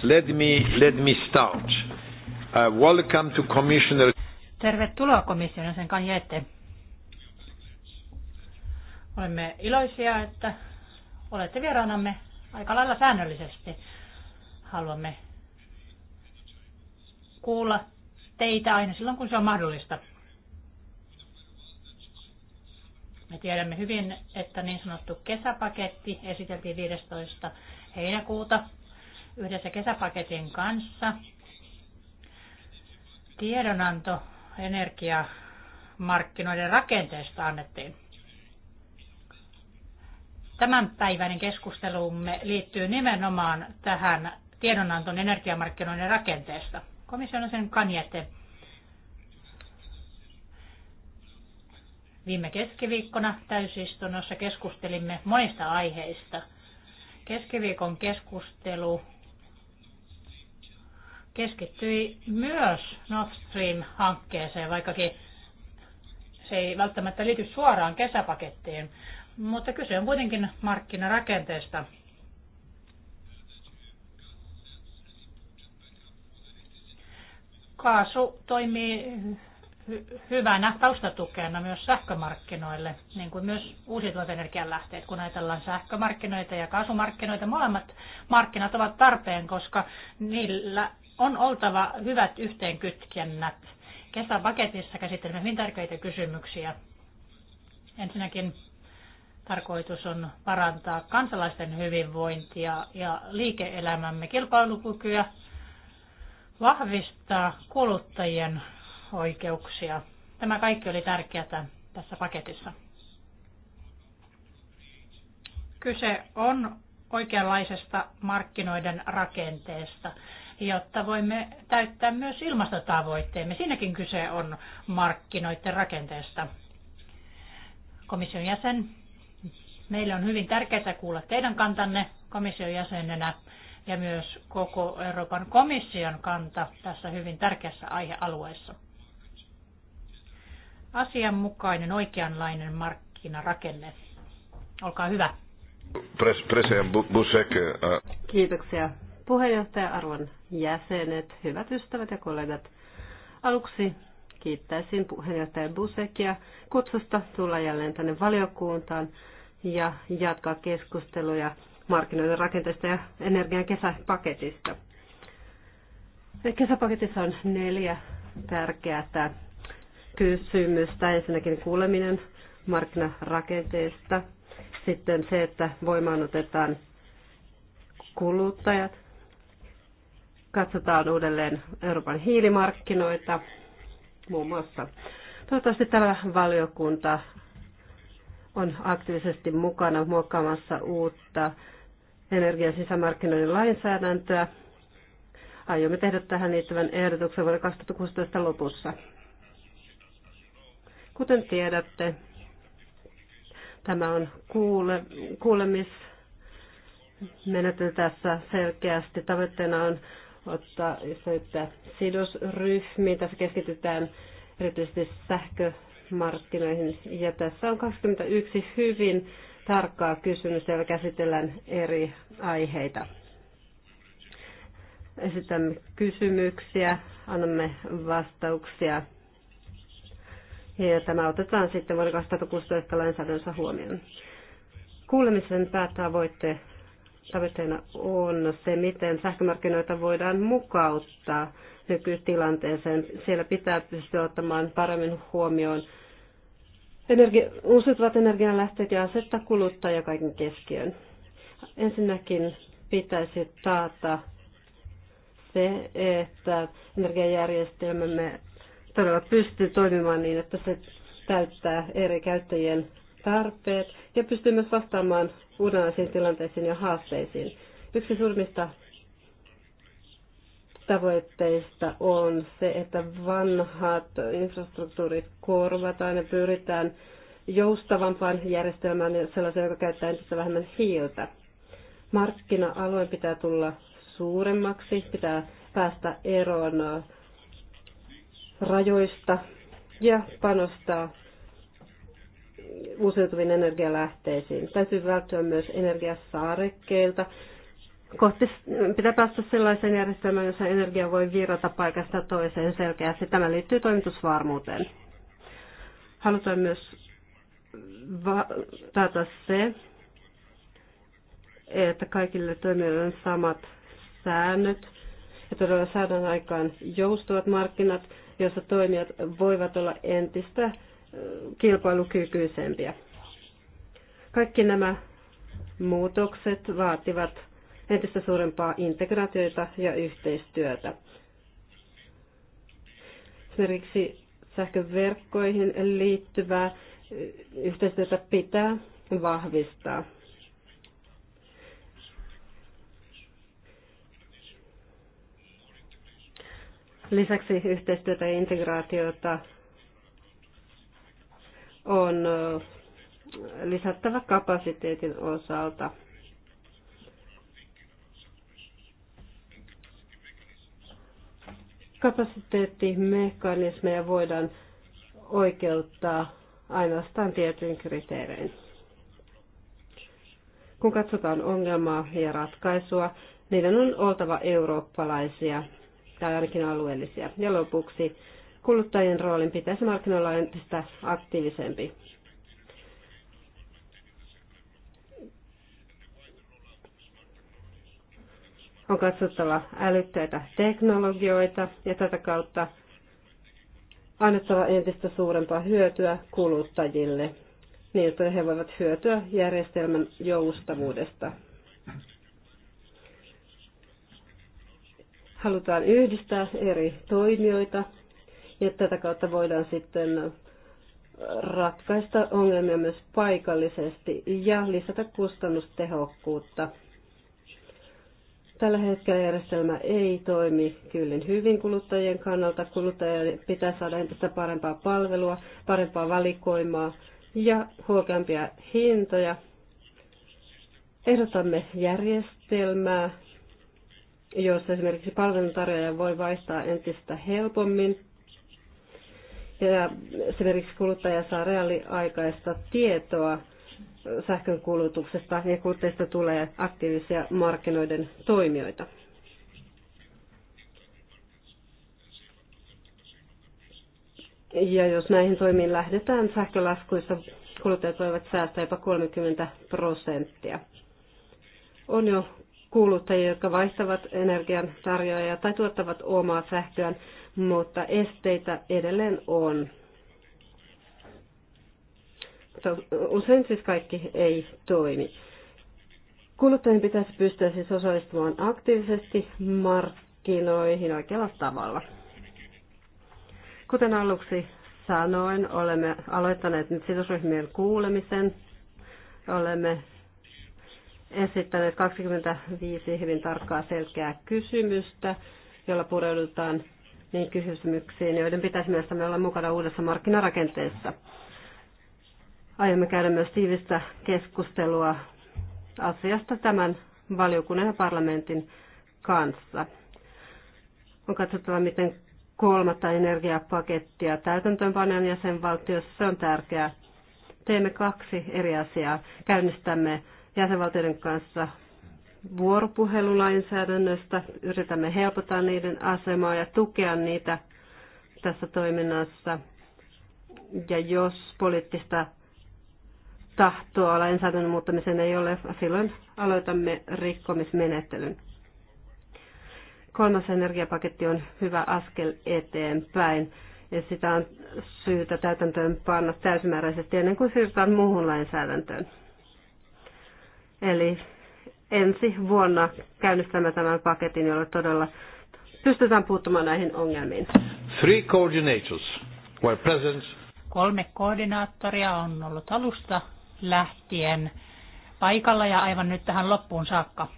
Let me, let me start. Uh, welcome to Commissioner. Tervetuloa komission sen kanjeette. Olemme iloisia, että olette vieraanamme aika lailla säännöllisesti. Haluamme kuulla teitä aina silloin, kun se on mahdollista. Me tiedämme hyvin, että niin sanottu kesäpaketti esiteltiin 15. heinäkuuta yhdessä kesäpaketin kanssa. Tiedonanto energiamarkkinoiden rakenteesta annettiin. Tämänpäiväinen keskustelumme liittyy nimenomaan tähän tiedonanton energiamarkkinoiden rakenteesta. Komission sen kanjete Viime keskiviikkona täysistunnossa keskustelimme monista aiheista. Keskiviikon keskustelu keskittyi myös Nord Stream-hankkeeseen, vaikkakin se ei välttämättä liity suoraan kesäpakettiin, mutta kyse on kuitenkin markkinarakenteesta. Kaasu toimii hyvänä taustatukena myös sähkömarkkinoille, niin kuin myös uusiutuvat energianlähteet, kun ajatellaan sähkömarkkinoita ja kaasumarkkinoita. Molemmat markkinat ovat tarpeen, koska niillä on oltava hyvät yhteenkytkennät. Kesäpaketissa käsittelemme hyvin tärkeitä kysymyksiä. Ensinnäkin tarkoitus on parantaa kansalaisten hyvinvointia ja liike-elämämme kilpailukykyä, vahvistaa kuluttajien oikeuksia. Tämä kaikki oli tärkeää tässä paketissa. Kyse on oikeanlaisesta markkinoiden rakenteesta jotta voimme täyttää myös ilmastotavoitteemme. Siinäkin kyse on markkinoiden rakenteesta. Komission jäsen, meille on hyvin tärkeää kuulla teidän kantanne komission jäsenenä ja myös koko Euroopan komission kanta tässä hyvin tärkeässä aihealueessa. Asianmukainen oikeanlainen markkinarakenne. Olkaa hyvä. Äh, Kiitoksia puheenjohtaja, arvon jäsenet, hyvät ystävät ja kollegat. Aluksi kiittäisin puheenjohtaja Busekia kutsusta tulla jälleen tänne valiokuntaan ja jatkaa keskusteluja markkinoiden rakenteesta ja energian kesäpaketista. Kesäpaketissa on neljä tärkeää kysymystä. Ensinnäkin kuuleminen markkinarakenteesta, sitten se, että voimaan otetaan kuluttajat katsotaan uudelleen Euroopan hiilimarkkinoita muun muassa. Toivottavasti tämä valiokunta on aktiivisesti mukana muokkaamassa uutta energian sisämarkkinoiden lainsäädäntöä. Aiomme tehdä tähän liittyvän ehdotuksen vuoden 2016 lopussa. Kuten tiedätte, tämä on kuule, kuulemismenettely tässä selkeästi. Tavoitteena on ottaa yhteyttä sidosryhmiin. Tässä keskitytään erityisesti sähkömarkkinoihin. Ja tässä on 21 hyvin tarkkaa kysymystä, jolla käsitellään eri aiheita. Esitämme kysymyksiä, annamme vastauksia. Ja tämä otetaan sitten vuoden 2016 lainsäädännössä huomioon. Kuulemisen päätavoitteena tavoitteena on se, miten sähkömarkkinoita voidaan mukauttaa nykytilanteeseen. Siellä pitää pystyä ottamaan paremmin huomioon energi- uusiutuvat energianlähteet ja asettaa kuluttaja kaiken keskiön. Ensinnäkin pitäisi taata se, että energiajärjestelmämme todella pystyy toimimaan niin, että se täyttää eri käyttäjien tarpeet ja pystyy myös vastaamaan uudenlaisiin tilanteisiin ja haasteisiin. Yksi suurimmista tavoitteista on se, että vanhat infrastruktuurit korvataan ja pyritään joustavampaan järjestelmään ja sellaiseen, joka käyttää entistä vähemmän hiiltä. Markkina-alueen pitää tulla suuremmaksi, pitää päästä eroon rajoista ja panostaa uusiutuviin energialähteisiin. Täytyy välttyä myös energiasaarekkeilta. Kohti pitää päästä sellaiseen järjestelmään, jossa energia voi virrata paikasta toiseen selkeästi. Tämä liittyy toimitusvarmuuteen. Halutaan myös taata se, että kaikille toimijoille on samat säännöt ja todella saadaan aikaan joustuvat markkinat, joissa toimijat voivat olla entistä kilpailukykyisempiä. Kaikki nämä muutokset vaativat entistä suurempaa integraatiota ja yhteistyötä. Esimerkiksi sähköverkkoihin liittyvää yhteistyötä pitää vahvistaa. Lisäksi yhteistyötä ja integraatiota on lisättävä kapasiteetin osalta. Kapasiteettimekanismeja voidaan oikeuttaa ainoastaan tietyin kriteerein. Kun katsotaan ongelmaa ja ratkaisua, niiden on oltava eurooppalaisia tai ainakin alueellisia. Ja lopuksi kuluttajien roolin pitäisi markkinoilla olla entistä aktiivisempi. On katsottava älykkäitä teknologioita ja tätä kautta annettava entistä suurempaa hyötyä kuluttajille, niin että he voivat hyötyä järjestelmän joustavuudesta. Halutaan yhdistää eri toimijoita ja tätä kautta voidaan sitten ratkaista ongelmia myös paikallisesti ja lisätä kustannustehokkuutta. Tällä hetkellä järjestelmä ei toimi kyllin hyvin kuluttajien kannalta. Kuluttajien pitää saada entistä parempaa palvelua, parempaa valikoimaa ja huokeampia hintoja. Ehdotamme järjestelmää, jossa esimerkiksi palveluntarjoaja voi vaihtaa entistä helpommin ja esimerkiksi kuluttaja saa reaaliaikaista tietoa sähkön kulutuksesta ja kuluttajista tulee aktiivisia markkinoiden toimijoita. Ja jos näihin toimiin lähdetään sähkölaskuissa, kuluttajat voivat säästää jopa 30 prosenttia. On jo kuluttajia, jotka vaihtavat energian tarjoajia tai tuottavat omaa sähköään, mutta esteitä edelleen on. Usein siis kaikki ei toimi. Kuluttajien pitäisi pystyä siis osallistumaan aktiivisesti markkinoihin oikealla tavalla. Kuten aluksi sanoin, olemme aloittaneet nyt sidosryhmien kuulemisen. Olemme esittäneet 25 hyvin tarkkaa selkeää kysymystä, jolla pureudutaan niin kysymyksiin, joiden pitäisi mielestämme olla mukana uudessa markkinarakenteessa. Aiomme käydä myös tiivistä keskustelua asiasta tämän valiokunnan ja parlamentin kanssa. On katsottava, miten kolmatta energiapakettia täytäntöönpanojen jäsenvaltiossa. Se on tärkeää. Teemme kaksi eri asiaa. Käynnistämme jäsenvaltioiden kanssa vuoropuhelulainsäädännöstä. Yritämme helpottaa niiden asemaa ja tukea niitä tässä toiminnassa. Ja jos poliittista tahtoa lainsäädännön muuttamiseen ei ole, silloin aloitamme rikkomismenettelyn. Kolmas energiapaketti on hyvä askel eteenpäin ja sitä on syytä täytäntöön panna täysimääräisesti ennen kuin siirrytään muuhun lainsäädäntöön. Eli ensi vuonna käynnistämme tämän paketin, jolla todella pystytään puuttumaan näihin ongelmiin. Three coordinators were present. Kolme koordinaattoria on ollut alusta lähtien paikalla ja aivan nyt tähän loppuun saakka.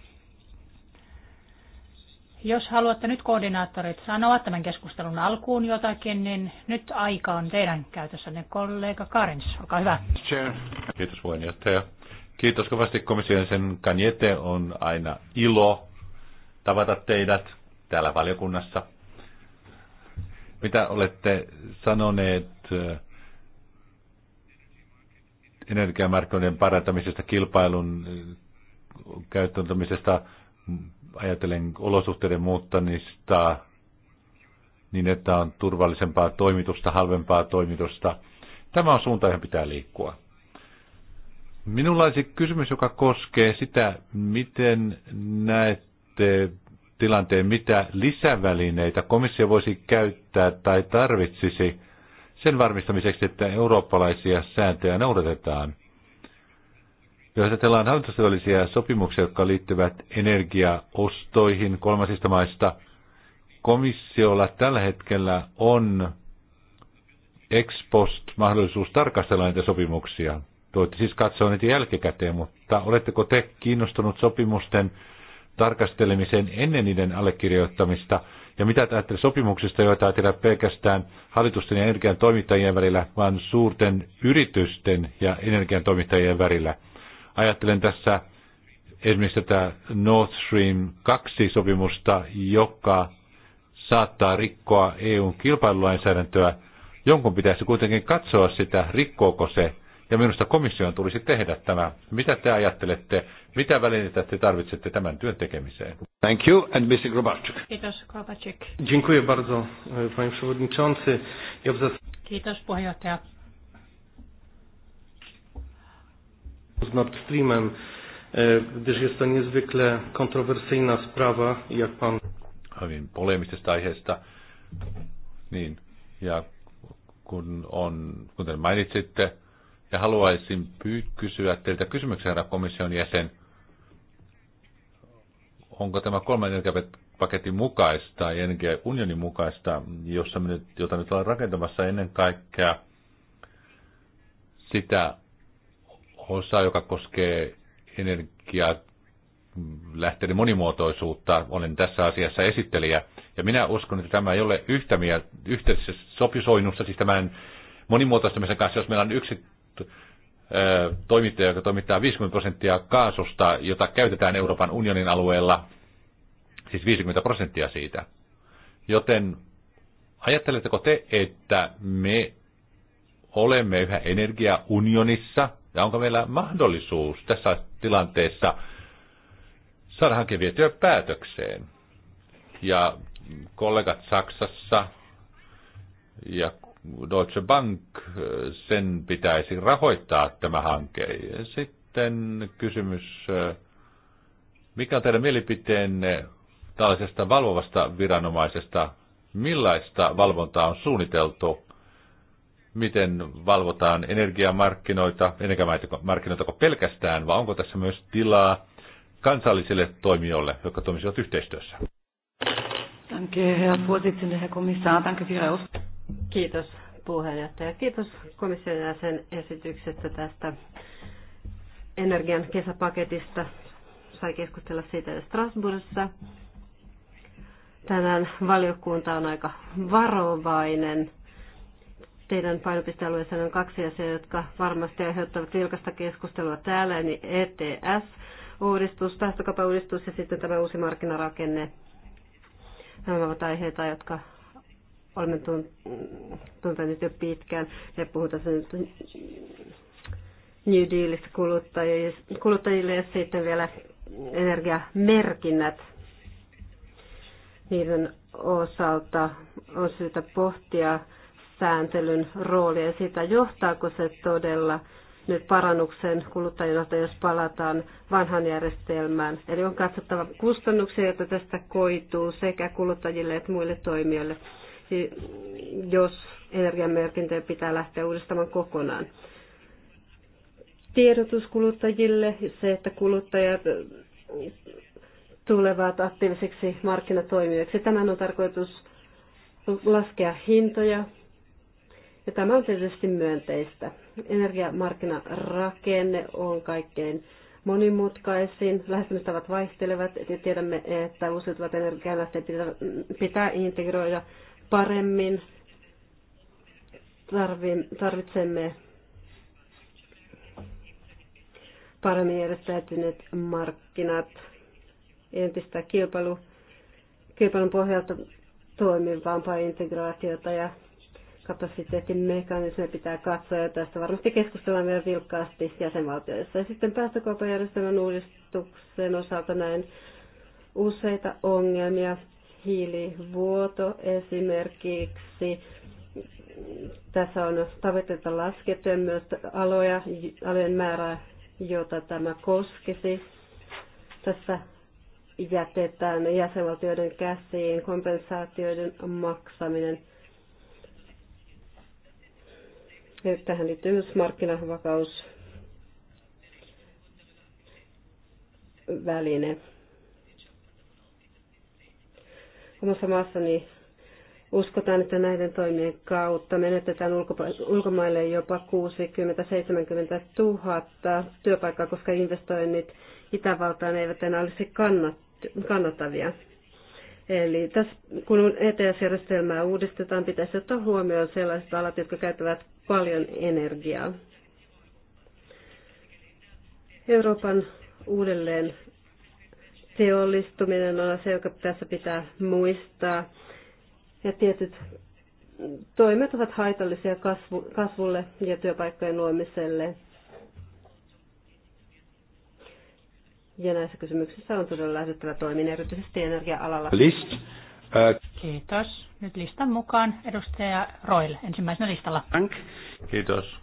Jos haluatte nyt koordinaattorit sanoa tämän keskustelun alkuun jotakin, niin nyt aika on teidän käytössänne. Kollega Karins, olkaa hyvä. Chair. Kiitos puheenjohtaja. Kiitos kovasti komission sen Kanjete. On aina ilo tavata teidät täällä valiokunnassa. Mitä olette sanoneet eh, energiamarkkinoiden parantamisesta, kilpailun eh, käyttöntämisestä, ajatellen olosuhteiden muuttamista niin, että on turvallisempaa toimitusta, halvempaa toimitusta. Tämä on suunta, johon pitää liikkua. Minulla olisi kysymys, joka koskee sitä, miten näette tilanteen, mitä lisävälineitä komissio voisi käyttää tai tarvitsisi sen varmistamiseksi, että eurooppalaisia sääntöjä noudatetaan. Jos ajatellaan hallitusvälisiä sopimuksia, jotka liittyvät energiaostoihin kolmasista maista, komissiolla tällä hetkellä on ex post mahdollisuus tarkastella näitä sopimuksia. Tuotte siis katsoa niitä jälkikäteen, mutta oletteko te kiinnostunut sopimusten tarkastelemiseen ennen niiden allekirjoittamista? Ja mitä te sopimuksista, joita ei tehdä pelkästään hallitusten ja energian toimittajien välillä, vaan suurten yritysten ja energian toimittajien välillä? Ajattelen tässä esimerkiksi tätä Nord Stream 2-sopimusta, joka saattaa rikkoa EUn kilpailulainsäädäntöä. Jonkun pitäisi kuitenkin katsoa sitä, rikkooko se ja minusta komission tulisi tehdä tämä. Mitä te ajattelette, mitä välineitä te tarvitsette tämän työn tekemiseen? Thank you and Mr. Grobarczyk. Kiitos, Grobarczyk. Dziękuję bardzo, e, panie przewodniczący. Kiitos, puheenjohtaja. Z Nord Streamem, e, gdyż jest to niezwykle kontrowersyjna sprawa, jak pan... Hyvin polemisesta aiheesta. Niin, ja kun on, kuten mainitsitte, ja haluaisin kysyä teiltä kysymyksen, herra komission jäsen. Onko tämä kolme energiapaketin mukaista ja energiaunionin mukaista, jossa me nyt, jota nyt ollaan rakentamassa ennen kaikkea sitä osaa, joka koskee energiaa lähteiden monimuotoisuutta. Olen tässä asiassa esittelijä. Ja minä uskon, että tämä ei ole yhtä mieltä, yhteisessä sopisoinnussa, siis tämän monimuotoistamisen kanssa, jos meillä on yksi toimittaja, joka toimittaa 50 prosenttia kaasusta, jota käytetään Euroopan unionin alueella, siis 50 prosenttia siitä. Joten ajatteletteko te, että me olemme yhä energiaunionissa ja onko meillä mahdollisuus tässä tilanteessa saada hankkeen vietyä päätökseen? Ja kollegat Saksassa ja Deutsche Bank, eh, sen pitäisi rahoittaa tämä hanke. Sitten kysymys, eh, mikä on teidän mielipiteenne tällaisesta valvovasta viranomaisesta? Millaista valvontaa on suunniteltu? Miten valvotaan energiamarkkinoita, energiamarkkinoita pelkästään, vai onko tässä myös tilaa kansallisille toimijoille, jotka toimisivat yhteistyössä? Danke, Herr Vorsitzende, Herr Kommissar, danke für Ihre Kiitos puheenjohtaja. Kiitos komission jäsen esityksestä tästä energian kesäpaketista. Sai keskustella siitä jo Strasbourgissa. Tänään valiokunta on aika varovainen. Teidän painopistealueessa on kaksi asiaa, jotka varmasti aiheuttavat vilkasta keskustelua täällä, eli ETS-uudistus, päästökaupan uudistus ja sitten tämä uusi markkinarakenne. Nämä ovat aiheita, jotka olemme tunteneet jo pitkään. Ja puhutaan nyt New Dealista kuluttajille, kuluttajille ja sitten vielä energiamerkinnät. Niiden osalta on syytä pohtia sääntelyn roolia ja sitä, johtaako se todella nyt parannuksen kuluttajilta, jos palataan vanhan järjestelmään. Eli on katsottava kustannuksia, joita tästä koituu sekä kuluttajille että muille toimijoille siksi, jos energiamerkintöjä pitää lähteä uudistamaan kokonaan. Tiedotus kuluttajille, se, että kuluttajat äh, tulevat aktiivisiksi markkinatoimijoiksi. Tämän on tarkoitus laskea hintoja, ja tämä on tietysti myönteistä. Energiamarkkinarakenne on kaikkein monimutkaisin, lähestymistavat vaihtelevat tiedämme, että uusiutuvat energialähteet pitää integroida paremmin. Tarvitsemme paremmin järjestäytyneet markkinat, entistä kilpailu, kilpailun pohjalta toimivampaa integraatiota ja kapasiteetin mekanismeja pitää katsoa, ja tästä varmasti keskustellaan vielä vilkkaasti jäsenvaltioissa. Ja sitten päästökauppajärjestelmän uudistuksen osalta näin useita ongelmia hiilivuoto esimerkiksi. Tässä on tavoitteita laskettuja myös aloja, alojen määrää, jota tämä koskisi. Tässä jätetään jäsenvaltioiden käsiin kompensaatioiden maksaminen. Ja tähän liittyy myös markkinavakausväline. omassa niin uskotaan, että näiden toimien kautta menetetään ulkomaille jopa 60-70 000 työpaikkaa, koska investoinnit Itävaltaan eivät enää olisi kannattavia. Eli tässä, kun ETS-järjestelmää uudistetaan, pitäisi ottaa huomioon sellaiset alat, jotka käyttävät paljon energiaa. Euroopan uudelleen teollistuminen on se, joka tässä pitää muistaa. Ja tietyt toimet ovat haitallisia kasvu, kasvulle ja työpaikkojen luomiselle. Ja näissä kysymyksissä on todella lähdettävä toimin erityisesti energia-alalla. List. Äh, Kiitos. Nyt listan mukaan edustaja Roil ensimmäisenä listalla. Thank. Kiitos.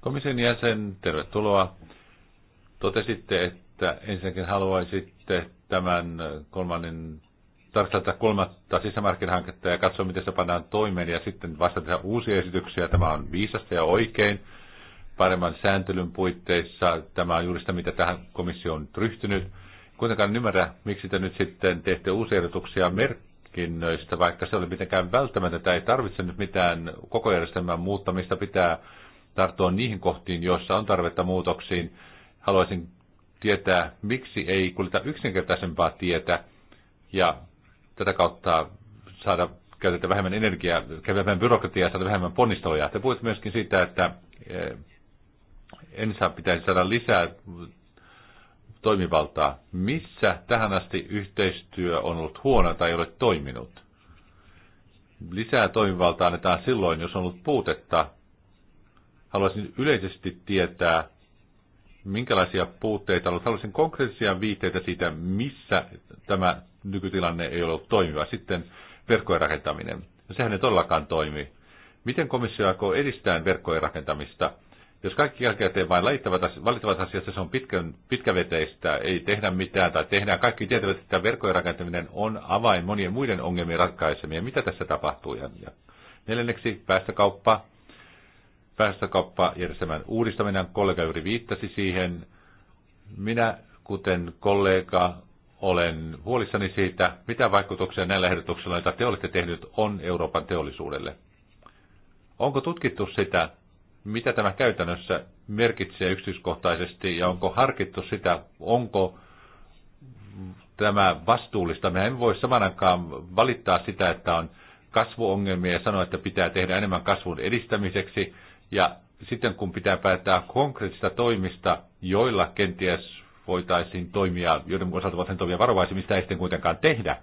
Komission jäsen, tervetuloa. Totesitte, että että ensinnäkin haluaisitte tämän kolmannen tarkastella kolmatta sisämarkkinahanketta ja katsoa, miten se pannaan toimeen ja sitten vastata uusia esityksiä. Tämä on viisasta ja oikein paremman sääntelyn puitteissa. Tämä on juuri sitä, mitä tähän komissio on ryhtynyt. Kuitenkaan en ymmärrä, miksi te nyt sitten teette uusia ehdotuksia merkinnöistä, vaikka se oli mitenkään välttämätöntä. Ei tarvitse nyt mitään koko järjestelmän muuttamista. Pitää tarttua niihin kohtiin, joissa on tarvetta muutoksiin. Haluaisin tietää, miksi ei kuljeta yksinkertaisempaa tietä ja tätä kautta saada käytetä vähemmän energiaa, käydä vähemmän byrokratiaa, saada vähemmän ponnistoja. Te puhuit myöskin siitä, että eh, ensa pitäisi saada lisää toimivaltaa. Missä tähän asti yhteistyö on ollut huono tai ei ole toiminut? Lisää toimivaltaa annetaan silloin, jos on ollut puutetta. Haluaisin yleisesti tietää, minkälaisia puutteita on Haluaisin konkreettisia viitteitä siitä, missä tämä nykytilanne ei ollut toimiva. Sitten verkkojen rakentaminen. No, sehän ei todellakaan toimi. Miten komissio aikoo edistää verkkojen rakentamista? Jos kaikki jälkikäteen vain valittavat asiasta, se on pitkän, pitkäveteistä, ei tehdä mitään tai tehdään. Kaikki tietävät, että verkkojen rakentaminen on avain monien muiden ongelmien ratkaisemia. Mitä tässä tapahtuu? Ja, ja. Neljänneksi päästökauppa päästökauppajärjestelmän uudistaminen, kollega juuri viittasi siihen. Minä, kuten kollega, olen huolissani siitä, mitä vaikutuksia näillä ehdotuksilla, joita te olette tehnyt, on Euroopan teollisuudelle. Onko tutkittu sitä, mitä tämä käytännössä merkitsee yksityiskohtaisesti ja onko harkittu sitä, onko tämä vastuullista. Me emme voi samanakaan valittaa sitä, että on kasvuongelmia ja sanoa, että pitää tehdä enemmän kasvun edistämiseksi, ja sitten kun pitää päättää konkreettista toimista, joilla kenties voitaisiin toimia, joiden osalta voitaisiin toimia varovaisin, mistä ei sitten kuitenkaan tehdä.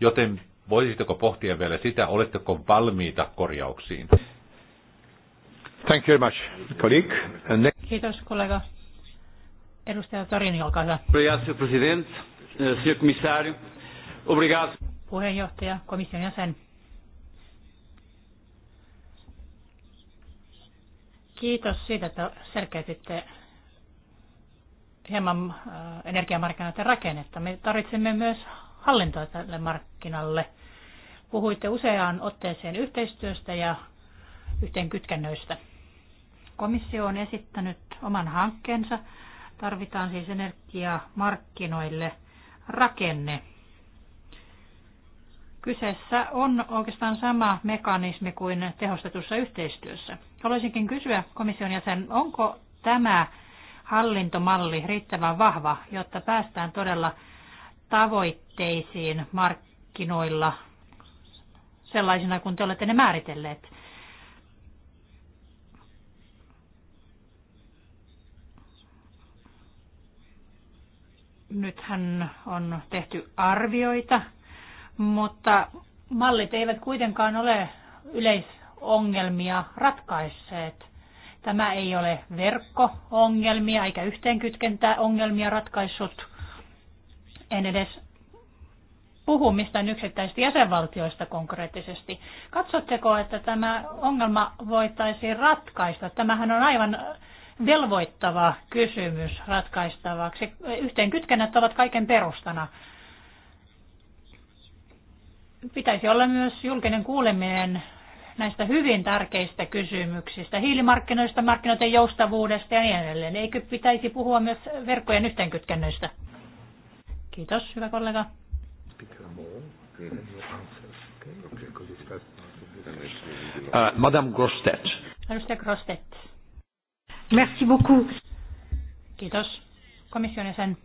Joten voisitteko pohtia vielä sitä, oletteko valmiita korjauksiin? Thank you very much, colleague. next... Kiitos, kollega. Edustaja Torini, olkaa hyvä. Obrigado, president. Eh, Senhor comissário. Obrigado. Puheenjohtaja, komission jäsen. Kiitos siitä, että selkeytitte hieman äh, energiamarkkinoiden rakennetta. Me tarvitsemme myös hallintoa tälle markkinalle. Puhuitte useaan otteeseen yhteistyöstä ja yhteenkytkennöistä. Komissio on esittänyt oman hankkeensa. Tarvitaan siis energiamarkkinoille rakenne. Kyseessä on oikeastaan sama mekanismi kuin tehostetussa yhteistyössä. Haluaisinkin kysyä komission jäsen, onko tämä hallintomalli riittävän vahva, jotta päästään todella tavoitteisiin markkinoilla sellaisina kuin te olette ne määritelleet? Nythän on tehty arvioita, mutta mallit eivät kuitenkaan ole yleis ongelmia ratkaisseet. Tämä ei ole verkko-ongelmia eikä yhteenkytkentää ongelmia ratkaissut. En edes puhu mistään yksittäisistä jäsenvaltioista konkreettisesti. Katsotteko, että tämä ongelma voitaisiin ratkaista? Tämähän on aivan velvoittava kysymys ratkaistavaksi. Yhteenkytkennät ovat kaiken perustana. Pitäisi olla myös julkinen kuuleminen näistä hyvin tärkeistä kysymyksistä, hiilimarkkinoista, markkinoiden joustavuudesta ja niin edelleen. Eikö pitäisi puhua myös verkkojen yhteenkytkennöistä? Kiitos, hyvä kollega. Uh, Madame Grostet. Edustaja Grostet. Merci beaucoup. Kiitos komission sen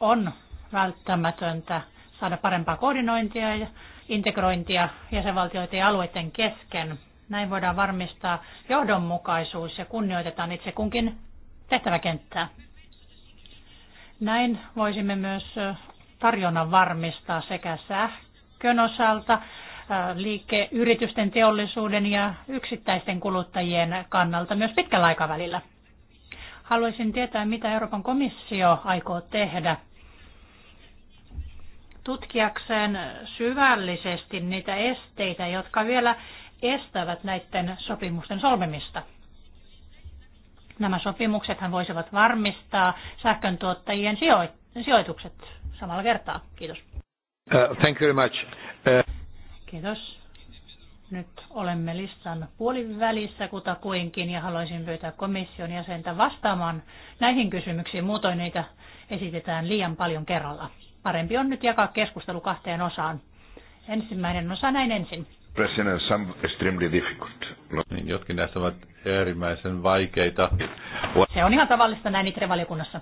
On välttämätöntä saada parempaa koordinointia ja integrointia jäsenvaltioiden ja alueiden kesken. Näin voidaan varmistaa johdonmukaisuus ja kunnioitetaan itse kunkin tehtäväkenttää. Näin voisimme myös tarjonnan varmistaa sekä sähkön osalta, liikeyritysten, teollisuuden ja yksittäisten kuluttajien kannalta myös pitkällä aikavälillä. Haluaisin tietää, mitä Euroopan komissio aikoo tehdä tutkiakseen syvällisesti niitä esteitä, jotka vielä estävät näiden sopimusten solmimista. Nämä sopimuksethan voisivat varmistaa sähkön tuottajien sijoitukset samalla kertaa. Kiitos. Uh, thank you very much. Uh... Kiitos. Nyt olemme listan puolivälissä kutakuinkin ja haluaisin pyytää komission jäsentä vastaamaan näihin kysymyksiin. Muutoin niitä esitetään liian paljon kerralla. Parempi on nyt jakaa keskustelu kahteen osaan. Ensimmäinen osa näin ensin. President, some extremely difficult. No. Niin, jotkin näistä ovat äärimmäisen vaikeita. Se on ihan tavallista näin itse valiokunnassa.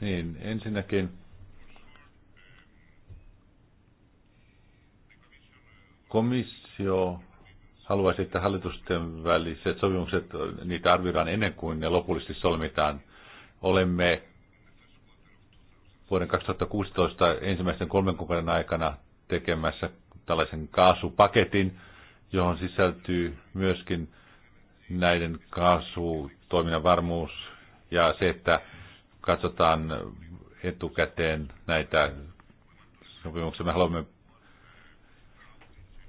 niin, ensinnäkin komissio haluaisi, että hallitusten väliset sopimukset, niitä arvioidaan ennen kuin ne lopullisesti solmitaan. Olemme vuoden 2016 ensimmäisten kolmen kuukauden aikana tekemässä tällaisen kaasupaketin, johon sisältyy myöskin näiden kaasutoiminnan varmuus ja se, että katsotaan etukäteen näitä sopimuksia. Me haluamme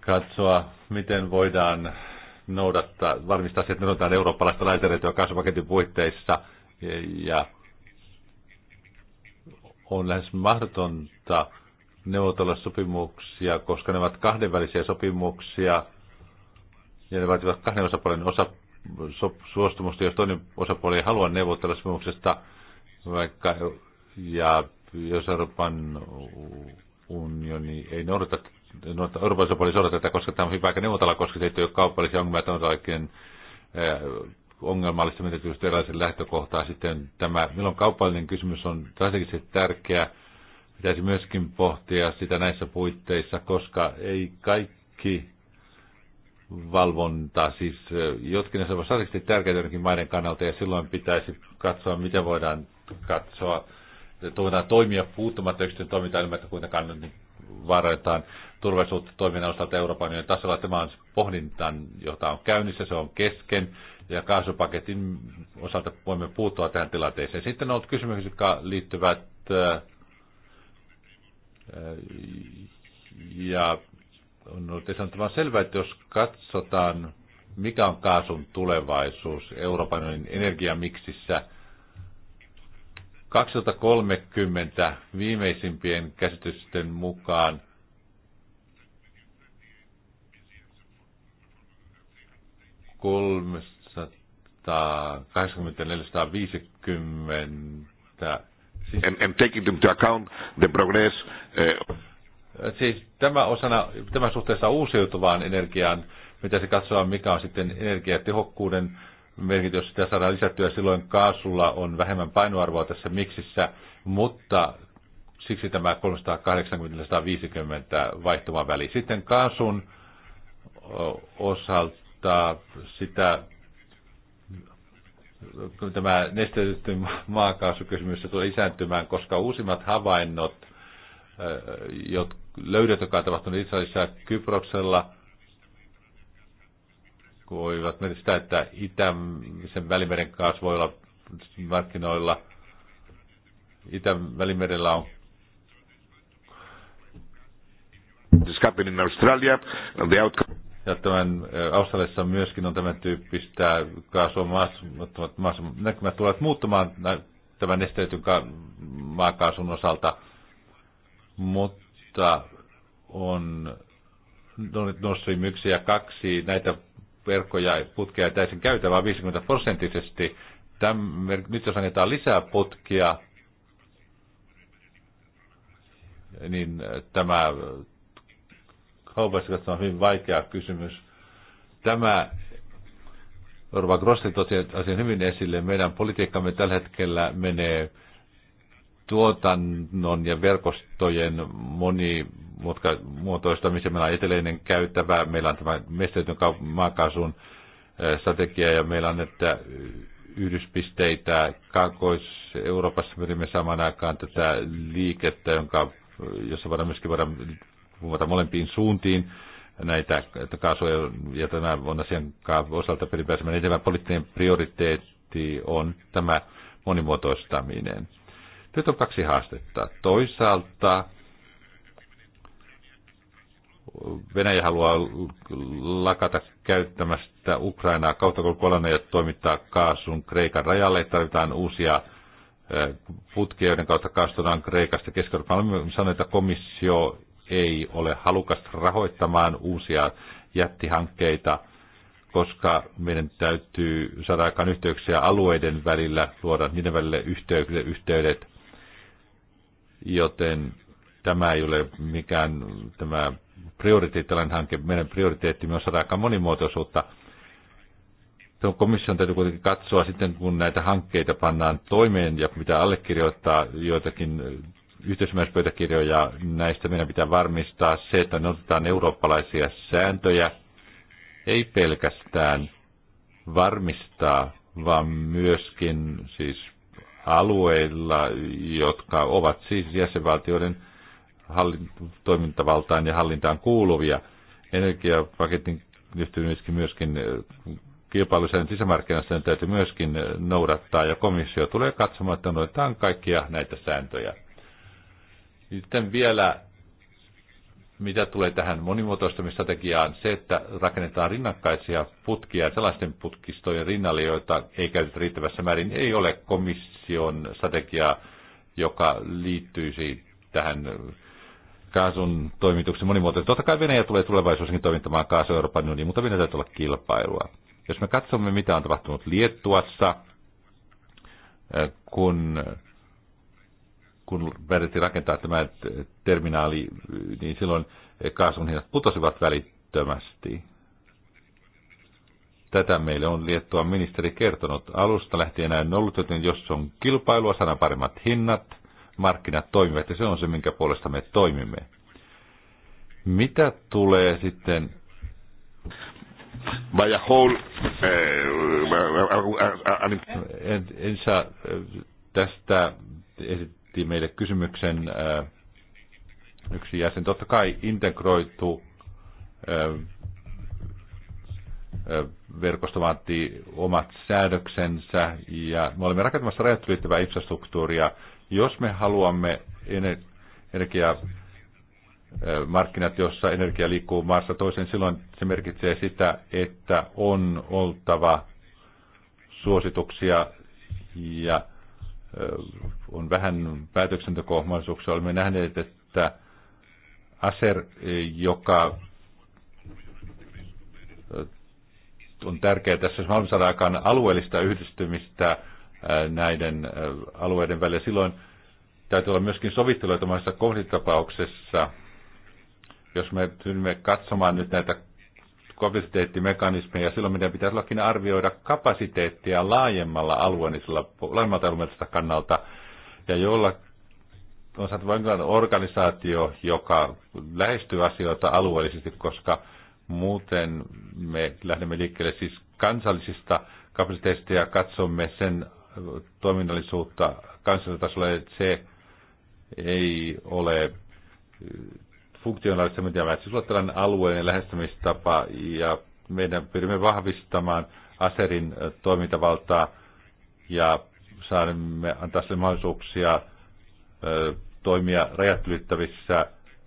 katsoa, miten voidaan noudattaa, varmistaa se, että noudataan eurooppalaista lainsäädäntöä kaasupaketin puitteissa ja on lähes mahdotonta neuvotella sopimuksia, koska ne ovat kahdenvälisiä sopimuksia ja ne vaativat kahden osapuolen osa, so, suostumusta, jos toinen osapuoli ei halua neuvotella sopimuksesta, vaikka ja jos Euroopan unioni ei noudata, noudata Euroopan osapuoli ei tätä, koska tämä on hyvä aika neuvotella, koska se ei ole kaupallisia ongelmia, että on ongelmallista merkitystä erilaisen lähtökohtaa. Sitten tämä, milloin kaupallinen kysymys on strategisesti tärkeä, pitäisi myöskin pohtia sitä näissä puitteissa, koska ei kaikki valvontaa, siis jotkin ne ovat strategisesti tärkeitä jonkin maiden kannalta, ja silloin pitäisi katsoa, miten voidaan katsoa, voidaan toimia puuttumatta yksityisen toimintaan ilman, että kuitenkaan niin vaarannetaan turvallisuutta toiminnan osalta Euroopan unionin tasolla. Tämä on pohdintaan, jota on käynnissä, se on kesken ja kaasupaketin osalta voimme puuttua tähän tilanteeseen. Sitten on ollut kysymyksiä, jotka liittyvät äh, ja on ollut sanottava selvää, että jos katsotaan, mikä on kaasun tulevaisuus Euroopan energiamiksissä, 2030 viimeisimpien käsitysten mukaan kolmes, 480 Siis, taking into account the progress. Uh, siis tämä, osana, tämä suhteessa uusiutuvaan energiaan, mitä se katsoa, mikä on sitten energiatehokkuuden merkitys, sitä saadaan lisättyä, silloin kaasulla on vähemmän painoarvoa tässä miksissä, mutta siksi tämä 380-150 vaihtuma väli. Sitten kaasun osalta sitä tämä nesteytetty maakaasukysymys tulee lisääntymään, koska uusimmat havainnot, eh, jotka löydöt, jotka on tapahtunut Israelissa Kyproksella, voivat mennä sitä, että Itämisen välimeren kaas voi olla markkinoilla. Itä-välimerellä on This happened in Australia. The outcome ja tämän Australiassa myöskin on tämän tyyppistä kaasua maassa. Näkymät tulevat muuttumaan tämän nesteytyn maakaasun osalta, mutta on Nord Stream 1 ja 2, näitä verkkoja putkeja täysin käytävää 50 prosenttisesti. nyt jos annetaan lisää putkia, niin tämä että se on hyvin vaikea kysymys. Tämä Orva Grossi tosiaan hyvin esille. Meidän politiikkamme tällä hetkellä menee tuotannon ja verkostojen moni monimuotoistamiseen. Meillä on eteläinen käytävä, meillä on tämä mestetyn maakaasun strategia ja meillä on että yhdyspisteitä. Kaakkois-Euroopassa pyrimme samaan aikaan tätä liikettä, jonka, jossa voidaan myöskin voidaan kuvata molempiin suuntiin näitä kaasuja, ja tämä on asian osalta perinpäisemmän eteenpäin. Poliittinen prioriteetti on tämä monimuotoistaminen. Nyt on kaksi haastetta. Toisaalta Venäjä haluaa lakata käyttämästä Ukrainaa kauttakulkualana ja toimittaa kaasun Kreikan rajalle. Tarvitaan uusia eh, putkia, joiden kautta kaasutetaan Kreikasta. Keski-Euroopan sanoa, että komissio ei ole halukas rahoittamaan uusia jättihankkeita, koska meidän täytyy saada aikaan yhteyksiä alueiden välillä, luoda niiden välille yhteydet, joten tämä ei ole mikään tämä prioriteetti, tällainen hanke, meidän prioriteetti on saada aikaan monimuotoisuutta. Tuon komission täytyy kuitenkin katsoa sitten, kun näitä hankkeita pannaan toimeen ja mitä allekirjoittaa joitakin yhteisymmärryspöytäkirjoja. Näistä meidän pitää varmistaa se, että noudatetaan eurooppalaisia sääntöjä, ei pelkästään varmistaa, vaan myöskin siis alueilla, jotka ovat siis jäsenvaltioiden toimintavaltaan ja hallintaan kuuluvia. Energiapaketin liittyy myöskin, myöskin eh, kilpailuisen sisämarkkinassa ne täytyy myöskin noudattaa, ja komissio tulee katsomaan, että noudatetaan kaikkia näitä sääntöjä. Sitten vielä, mitä tulee tähän monimuotoistamistrategiaan, se, että rakennetaan rinnakkaisia putkia sellaisten putkistojen rinnalle, joita ei käytetä riittävässä määrin, ei ole komission strategiaa, joka liittyisi tähän kaasun toimituksen monimuotoisuuteen. Totta kai Venäjä tulee tulevaisuudessakin toimittamaan kaasu Euroopan unioniin, mutta Venäjä täytyy olla kilpailua. Jos me katsomme, mitä on tapahtunut Liettuassa, eh, kun kun päätettiin rakentaa tämä terminaali, niin silloin kaasun hinnat putosivat välittömästi. Tätä meille on liettua ministeri kertonut. Alusta lähtien näin ollut, joten jos on kilpailua, sana paremmat hinnat, markkinat toimivat, ja se on se, minkä puolesta me toimimme. Mitä tulee sitten by a whole... Eh, en, en saa eh, tästä lähetti meille kysymyksen äh, yksi jäsen. Totta kai integroitu äh, äh, verkosto vaatii omat säädöksensä ja me olemme rakentamassa rajattu liittyvää infrastruktuuria. Jos me haluamme energia markkinat, jossa energia liikkuu maassa toiseen, silloin se merkitsee sitä, että on oltava suosituksia ja on vähän päätöksentekomahdollisuuksia. Olemme nähneet, että ASER, e, joka on tärkeää tässä, jos haluamme saada aikaan alueellista yhdistymistä näiden alueiden välillä, silloin täytyy olla myöskin sovitteluja tämmöisessä kohditapauksessa. Jos me pyrimme katsomaan nyt näitä kapasiteettimekanismeja, ja silloin meidän pitäisi lakin arvioida kapasiteettia laajemmalla alueellisella, laajemmalta alueelliselta kannalta, ja jolla on saatu organisaatio, joka lähestyy asioita alueellisesti, koska muuten me lähdemme liikkeelle siis kansallisista kapasiteetista ja katsomme sen toiminnallisuutta kansallisella tasolla, että se ei ole funktionaalista mediaa. Siis olla lähestymistapa ja meidän pyrimme vahvistamaan Aserin toimintavaltaa ja saamme antaa sille mahdollisuuksia toimia rajat ylittävissä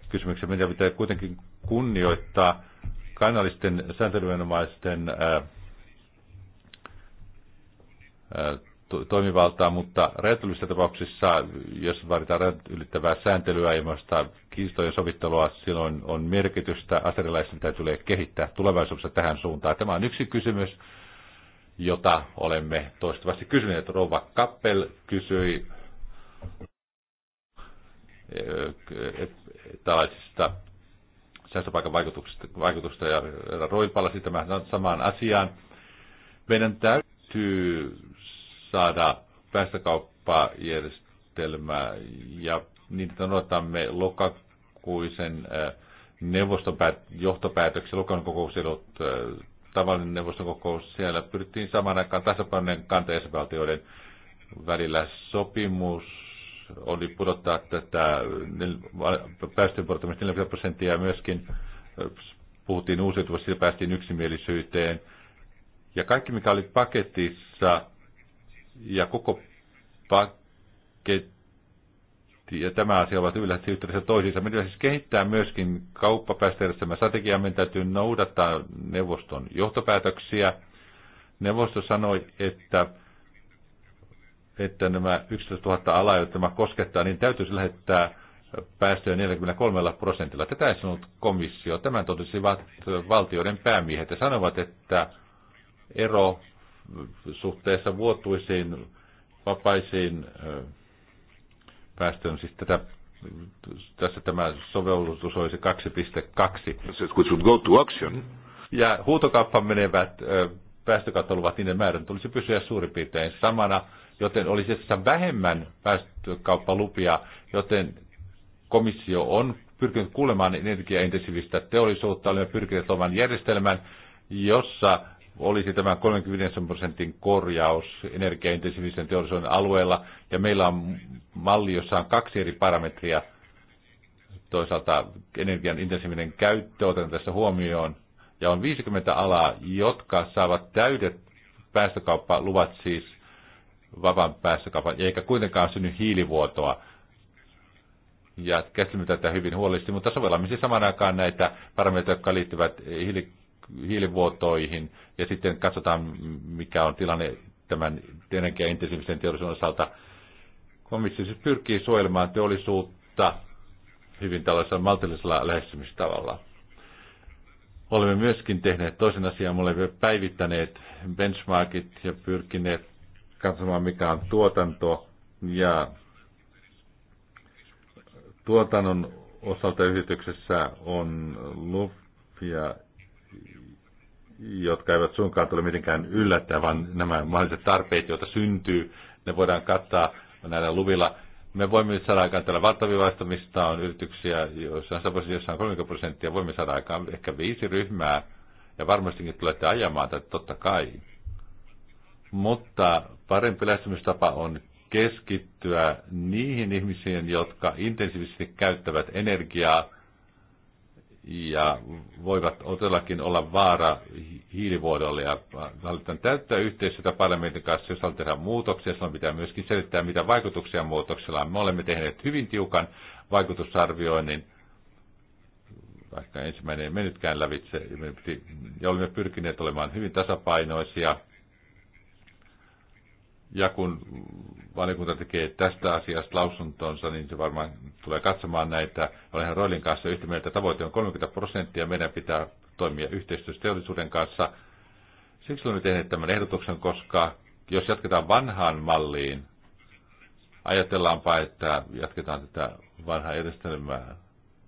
kysymyksissä. Meidän pitää kuitenkin kunnioittaa kannallisten sääntelyvenomaisten toimivaltaa, mutta räätälyissä tapauksissa, jos vaaditaan ylittävää sääntelyä ja kiistojen sovittelua, silloin on merkitystä. Asterilaisten tulee kehittää tulevaisuudessa tähän suuntaan. Tämä on yksi kysymys, jota olemme toistuvasti kysyneet. Rouva Kappel kysyi eh, tällaisista säästöpaikan vaikutuksista, ja Roin palasi tämän samaan asiaan. Meidän täytyy saada päästökauppajärjestelmää ja niin odotamme lokakuisen äh, neuvoston johtopäätöksen, lokakuun kokouksen äh, tavallinen neuvoston kokous, siellä pyrittiin samaan aikaan tasapainoinen kanta jäsenvaltioiden välillä sopimus oli pudottaa tätä päästöjen pudottamista 40 prosenttia ja myöskin äh, puhuttiin uusiutuvasta, siitä päästiin yksimielisyyteen. Ja kaikki, mikä oli paketissa, ja koko paketti ja tämä asia ovat yllättäen yhteydessä toisiinsa. Meidän siis kehittää myöskin kauppapäästöjärjestelmän strategiaa. Meidän täytyy noudattaa neuvoston johtopäätöksiä. Neuvosto sanoi, että että nämä 11 000 alaa, joita tämä koskettaa, niin täytyisi lähettää päästöjä 43 prosentilla. Tätä ei sanonut komissio. Tämän totesivat valtioiden päämiehet ja sanovat, että ero suhteessa vuotuisiin vapaisiin päästöön, siis tätä tässä tämä sovellutus olisi 2.2. Which would go to auction. Ja huutokauppaan menevät päästökattoluvat, niiden määrän tulisi pysyä suurin piirtein samana, joten olisi tässä vähemmän päästökauppalupia, joten komissio on pyrkinyt kuulemaan energiaintensiivistä teollisuutta, olemme pyrkineet olemaan järjestelmän, jossa olisi tämä 35 prosentin korjaus energiaintensiivisen teollisuuden alueella, ja meillä on malli, jossa on kaksi eri parametria. Toisaalta energian intensiivinen käyttö otan tässä huomioon, ja on 50 alaa, jotka saavat täydet päästökauppaluvat, siis vapaan päästökaupan, eikä kuitenkaan synny hiilivuotoa. Ja käsimme tätä hyvin huolellisesti, mutta sovellamme siis samaan aikaan näitä parametreja, jotka liittyvät hiili hiilivuotoihin ja sitten katsotaan, mikä on tilanne tämän energiaintensiivisen teollisuuden osalta. Komissio siis pyrkii suojelemaan teollisuutta hyvin tällaisella maltillisella lähestymistavalla. Olemme myöskin tehneet toisen asian, olemme päivittäneet benchmarkit ja pyrkineet katsomaan, mikä on tuotanto ja tuotannon osalta yrityksessä on lupia jotka eivät suinkaan tule mitenkään yllättää, vaan nämä mahdolliset tarpeet, joita syntyy, ne voidaan kattaa näillä luvilla. Me voimme saada aikaan tällä mistä on yrityksiä, joissa on, joissa on 30 prosenttia, voimme saada aikaan ehkä viisi ryhmää, ja varmastikin tulette ajamaan tätä totta kai. Mutta parempi lähestymistapa on keskittyä niihin ihmisiin, jotka intensiivisesti käyttävät energiaa, ja voivat todellakin olla vaara hiilivuodolle. Ja halutaan täyttää yhteistyötä parlamentin kanssa, jos on tehdä muutoksia, silloin pitää myöskin selittää, mitä vaikutuksia muutoksella on. Me olemme tehneet hyvin tiukan vaikutusarvioinnin, vaikka ensimmäinen ei mennytkään lävitse, ja olemme pyrkineet olemaan hyvin tasapainoisia ja kun valiokunta tekee tästä asiasta lausuntonsa, niin se varmaan tulee katsomaan näitä. Olen Roilin kanssa yhtä mieltä, että tavoite on 30 prosenttia. Meidän pitää toimia yhteistyössä teollisuuden kanssa. Siksi olemme tehneet tämän ehdotuksen, koska jos jatketaan vanhaan malliin, ajatellaanpa, että jatketaan tätä vanhaa järjestelmää,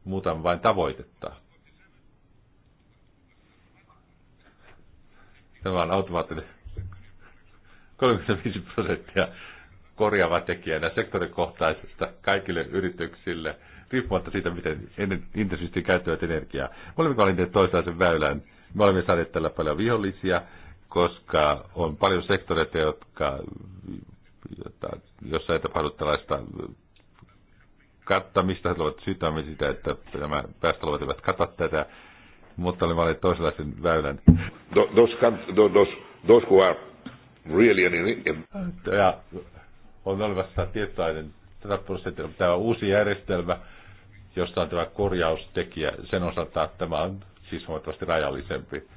muutamme vain tavoitetta. Tämä on automaattinen 35 prosenttia korjaava tekijänä sektorikohtaisesta kaikille yrityksille, riippumatta siitä, miten intensiivisesti käyttävät energiaa. Me olemme valinneet toisenlaisen väylän. Me olemme saaneet tällä paljon vihollisia, koska on paljon sektoreita, jotka, jota, jossa ei tapahdu tällaista kattamista, he ovat syytämme sitä, että nämä päästöluvat eivät kata tätä, mutta olemme valinneet toisenlaisen väylän. Dos, dos, dos, dos, dos, really an... Ja on olemassa tietoinen tätä mutta tämä on uusi järjestelmä, josta on tämä korjaustekijä. Sen osalta tämä on siis huomattavasti rajallisempi.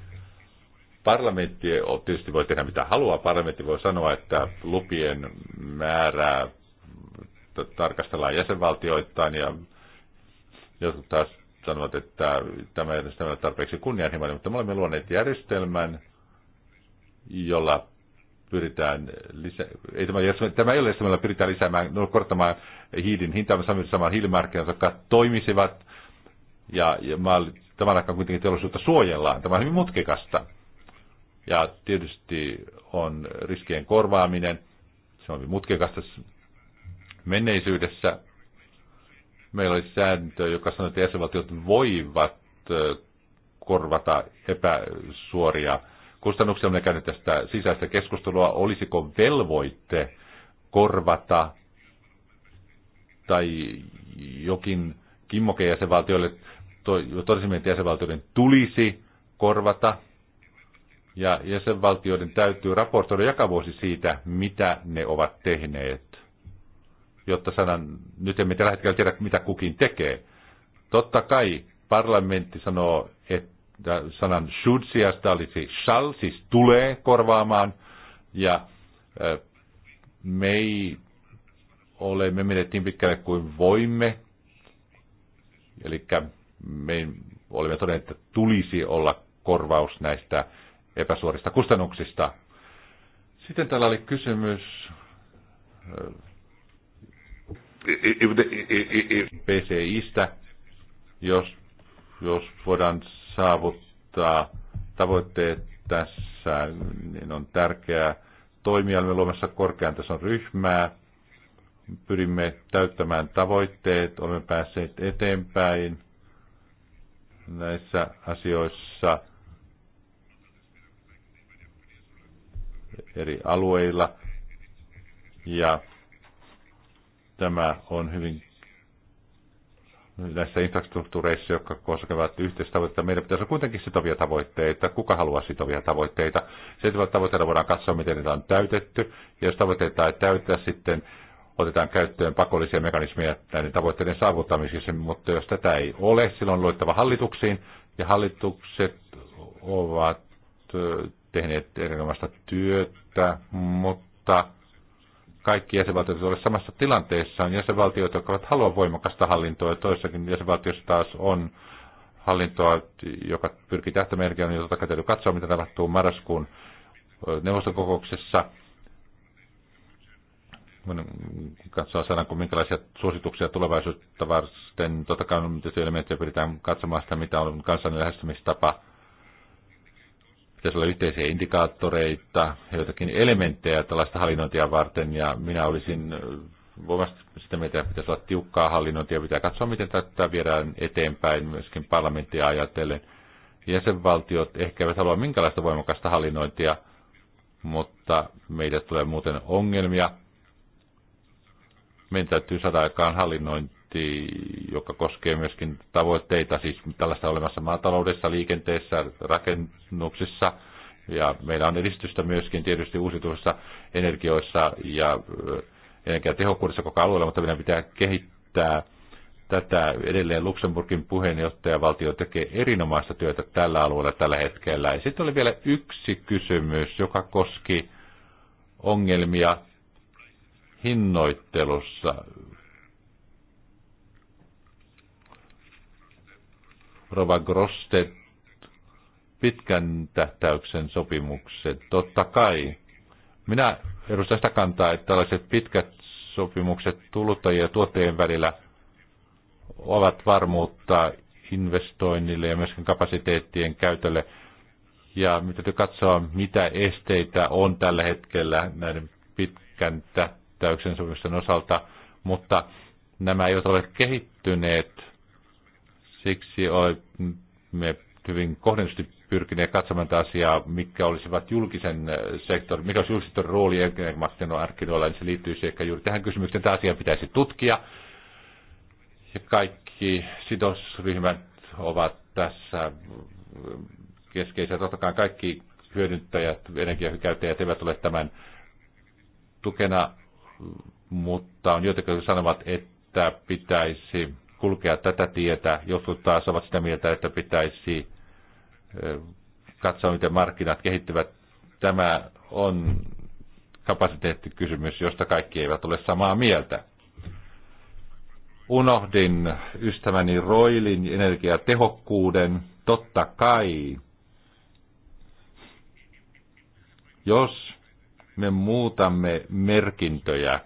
Parlamentti tietysti voi tehdä mitä haluaa. Parlamentti voi sanoa, että lupien määrää tarkastellaan jäsenvaltioittain ja jotkut taas sanovat, että tämä ei ole tarpeeksi kunnianhimoinen, mutta me olemme luoneet järjestelmän, jolla pyritään lisä, ei tämä, tämä ei ole järjestelmällä pyritään lisäämään, no, korottamaan hiilin hintaa, samalla samaan hiilimarkkinat, jotka toimisivat, ja, ja tämän aikaan kuitenkin teollisuutta suojellaan. Tämä on hyvin mutkikasta. Ja tietysti on riskien korvaaminen, se on hyvin mutkikasta menneisyydessä. Meillä oli sääntö, joka sanoi, että jäsenvaltiot voivat korvata epäsuoria äh, kustannuksia. Me käynyt tästä sisäistä keskustelua, olisiko velvoitte korvata tai jokin kimmoke jäsenvaltioille, totesimme, että jäsenvaltioiden tulisi korvata ja jäsenvaltioiden täytyy raportoida joka vuosi siitä, mitä ne ovat tehneet, jotta sanan, nyt emme tällä hetkellä tiedä, mitä kukin tekee. Totta kai parlamentti sanoo, että sanan should sijasta olisi shall, siis tulee korvaamaan, ja me ei ole, me menet niin pitkälle kuin voimme, eli me olemme todenneet, että tulisi olla korvaus näistä epäsuorista kustannuksista. Sitten täällä oli kysymys PCIstä, jos, jos voidaan saavuttaa tavoitteet tässä, niin on tärkeää toimia. Me luomassa korkean tason ryhmää. Pyrimme täyttämään tavoitteet, olemme päässeet eteenpäin näissä asioissa eri alueilla. Ja tämä on hyvin näissä infrastruktuureissa, jotka koskevat tavoitteita. Meidän pitäisi olla kuitenkin sitovia tavoitteita. Kuka haluaa sitovia tavoitteita? Sitovia tavoitteita voidaan katsoa, miten niitä on täytetty. Ja jos tavoitteita ei täytetä, sitten otetaan käyttöön pakollisia mekanismeja näiden tavoitteiden saavuttamiseksi. Mutta jos tätä ei ole, silloin on luettava hallituksiin. Ja hallitukset ovat tehneet erinomaista työtä, mutta kaikki jäsenvaltiot ole samassa tilanteessa. On jäsenvaltioita, jotka ovat halua voimakasta hallintoa, ja toissakin jäsenvaltiossa taas on hallintoa, joka pyrkii tähtäimeen energiaan, niin jota täytyy katsoa, mitä tapahtuu marraskuun neuvostokokouksessa. Katsoa saadaanko minkälaisia suosituksia tulevaisuutta varten. Totta kai on elementtejä pyritään katsomaan sitä, mitä on kansallinen lähestymistapa – pitäisi olla yhteisiä indikaattoreita, joitakin elementtejä tällaista hallinnointia varten, ja minä olisin voimasti sitä mieltä, että pitäisi olla tiukkaa hallinnointia, pitää katsoa, miten tätä viedään eteenpäin myöskin parlamenttia ajatellen. Jäsenvaltiot ehkä eivät halua minkälaista voimakasta hallinnointia, mutta meitä tulee muuten ongelmia. Meidän täytyy saada aikaan hallinnointi raportti, joka koskee myöskin tavoitteita, siis tällaista olemassa maataloudessa, liikenteessä, rakennuksissa. Ja meillä on edistystä myöskin tietysti uusituissa energioissa ja energiatehokkuudessa koko alueella, mutta meidän pitää kehittää tätä. Edelleen Luxemburgin valtio tekee erinomaista työtä tällä alueella tällä hetkellä. Ja sitten oli vielä yksi kysymys, joka koski ongelmia hinnoittelussa. Rova Groste, pitkän tähtäyksen sopimukset, totta kai. Minä edustan sitä kantaa, että tällaiset pitkät sopimukset tuluttajien ja tuottajien välillä ovat varmuutta investoinnille ja myöskin kapasiteettien käytölle. Ja täytyy katsoa, mitä esteitä on tällä hetkellä näiden pitkän tähtäyksen sopimusten osalta, mutta nämä eivät ole kehittyneet Siksi olemme hyvin kohdennusti pyrkineet katsomaan tätä asiaa, mikä olisivat julkisen eh, sektorin, mikä olisi julkisen sektorin rooli energiamarkkinoilla, niin se liittyisi ehkä juuri tähän kysymykseen. Tämä asia pitäisi tutkia. Ja kaikki sidosryhmät ovat tässä keskeisiä. Totta kai kaikki hyödyntäjät, energiahykäyttäjät eivät ole tämän tukena, mutta on joitakin, sanovat, että pitäisi kulkea tätä tietä. Jotkut taas ovat sitä mieltä, että pitäisi katsoa, miten markkinat kehittyvät. Tämä on kapasiteettikysymys, josta kaikki eivät ole samaa mieltä. Unohdin ystäväni Roilin energiatehokkuuden. Totta kai, jos me muutamme merkintöjä,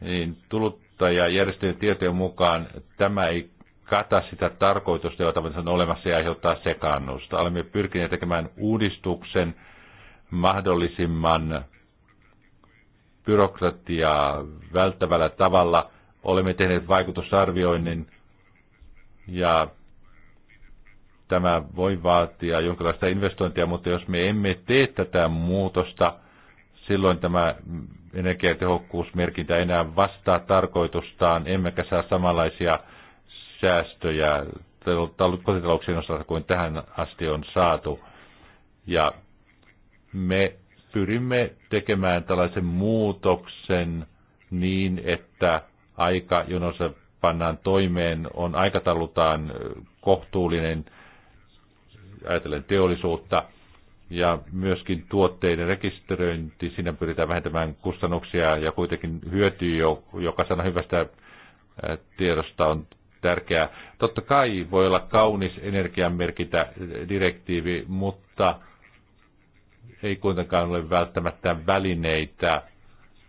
niin tullut mutta ja järjestöjen tietojen mukaan tämä ei kata sitä tarkoitusta, jota on olemassa ja aiheuttaa sekaannusta. Olemme pyrkineet tekemään uudistuksen mahdollisimman byrokratiaa välttävällä tavalla. Olemme tehneet vaikutusarvioinnin ja tämä voi vaatia jonkinlaista investointia, mutta jos me emme tee tätä muutosta, silloin tämä energiatehokkuusmerkintä enää vastaa tarkoitustaan, emmekä saa samanlaisia säästöjä kotitalouksien osalta kuin tähän asti on saatu. Ja me pyrimme tekemään tällaisen muutoksen niin, että aika, jonossa pannaan toimeen, on aikataulutaan kohtuullinen, ajatellen teollisuutta, ja myöskin tuotteiden rekisteröinti, siinä pyritään vähentämään kustannuksia ja kuitenkin hyötyy jo, joka sana hyvästä äh, tiedosta on tärkeää. Totta kai voi olla kaunis energiamerkintä äh, direktiivi, mutta ei kuitenkaan ole välttämättä välineitä,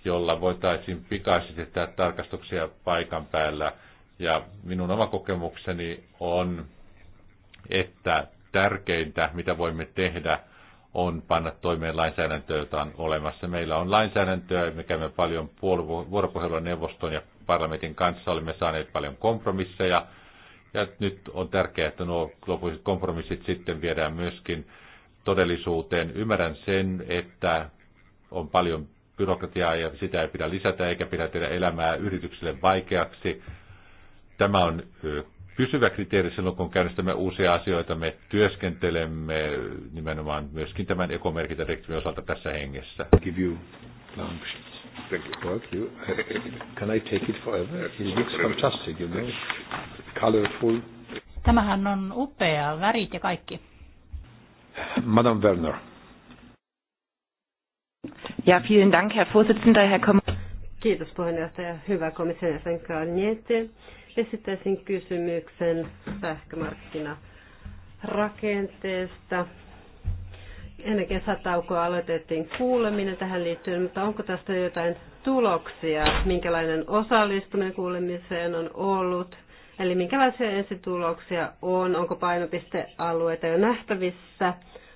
jolla voitaisiin pikaisesti tehdä tarkastuksia paikan päällä. Ja minun oma kokemukseni on, että tärkeintä, mitä voimme tehdä, on panna toimeen lainsäädäntöä, jota on olemassa. Meillä on lainsäädäntöä, me käymme paljon vuoropuhelua neuvoston ja parlamentin kanssa, olemme saaneet paljon kompromisseja. Ja nyt on tärkeää, että nuo lopulliset kompromissit sitten viedään myöskin todellisuuteen. Ymmärrän sen, että on paljon byrokratiaa ja sitä ei pidä lisätä eikä pidä tehdä elämää yrityksille vaikeaksi. Tämä on pysyvä kriteeri silloin, kun käynnistämme uusia asioita. Me työskentelemme nimenomaan myöskin tämän ekomerkintädirektiivin osalta tässä hengessä. Give you Thank you. you. Can I take it forever? It looks fantastic, you know. Colorful. Tämähän on upea, värit ja kaikki. Madame Werner. Ja, vielen Dank, Herr Vorsitzender, Herr Kommissar. Kiitos puheenjohtaja. Hyvä komission jäsen Kalniete. Esittäisin kysymyksen sähkömarkkinarakenteesta. Ennen kesätaukoa aloitettiin kuuleminen tähän liittyen, mutta onko tästä jotain tuloksia, minkälainen osallistuminen kuulemiseen on ollut, eli minkälaisia ensituloksia on, onko painopistealueita jo nähtävissä.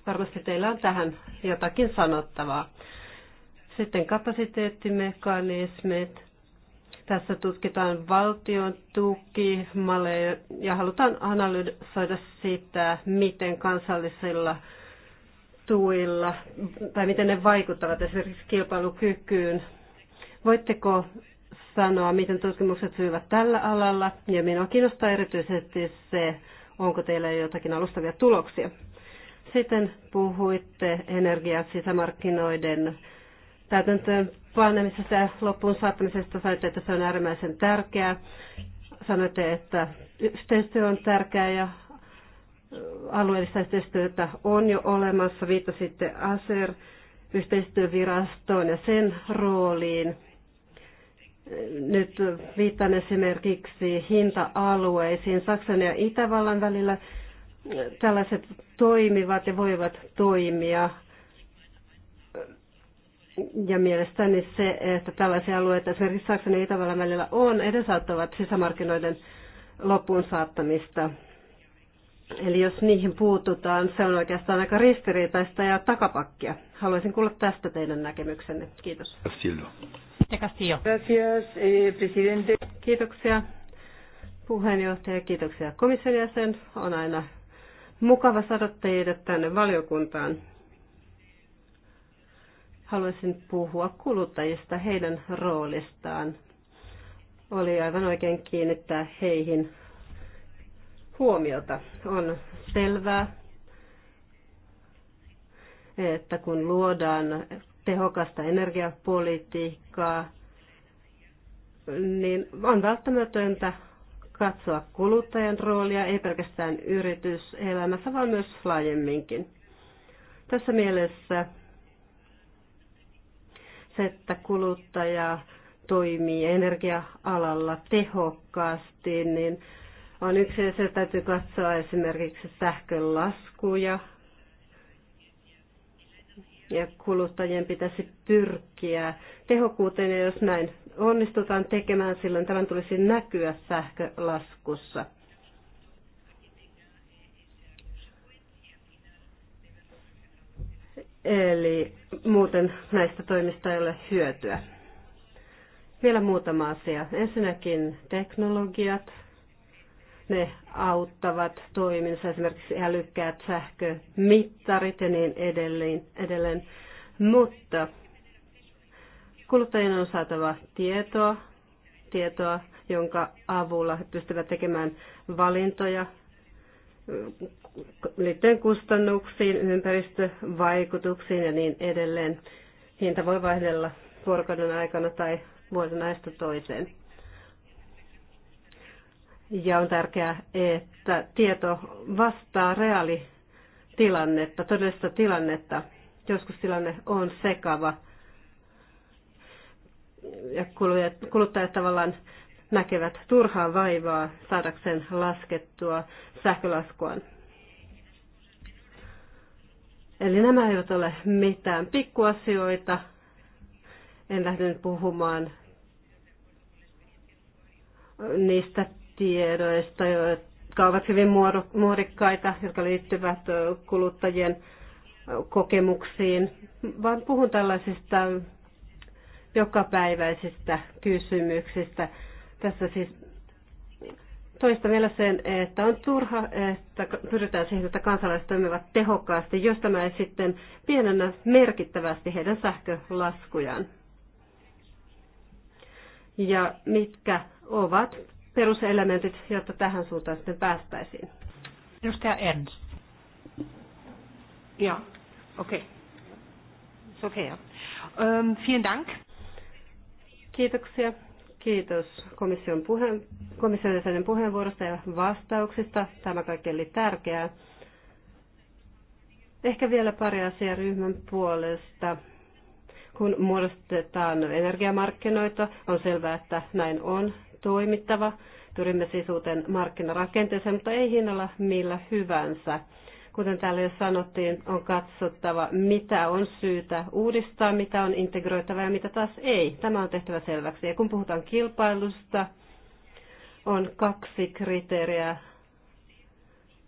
Varmasti teillä on tähän jotakin sanottavaa. Sitten kapasiteettimekanismit, tässä tutkitaan valtion tukimalleja ja halutaan analysoida sitä, miten kansallisilla tuilla tai miten ne vaikuttavat esimerkiksi kilpailukykyyn. Voitteko sanoa, miten tutkimukset syyvät tällä alalla ja minua kiinnostaa erityisesti se, onko teillä jotakin alustavia tuloksia. Sitten puhuitte energian sisämarkkinoiden täytäntöön panemisesta ja loppuun saattamisesta sanoitte, että se on äärimmäisen tärkeää. Sanoitte, että yhteistyö on tärkeää ja alueellista yhteistyötä on jo olemassa. Viittasitte ASER yhteistyövirastoon ja sen rooliin. Nyt viittaan esimerkiksi hinta-alueisiin Saksan ja Itävallan välillä. Tällaiset toimivat ja voivat toimia ja mielestäni se, että tällaisia alueita esimerkiksi Saksan ja Itävallan välillä on, edesauttavat sisämarkkinoiden loppuun saattamista. Eli jos niihin puututaan, se on oikeastaan aika ristiriitaista ja takapakkia. Haluaisin kuulla tästä teidän näkemyksenne. Kiitos. Gracias, eh, presidente. Kiitoksia puheenjohtaja, kiitoksia komission jäsen. On aina mukava saada teidät tänne valiokuntaan. Haluaisin puhua kuluttajista, heidän roolistaan. Oli aivan oikein kiinnittää heihin huomiota. On selvää, että kun luodaan tehokasta energiapolitiikkaa, niin on välttämätöntä katsoa kuluttajan roolia, ei pelkästään yrityselämässä, vaan myös laajemminkin. Tässä mielessä että kuluttaja toimii energia-alalla tehokkaasti, niin on yksi asia, täytyy katsoa esimerkiksi sähkölaskuja. Ja kuluttajien pitäisi pyrkiä tehokkuuteen, ja jos näin onnistutaan tekemään, silloin tämän tulisi näkyä sähkölaskussa. Eli Muuten näistä toimista ei ole hyötyä. Vielä muutama asia. Ensinnäkin teknologiat. Ne auttavat toiminnassa esimerkiksi älykkäät sähkömittarit ja niin edelleen. edelleen. Mutta kuluttajien on saatava tietoa, tietoa, jonka avulla he pystyvät tekemään valintoja niiden kustannuksiin, ympäristövaikutuksiin ja niin edelleen. Hinta voi vaihdella vuorokauden aikana tai vuoden ajasta toiseen. Ja on tärkeää, että tieto vastaa reaalitilannetta, todellista tilannetta. Joskus tilanne on sekava ja kuluttajat tavallaan näkevät turhaa vaivaa saadakseen laskettua sähkölaskuaan. Eli nämä eivät ole mitään pikkuasioita. En lähde nyt puhumaan niistä tiedoista, jotka ovat hyvin muodikkaita, jotka liittyvät kuluttajien kokemuksiin, vaan puhun tällaisista jokapäiväisistä kysymyksistä. Tässä siis Toista vielä sen, että on turha, että pyritään siihen, että kansalaiset toimivat tehokkaasti, jos tämä ei sitten pienennä merkittävästi heidän sähkölaskujaan. Ja mitkä ovat peruselementit, jotta tähän suuntaan sitten päästäisiin? Edustaja Ernst. Ja, okei. Okay. Sofia. Okay. Um, vielen Dank. Kiitoksia. Kiitos komission, puheen, komission jäsenen puheenvuorosta ja vastauksista. Tämä kaikki oli tärkeää. Ehkä vielä pari asiaa ryhmän puolesta. Kun muodostetaan energiamarkkinoita, on selvää, että näin on toimittava. Pyrimme siis uuteen markkinarakenteeseen, mutta ei hinnalla millä hyvänsä. Kuten täällä jo sanottiin, on katsottava, mitä on syytä uudistaa, mitä on integroitava ja mitä taas ei. Tämä on tehtävä selväksi. Ja kun puhutaan kilpailusta, on kaksi kriteeriä,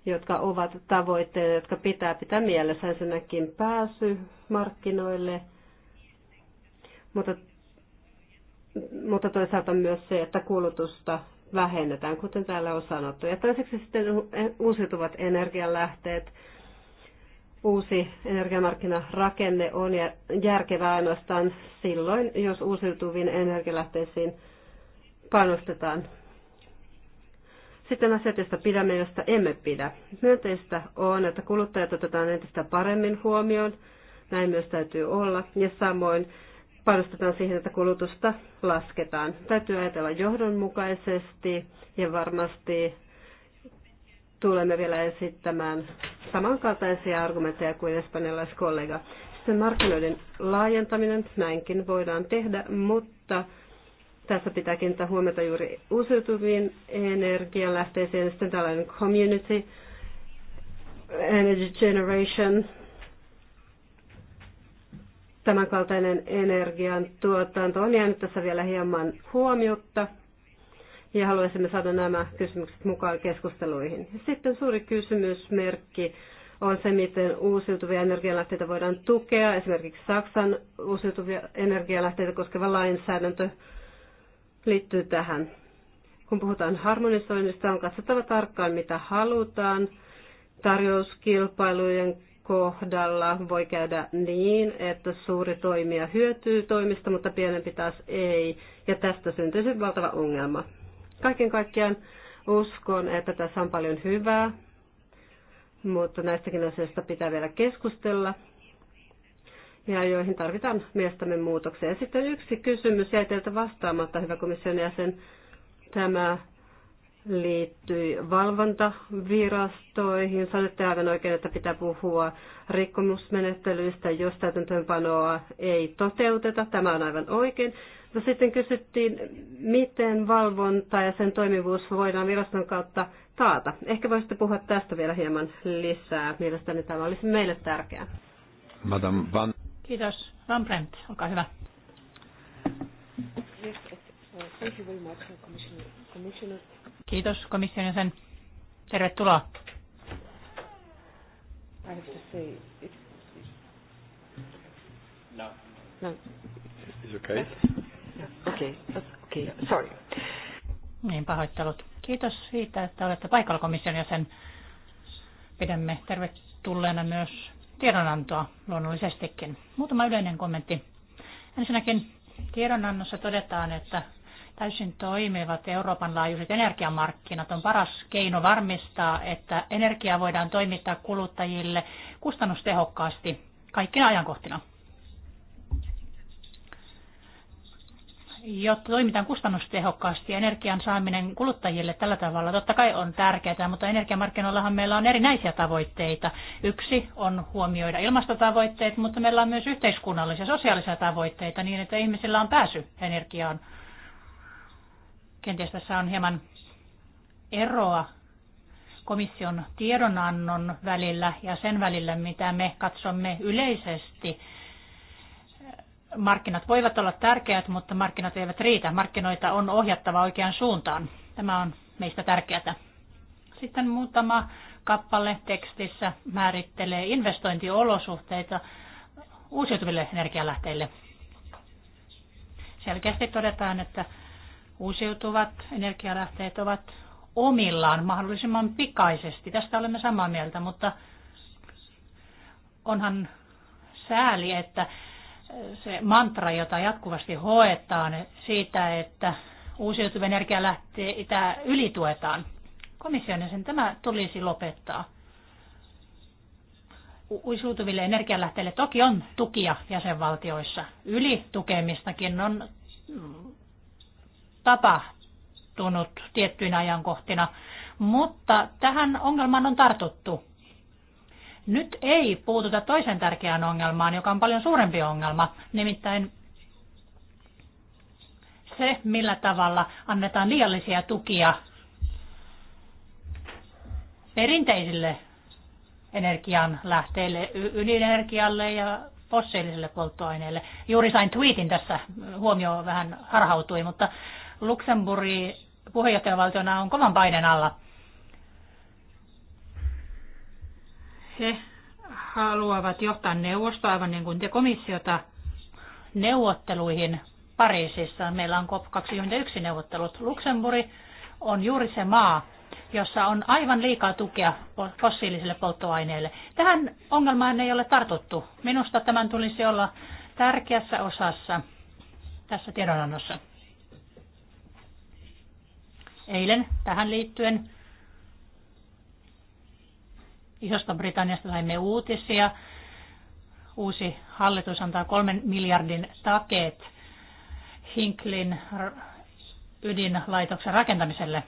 jotka ovat tavoitteita, jotka pitää pitää mielessä. Ensinnäkin pääsy markkinoille, mutta, mutta toisaalta myös se, että kulutusta vähennetään, kuten täällä on sanottu. Ja toiseksi sitten e- uusiutuvat energialähteet. Uusi energiamarkkinarakenne on järkevä ainoastaan silloin, jos uusiutuviin energialähteisiin panostetaan. Sitten asiat, joista pidämme, joista emme pidä. Myönteistä on, että kuluttajat otetaan entistä paremmin huomioon. Näin myös täytyy olla. Ja samoin panostetaan siihen, että kulutusta lasketaan. Täytyy ajatella johdonmukaisesti ja varmasti tulemme vielä esittämään samankaltaisia argumentteja kuin espanjalaiskollega. Sitten markkinoiden laajentaminen, näinkin voidaan tehdä, mutta tässä pitää kiinnittää huomiota juuri uusiutuviin energialähteisiin, sitten tällainen community energy generation tämänkaltainen energian tuotanto on jäänyt tässä vielä hieman huomiota ja haluaisimme saada nämä kysymykset mukaan keskusteluihin. Sitten suuri kysymysmerkki on se, miten uusiutuvia energialähteitä voidaan tukea. Esimerkiksi Saksan uusiutuvia energialähteitä koskeva lainsäädäntö liittyy tähän. Kun puhutaan harmonisoinnista, on katsottava tarkkaan, mitä halutaan. Tarjouskilpailujen kohdalla voi käydä niin, että suuri toimija hyötyy toimista, mutta pienempi taas ei. Ja tästä syntyisi valtava ongelma. Kaiken kaikkiaan uskon, että tässä on paljon hyvää, mutta näistäkin asioista pitää vielä keskustella ja joihin tarvitaan miestämme muutoksia. Ja sitten yksi kysymys jäi teiltä vastaamatta, hyvä komission jäsen, tämä liittyi valvontavirastoihin. Sanoitte aivan oikein, että pitää puhua rikkomusmenettelyistä, jos täytäntöönpanoa ei toteuteta. Tämä on aivan oikein. No sitten kysyttiin, miten valvonta ja sen toimivuus voidaan viraston kautta taata. Ehkä voisitte puhua tästä vielä hieman lisää. Mielestäni tämä olisi meille tärkeää. Madame Van... Kiitos. Van Brent, olkaa hyvä. Yes, thank you very much, Commissioner. Commissioner. Kiitos komission jäsen. Tervetuloa. No. no. Sorry. Niin, pahoittelut. Kiitos siitä, että olette paikalla komission jäsen. Pidämme tervetulleena myös tiedonantoa luonnollisestikin. Muutama yleinen kommentti. Ensinnäkin tiedonannossa todetaan, että Täysin toimivat Euroopan laajuiset energiamarkkinat on paras keino varmistaa, että energiaa voidaan toimittaa kuluttajille kustannustehokkaasti kaikkina ajankohtina. Jotta toimitaan kustannustehokkaasti, energian saaminen kuluttajille tällä tavalla totta kai on tärkeää, mutta energiamarkkinoillahan meillä on erinäisiä tavoitteita. Yksi on huomioida ilmastotavoitteet, mutta meillä on myös yhteiskunnallisia ja sosiaalisia tavoitteita niin, että ihmisillä on pääsy energiaan Kenties tässä on hieman eroa komission tiedonannon välillä ja sen välillä, mitä me katsomme yleisesti. Markkinat voivat olla tärkeät, mutta markkinat eivät riitä. Markkinoita on ohjattava oikeaan suuntaan. Tämä on meistä tärkeää. Sitten muutama kappale tekstissä määrittelee investointiolosuhteita uusiutuville energialähteille. Selkeästi todetaan, että uusiutuvat energialähteet ovat omillaan mahdollisimman pikaisesti. Tästä olemme samaa mieltä, mutta onhan sääli, että se mantra, jota jatkuvasti hoetaan siitä, että uusiutuvia energialähteitä ylituetaan. Komission sen tämä tulisi lopettaa. Uusiutuville energialähteille toki on tukia jäsenvaltioissa. Ylitukemistakin on tapahtunut tiettyinä ajankohtina, mutta tähän ongelmaan on tartuttu. Nyt ei puututa toisen tärkeään ongelmaan, joka on paljon suurempi ongelma, nimittäin se, millä tavalla annetaan liiallisia tukia perinteisille energian lähteille, ydinenergialle ja fossiilisille polttoaineille. Juuri sain tweetin tässä, huomio vähän harhautui, mutta Luxemburgi puheenjohtajavaltiona on kovan paineen alla. He haluavat johtaa neuvosto aivan niin kuin te komissiota, neuvotteluihin Pariisissa. Meillä on COP21 neuvottelut. Luxemburgi on juuri se maa, jossa on aivan liikaa tukea fossiilisille polttoaineille. Tähän ongelmaan ei ole tartuttu. Minusta tämän tulisi olla tärkeässä osassa tässä tiedonannossa eilen tähän liittyen. Isosta Britanniasta saimme uutisia. Uusi hallitus antaa kolmen miljardin takeet Hinklin ydinlaitoksen rakentamiselle.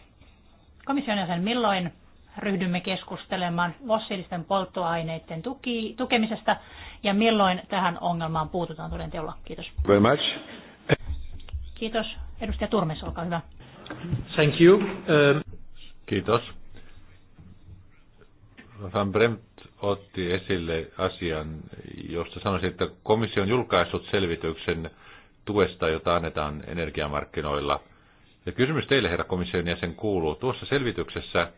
Komission jäsen, milloin ryhdymme keskustelemaan fossiilisten polttoaineiden tuki, tukemisesta ja milloin tähän ongelmaan puututaan toden teolla? Kiitos. Very much. Kiitos. Edustaja Turmes, olkaa hyvä. Thank you. Um... Kiitos. Van Bremt otti esille asian, josta sanoisin, että komissio on julkaissut selvityksen tuesta, jota annetaan energiamarkkinoilla. Ja kysymys teille, herra komission jäsen, kuuluu. Tuossa selvityksessä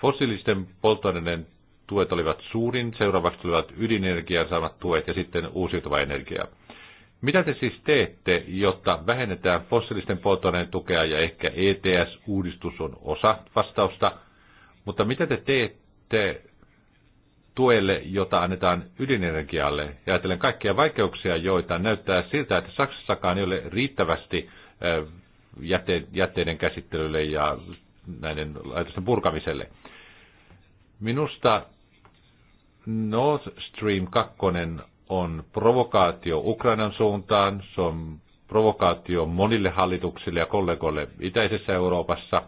fossiilisten polttoaineiden tuet olivat suurin, seuraavaksi tulivat ydinenergian saamat tuet ja sitten uusiutuva energia. Mitä te siis teette, jotta vähennetään fossiilisten polttoaineen tukea ja ehkä ETS-uudistus on osa vastausta, mutta mitä te teette tuelle, jota annetaan ydinenergialle? Ja ajatellen kaikkia vaikeuksia, joita näyttää siltä, että Saksassakaan ei ole riittävästi äh, jäte, jätteiden käsittelylle ja näiden laitosten purkamiselle. Minusta Nord Stream 2 on provokaatio Ukrainan suuntaan, se on provokaatio monille hallituksille ja kollegoille itäisessä Euroopassa.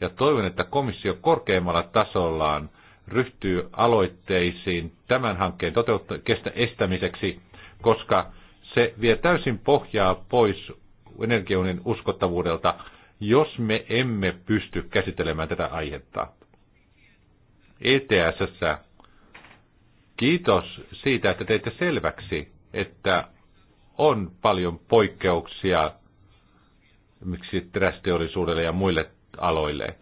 Ja toivon, että komissio korkeimmalla tasollaan ryhtyy aloitteisiin tämän hankkeen toteutta- kestä- estämiseksi, koska se vie täysin pohjaa pois energiaunin uskottavuudelta, jos me emme pysty käsittelemään tätä aihetta. ETSssä Kiitos siitä, että teitte selväksi, että on paljon poikkeuksia miksi terästeollisuudelle ja muille aloille.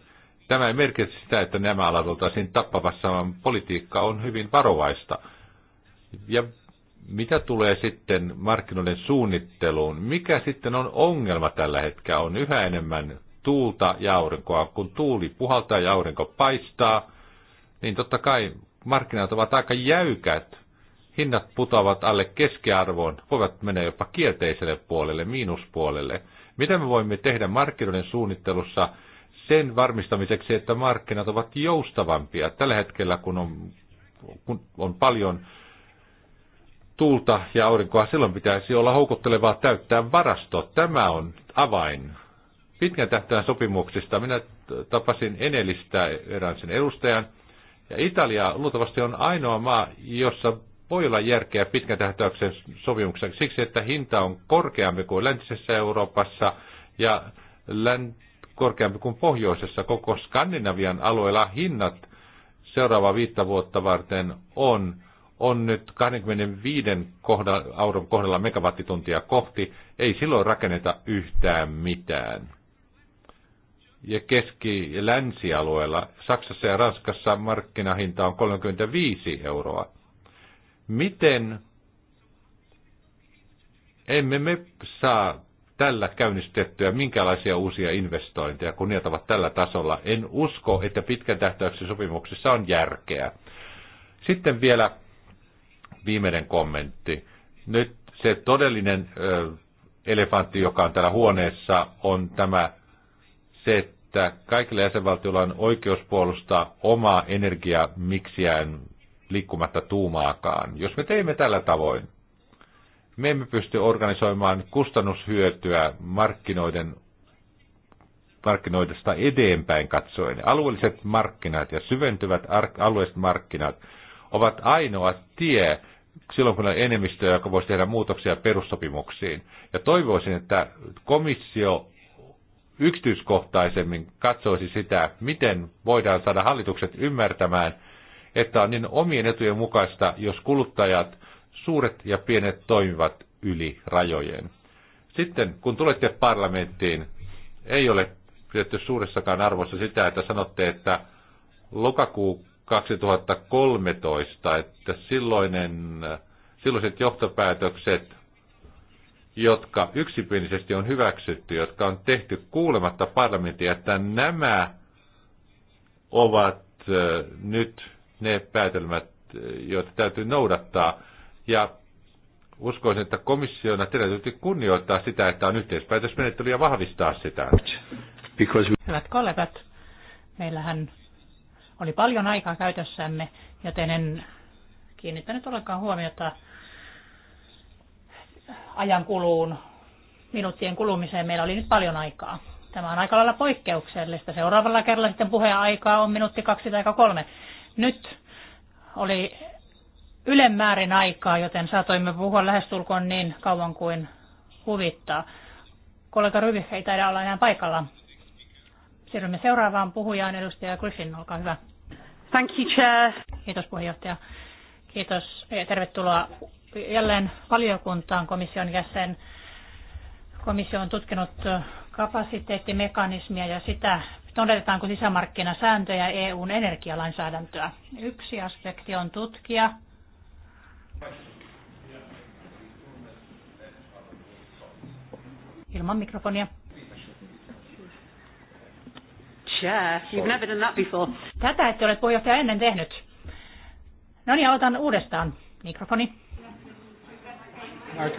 Tämä ei merkitse sitä, että nämä alat oltaisiin tappavassa, vaan politiikka on hyvin varovaista. Ja mitä tulee sitten markkinoiden suunnitteluun, mikä sitten on ongelma tällä hetkellä? On yhä enemmän tuulta ja aurinkoa. Kun tuuli puhaltaa ja aurinko paistaa, niin totta kai markkinat ovat aika jäykät. Hinnat putoavat alle keskiarvoon, voivat mennä jopa kielteiselle puolelle, miinuspuolelle. Mitä me voimme tehdä markkinoiden suunnittelussa sen varmistamiseksi, että markkinat ovat joustavampia? Tällä hetkellä, kun on, kun on paljon tuulta ja aurinkoa, silloin pitäisi olla houkuttelevaa täyttää varasto. Tämä on avain pitkän tähtäimen sopimuksista. Minä tapasin Enelistä erään sen edustajan, ja Italia luultavasti on ainoa maa, jossa voi olla järkeä pitkän tähtäyksen sopimuksen siksi, että hinta on korkeampi kuin läntisessä Euroopassa ja korkeampi kuin pohjoisessa. Koko Skandinavian alueella hinnat seuraava viittä vuotta varten on, on nyt 25 kohdalla, auron kohdalla megawattituntia kohti. Ei silloin rakenneta yhtään mitään ja keski- ja länsialueella, Saksassa ja Ranskassa markkinahinta on 35 euroa. Miten emme me saa tällä käynnistettyä minkälaisia uusia investointeja, kun niitä ovat tällä tasolla. En usko, että pitkän tähtäyksen sopimuksessa on järkeä. Sitten vielä viimeinen kommentti. Nyt se todellinen elefantti, joka on täällä huoneessa, on tämä se, että kaikilla jäsenvaltioilla on oikeus puolustaa omaa energiamiksiään liikkumatta tuumaakaan. Jos me teimme tällä tavoin, me emme pysty organisoimaan kustannushyötyä markkinoiden markkinoidesta eteenpäin katsoen. Alueelliset markkinat ja syventyvät alueelliset markkinat ovat ainoa tie silloin, kun on enemmistö, joka voisi tehdä muutoksia perussopimuksiin. Ja toivoisin, että komissio yksityiskohtaisemmin katsoisi sitä, miten voidaan saada hallitukset ymmärtämään, että on niin omien etujen mukaista, jos kuluttajat, suuret ja pienet, toimivat yli rajojen. Sitten, kun tulette parlamenttiin, ei ole pidetty suuressakaan arvossa sitä, että sanotte, että lokakuu 2013, että silloinen, silloiset johtopäätökset jotka yksipiinisesti on hyväksytty, jotka on tehty kuulematta parlamenttia, että nämä ovat nyt ne päätelmät, joita täytyy noudattaa. Ja uskoisin, että komissiona täytyy kunnioittaa sitä, että on yhteispäätösmenettely ja vahvistaa sitä. Hyvät kollegat, meillähän oli paljon aikaa käytössämme, joten en kiinnittänyt ollenkaan huomiota ajan kuluun, minuuttien kulumiseen meillä oli nyt paljon aikaa. Tämä on aika lailla poikkeuksellista. Seuraavalla kerralla sitten puheaikaa on minuutti kaksi tai kolme. Nyt oli ylemmäärin aikaa, joten saatoimme puhua lähestulkoon niin kauan kuin huvittaa. Kollega Ryvi ei taida olla enää paikalla. Siirrymme seuraavaan puhujaan, edustaja Griffin, olkaa hyvä. Thank you, Chair. Kiitos puheenjohtaja. Kiitos ja tervetuloa jälleen valiokuntaan komission jäsen. Komissio on tutkinut kapasiteettimekanismia ja sitä, todetaanko sisämarkkinasääntöjä EUn energialainsäädäntöä. Yksi aspekti on tutkia ilman mikrofonia. Chair, you've never done that before. Tätä ette ole puheenjohtaja ennen tehnyt. No niin, aloitan uudestaan. Mikrofoni. Thank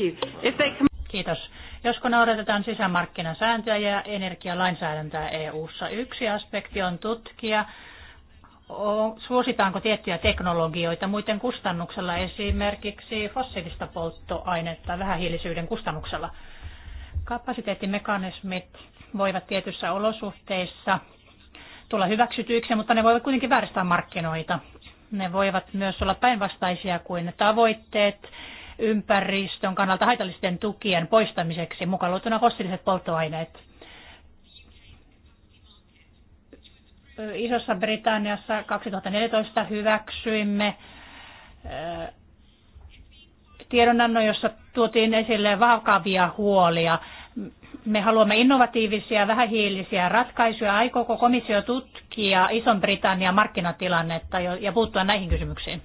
you. If they can... Kiitos. Josko noudatetaan sisämarkkinasääntöjä ja energialainsäädäntöä EU-ssa, yksi aspekti on tutkia, suositaanko tiettyjä teknologioita muiden kustannuksella, esimerkiksi fossiilista polttoainetta vähähiilisyyden kustannuksella. Kapasiteettimekanismit voivat tietyissä olosuhteissa tulla hyväksytyiksi, mutta ne voivat kuitenkin vääristää markkinoita. Ne voivat myös olla päinvastaisia kuin tavoitteet ympäristön kannalta haitallisten tukien poistamiseksi, mukaan luettuna fossiiliset polttoaineet. Isossa Britanniassa 2014 hyväksyimme eh, tiedonannon, jossa tuotiin esille vakavia huolia me haluamme innovatiivisia, vähähiilisiä ratkaisuja. Aikooko komissio tutkia Ison-Britannian markkinatilannetta ja puuttua näihin kysymyksiin?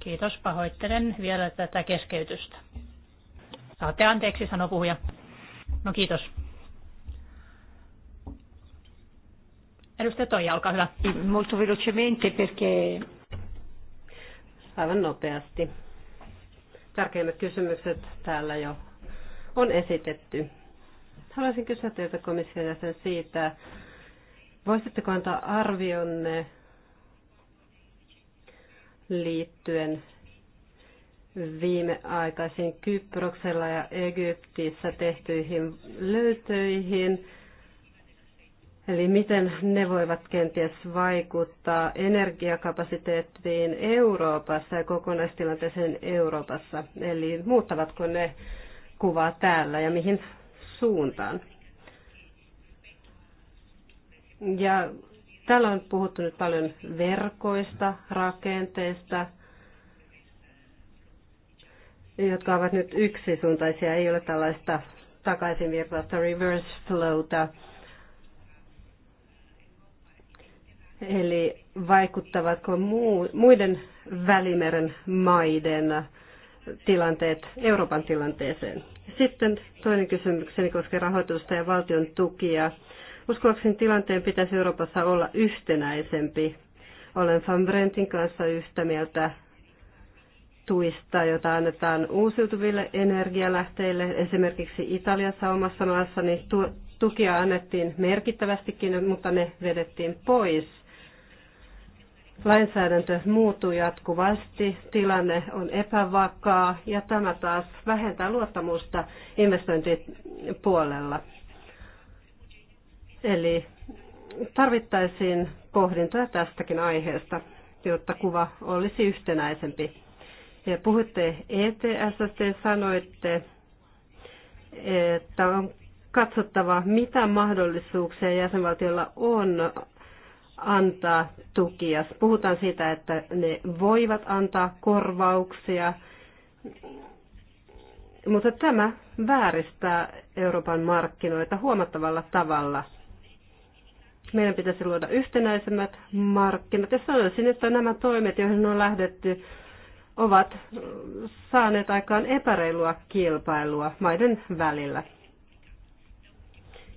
Kiitos, pahoittelen vielä tätä keskeytystä. Saatte anteeksi, sanoo puhuja. No kiitos. Edustaja Toija, olkaa hyvä. Molto velocemente perché aivan nopeasti. Tärkeimmät kysymykset täällä jo on esitetty. Haluaisin kysyä teiltä komission jäsen siitä, voisitteko antaa arvionne liittyen viimeaikaisiin Kyproksella ja Egyptissä tehtyihin löytöihin, eli miten ne voivat kenties vaikuttaa energiakapasiteettiin Euroopassa ja kokonaistilanteeseen Euroopassa, eli muuttavatko ne kuvaa täällä ja mihin suuntaan. Ja täällä on puhuttu nyt paljon verkoista, rakenteista, jotka ovat nyt yksisuuntaisia, ei ole tällaista takaisinvirtausta, reverse flowta. Eli vaikuttavatko muiden Välimeren maiden tilanteet Euroopan tilanteeseen. Sitten toinen kysymykseni koskee rahoitusta ja valtion tukia. Uskoakseni tilanteen pitäisi Euroopassa olla yhtenäisempi. Olen Van Brentin kanssa yhtä mieltä tuista, jota annetaan uusiutuville energialähteille. Esimerkiksi Italiassa omassa maassani tukia annettiin merkittävästikin, mutta ne vedettiin pois Lainsäädäntö muuttuu jatkuvasti, tilanne on epävakaa ja tämä taas vähentää luottamusta investointipuolella. Eli tarvittaisiin pohdintoja tästäkin aiheesta, jotta kuva olisi yhtenäisempi. Ja puhutte ETS te sanoitte, että on katsottava, mitä mahdollisuuksia jäsenvaltiolla on antaa tukia. Puhutaan siitä, että ne voivat antaa korvauksia, mutta tämä vääristää Euroopan markkinoita huomattavalla tavalla. Meidän pitäisi luoda yhtenäisemmät markkinat ja sanoisin, että nämä toimet, joihin on lähdetty, ovat saaneet aikaan epäreilua kilpailua maiden välillä.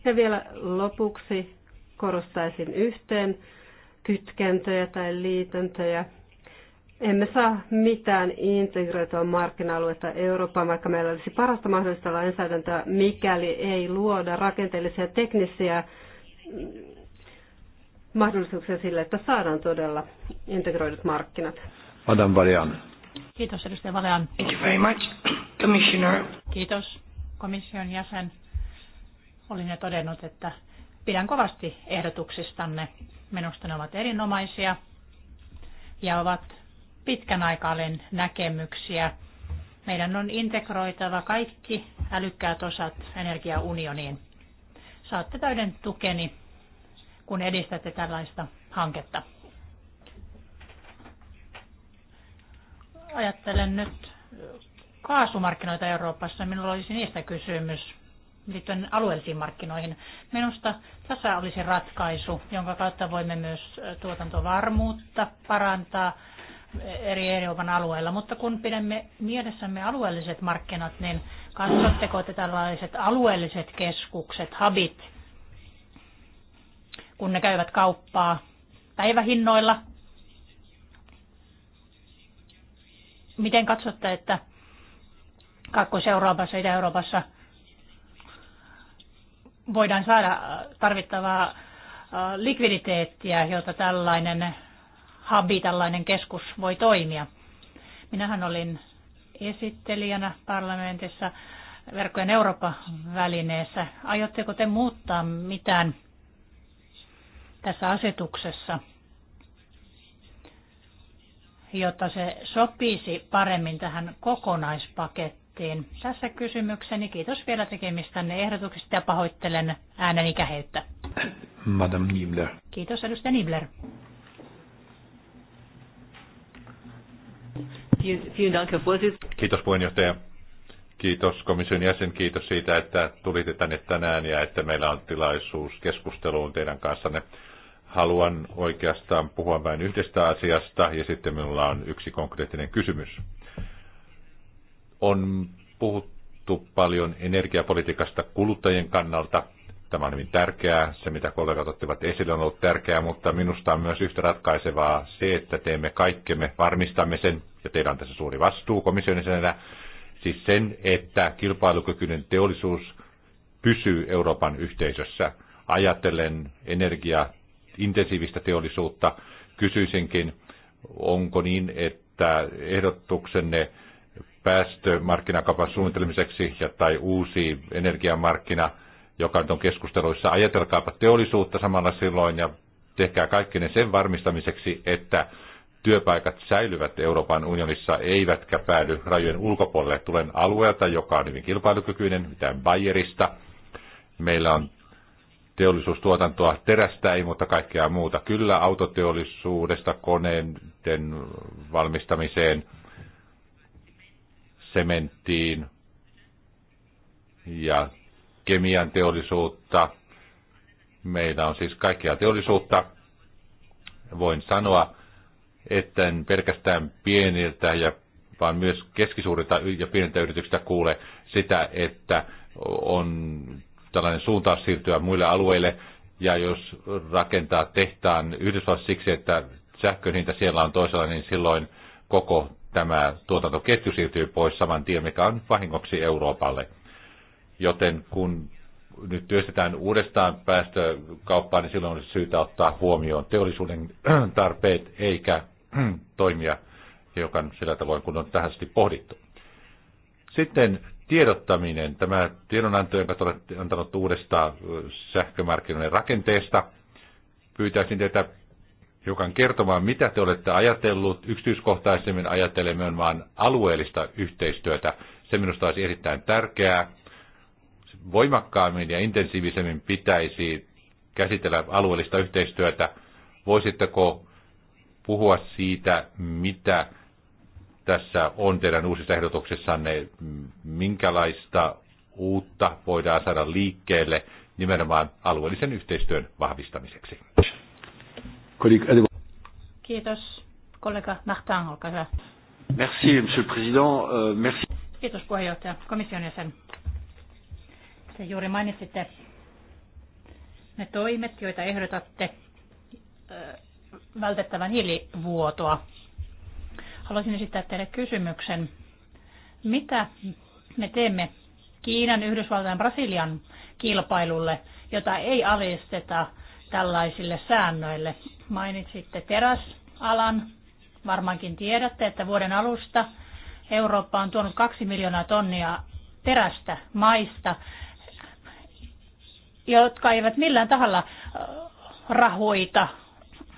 Ja vielä lopuksi korostaisin yhteen kytkentöjä tai liitäntöjä. Emme saa mitään integroitua markkina-aluetta Eurooppaan, vaikka meillä olisi parasta mahdollista lainsäädäntöä, mikäli ei luoda rakenteellisia teknisiä mm, mahdollisuuksia sille, että saadaan todella integroidut markkinat. Adam Valian. Kiitos, edustaja Valian. Thank you very much, Commissioner. Kiitos, komission jäsen. Olin jo todennut, että Pidän kovasti ehdotuksistanne. Minusta ne ovat erinomaisia ja ovat pitkän aikavälin näkemyksiä. Meidän on integroitava kaikki älykkäät osat energiaunioniin. Saatte täyden tukeni, kun edistätte tällaista hanketta. Ajattelen nyt kaasumarkkinoita Euroopassa. Minulla olisi niistä kysymys liittyen alueellisiin markkinoihin. Minusta tässä olisi ratkaisu, jonka kautta voimme myös tuotantovarmuutta parantaa e, eri Euroopan alueilla. Mutta kun pidämme mielessämme alueelliset markkinat, niin katsotteko te tällaiset alueelliset keskukset, habit, kun ne käyvät kauppaa päivähinnoilla? Miten katsotte, että Kaakkois-Euroopassa, Itä-Euroopassa – voidaan saada tarvittavaa äh, likviditeettiä, jota tällainen habi, tällainen keskus voi toimia. Minähän olin esittelijänä parlamentissa verkkojen Eurooppa-välineessä. Aiotteko te muuttaa mitään tässä asetuksessa, jotta se sopisi paremmin tähän kokonaispakettiin? katettiin. Tässä kysymykseni. Kiitos vielä tekemistänne ehdotuksista ja pahoittelen ääneni käheyttä. Madame Nibler. Kiitos edustaja Nibler. Kiitos puheenjohtaja. Kiitos komission jäsen, kiitos siitä, että tulitte tänne tänään ja että meillä on tilaisuus keskusteluun teidän kanssanne. Haluan oikeastaan puhua vain yhdestä asiasta ja sitten minulla on yksi konkreettinen kysymys. On puhuttu paljon energiapolitiikasta kuluttajien kannalta. Tämä on hyvin tärkeää. Se, mitä kollegat ottivat esille, on ollut tärkeää, mutta minusta on myös yhtä ratkaisevaa se, että teemme kaikkemme, varmistamme sen, ja teillä on tässä suuri vastuu komissionisenä, siis sen, että kilpailukykyinen teollisuus pysyy Euroopan yhteisössä. Ajatellen energiaintensiivistä teollisuutta, kysyisinkin, onko niin, että ehdotuksenne päästömarkkinakaupan suunnittelemiseksi ja, tai uusi energiamarkkina, joka nyt on keskusteluissa. Ajatelkaapa teollisuutta samalla silloin ja tehkää kaikki ne sen varmistamiseksi, että työpaikat säilyvät Euroopan unionissa, eivätkä päädy rajojen ulkopuolelle. Tulen alueelta, joka on hyvin kilpailukykyinen, mitään Bayerista. Meillä on teollisuustuotantoa, terästä ei, mutta kaikkea muuta. Kyllä autoteollisuudesta, koneiden valmistamiseen – sementtiin ja kemian teollisuutta. Meillä on siis kaikkea teollisuutta. Voin sanoa, että en pelkästään pieniltä ja vaan myös keskisuurilta ja pieniltä yrityksiltä kuule sitä, että on tällainen suuntaus siirtyä muille alueille. Ja jos rakentaa tehtaan Yhdysvallassa siksi, että sähkön hinta siellä on toisella, niin silloin koko tämä tuotantoketju siirtyy pois saman tien, mikä on vahingoksi Euroopalle. Joten kun nyt työstetään uudestaan päästökauppaa, niin silloin on syytä ottaa huomioon teollisuuden tarpeet eikä toimia on sillä tavoin, kun on tähän asti pohdittu. Sitten tiedottaminen. Tämä tiedonanto, jonka olet antanut uudesta sähkömarkkinoiden rakenteesta, pyytäisin teitä hiukan kertomaan, mitä te olette ajatellut yksityiskohtaisemmin ajattelemaan vaan alueellista yhteistyötä. Se minusta olisi erittäin tärkeää. Voimakkaammin ja intensiivisemmin pitäisi käsitellä alueellista yhteistyötä. Voisitteko puhua siitä, mitä tässä on teidän uusissa ehdotuksissanne, minkälaista uutta voidaan saada liikkeelle nimenomaan alueellisen yhteistyön vahvistamiseksi? Kiitos. Kollega Nahtaan, olkaa hyvä. Merci, monsieur le président. Euh, merci. Kiitos puheenjohtaja, komission jäsen. Te juuri mainitsitte ne toimet, joita ehdotatte vältettävän hiilivuotoa. Haluaisin esittää teille kysymyksen. Mitä me teemme Kiinan, Yhdysvaltain, Brasilian kilpailulle, jota ei alisteta tällaisille säännöille. Mainitsitte teräsalan. Varmaankin tiedätte, että vuoden alusta Eurooppa on tuonut kaksi miljoonaa tonnia terästä maista, jotka eivät millään tahalla rahoita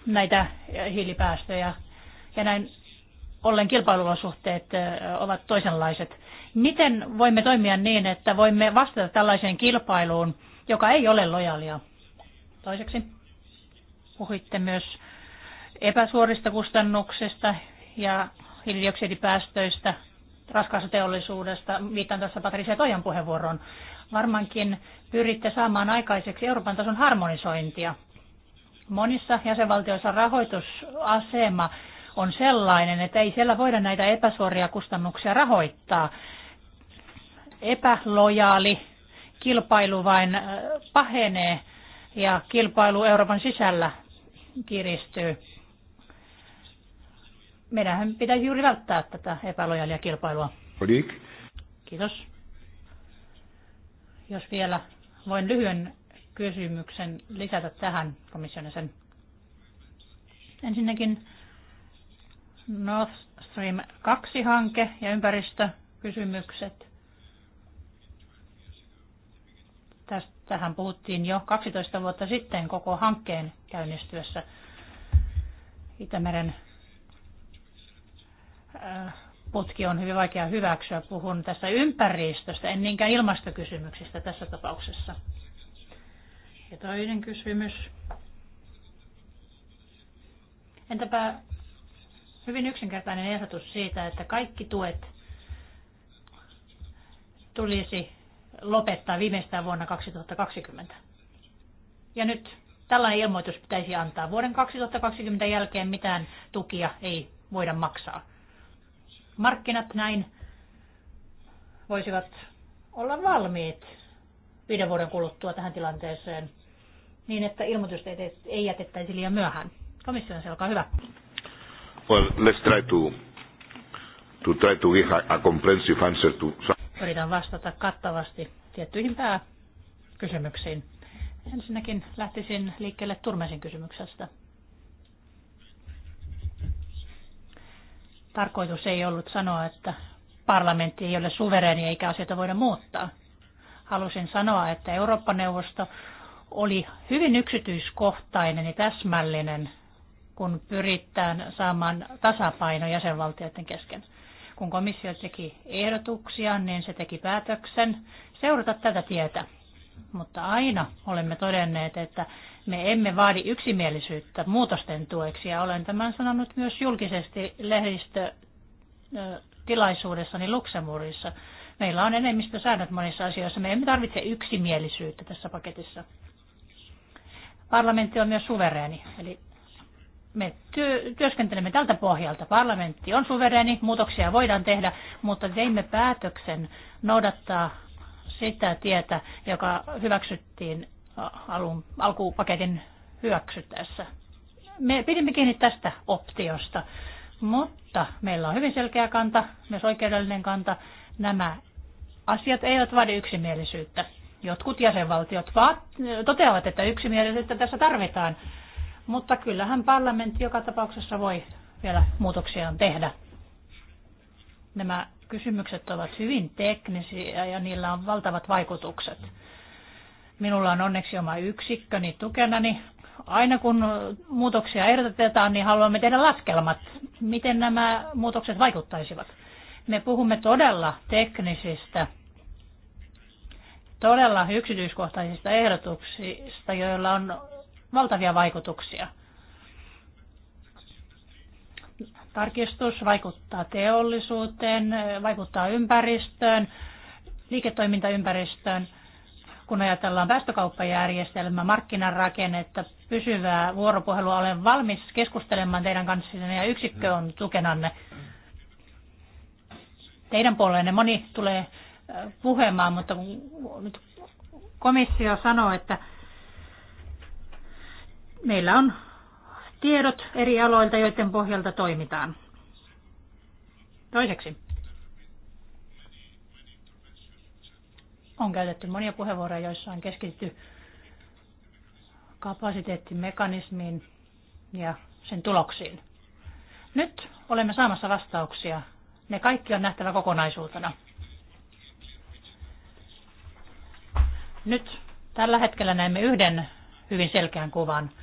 näitä hiilipäästöjä. Ja näin ollen kilpailuolosuhteet ovat toisenlaiset. Miten voimme toimia niin, että voimme vastata tällaiseen kilpailuun, joka ei ole lojaalia? Toiseksi puhuitte myös epäsuorista kustannuksista ja hiilidioksidipäästöistä, raskaasta teollisuudesta. Viittaan tässä Patricia Toijan puheenvuoroon. Varmaankin pyritte saamaan aikaiseksi Euroopan tason harmonisointia. Monissa jäsenvaltioissa rahoitusasema on sellainen, että ei siellä voida näitä epäsuoria kustannuksia rahoittaa. Epälojaali kilpailu vain pahenee ja kilpailu Euroopan sisällä kiristyy. Meidän pitäisi juuri välttää tätä epälojalia kilpailua. Kodik. Kiitos. Jos vielä voin lyhyen kysymyksen lisätä tähän komission sen. Ensinnäkin North Stream 2-hanke ja ympäristökysymykset. Tähän puhuttiin jo 12 vuotta sitten koko hankkeen käynnistyessä Itämeren äh, putki on hyvin vaikea hyväksyä. Puhun tässä ympäristöstä, en niinkään ilmastokysymyksistä tässä tapauksessa. Ja toinen kysymys. Entäpä hyvin yksinkertainen ehdotus siitä, että kaikki tuet tulisi lopettaa viimeistään vuonna 2020. Ja nyt tällainen ilmoitus pitäisi antaa. Vuoden 2020 jälkeen mitään tukia ei voida maksaa. Markkinat näin voisivat olla valmiit viiden vuoden kuluttua tähän tilanteeseen niin, että ilmoitusta ei jätettäisi liian myöhään. Komission se olkaa hyvä. Well, let's try to, to try to give a, a comprehensive answer to Yritän vastata kattavasti tiettyihin pääkysymyksiin. Ensinnäkin lähtisin liikkeelle Turmesin kysymyksestä. Tarkoitus ei ollut sanoa, että parlamentti ei ole suvereeni eikä asioita voida muuttaa. Halusin sanoa, että Eurooppa-neuvosto oli hyvin yksityiskohtainen ja täsmällinen, kun pyritään saamaan tasapaino jäsenvaltioiden kesken kun komissio teki ehdotuksia, niin se teki päätöksen seurata tätä tietä. Mutta aina olemme todenneet, että me emme vaadi yksimielisyyttä muutosten tueksi, ja olen tämän sanonut myös julkisesti lehdistötilaisuudessani Luxemburgissa. Meillä on enemmistö säännöt monissa asioissa. Me emme tarvitse yksimielisyyttä tässä paketissa. Parlamentti on myös suvereeni, eli me työskentelemme tältä pohjalta. Parlamentti on suvereeni, muutoksia voidaan tehdä, mutta teimme päätöksen noudattaa sitä tietä, joka hyväksyttiin alun, alkupaketin hyväksyttäessä. Me pidimme kiinni tästä optiosta, mutta meillä on hyvin selkeä kanta, myös oikeudellinen kanta. Nämä asiat eivät vaadi yksimielisyyttä. Jotkut jäsenvaltiot vaat, toteavat, että yksimielisyyttä tässä tarvitaan mutta kyllähän parlamentti joka tapauksessa voi vielä muutoksiaan tehdä. Nämä kysymykset ovat hyvin teknisiä ja niillä on valtavat vaikutukset. Minulla on onneksi oma yksikköni tukenani. Aina kun muutoksia ehdotetaan, niin haluamme tehdä laskelmat, miten nämä muutokset vaikuttaisivat. Me puhumme todella teknisistä, todella yksityiskohtaisista ehdotuksista, joilla on valtavia vaikutuksia. Tarkistus vaikuttaa teollisuuteen, vaikuttaa ympäristöön, liiketoimintaympäristöön. Kun ajatellaan päästökauppajärjestelmää, markkinarakennetta, pysyvää vuoropuhelua, olen valmis keskustelemaan teidän kanssanne ja yksikkö on tukenanne. Teidän puolenne moni tulee äh, puhemaan, mutta komissio sanoo, että Meillä on tiedot eri aloilta, joiden pohjalta toimitaan. Toiseksi. On käytetty monia puheenvuoroja, joissa on keskitytty kapasiteettimekanismiin ja sen tuloksiin. Nyt olemme saamassa vastauksia. Ne kaikki on nähtävä kokonaisuutena. Nyt tällä hetkellä näemme yhden hyvin selkeän kuvan –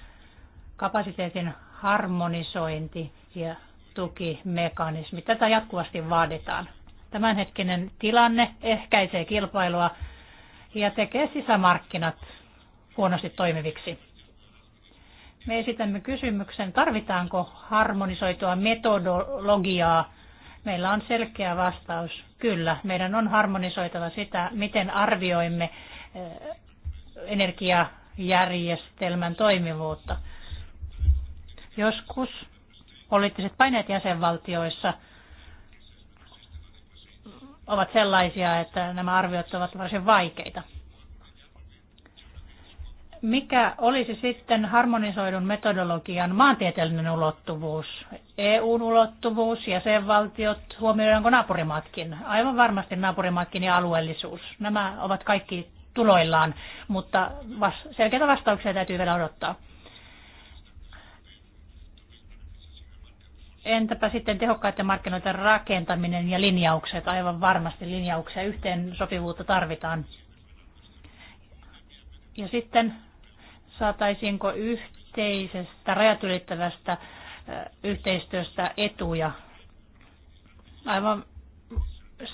kapasiteetin harmonisointi ja tukimekanismi. Tätä jatkuvasti vaaditaan. Tämänhetkinen tilanne ehkäisee kilpailua ja tekee sisämarkkinat huonosti toimiviksi. Me esitämme kysymyksen, tarvitaanko harmonisoitua metodologiaa. Meillä on selkeä vastaus. Kyllä, meidän on harmonisoitava sitä, miten arvioimme eh, energiajärjestelmän toimivuutta – Joskus poliittiset paineet jäsenvaltioissa ovat sellaisia, että nämä arviot ovat varsin vaikeita. Mikä olisi sitten harmonisoidun metodologian maantieteellinen ulottuvuus, EUn ulottuvuus, jäsenvaltiot, huomioidaanko naapurimaatkin? Aivan varmasti naapurimaatkin ja alueellisuus. Nämä ovat kaikki tuloillaan, mutta selkeitä vastauksia täytyy vielä odottaa. Entäpä sitten tehokkaiden markkinoiden rakentaminen ja linjaukset? Aivan varmasti linjauksia yhteen sopivuutta tarvitaan. Ja sitten saataisiinko yhteisestä rajat ylittävästä yhteistyöstä etuja? Aivan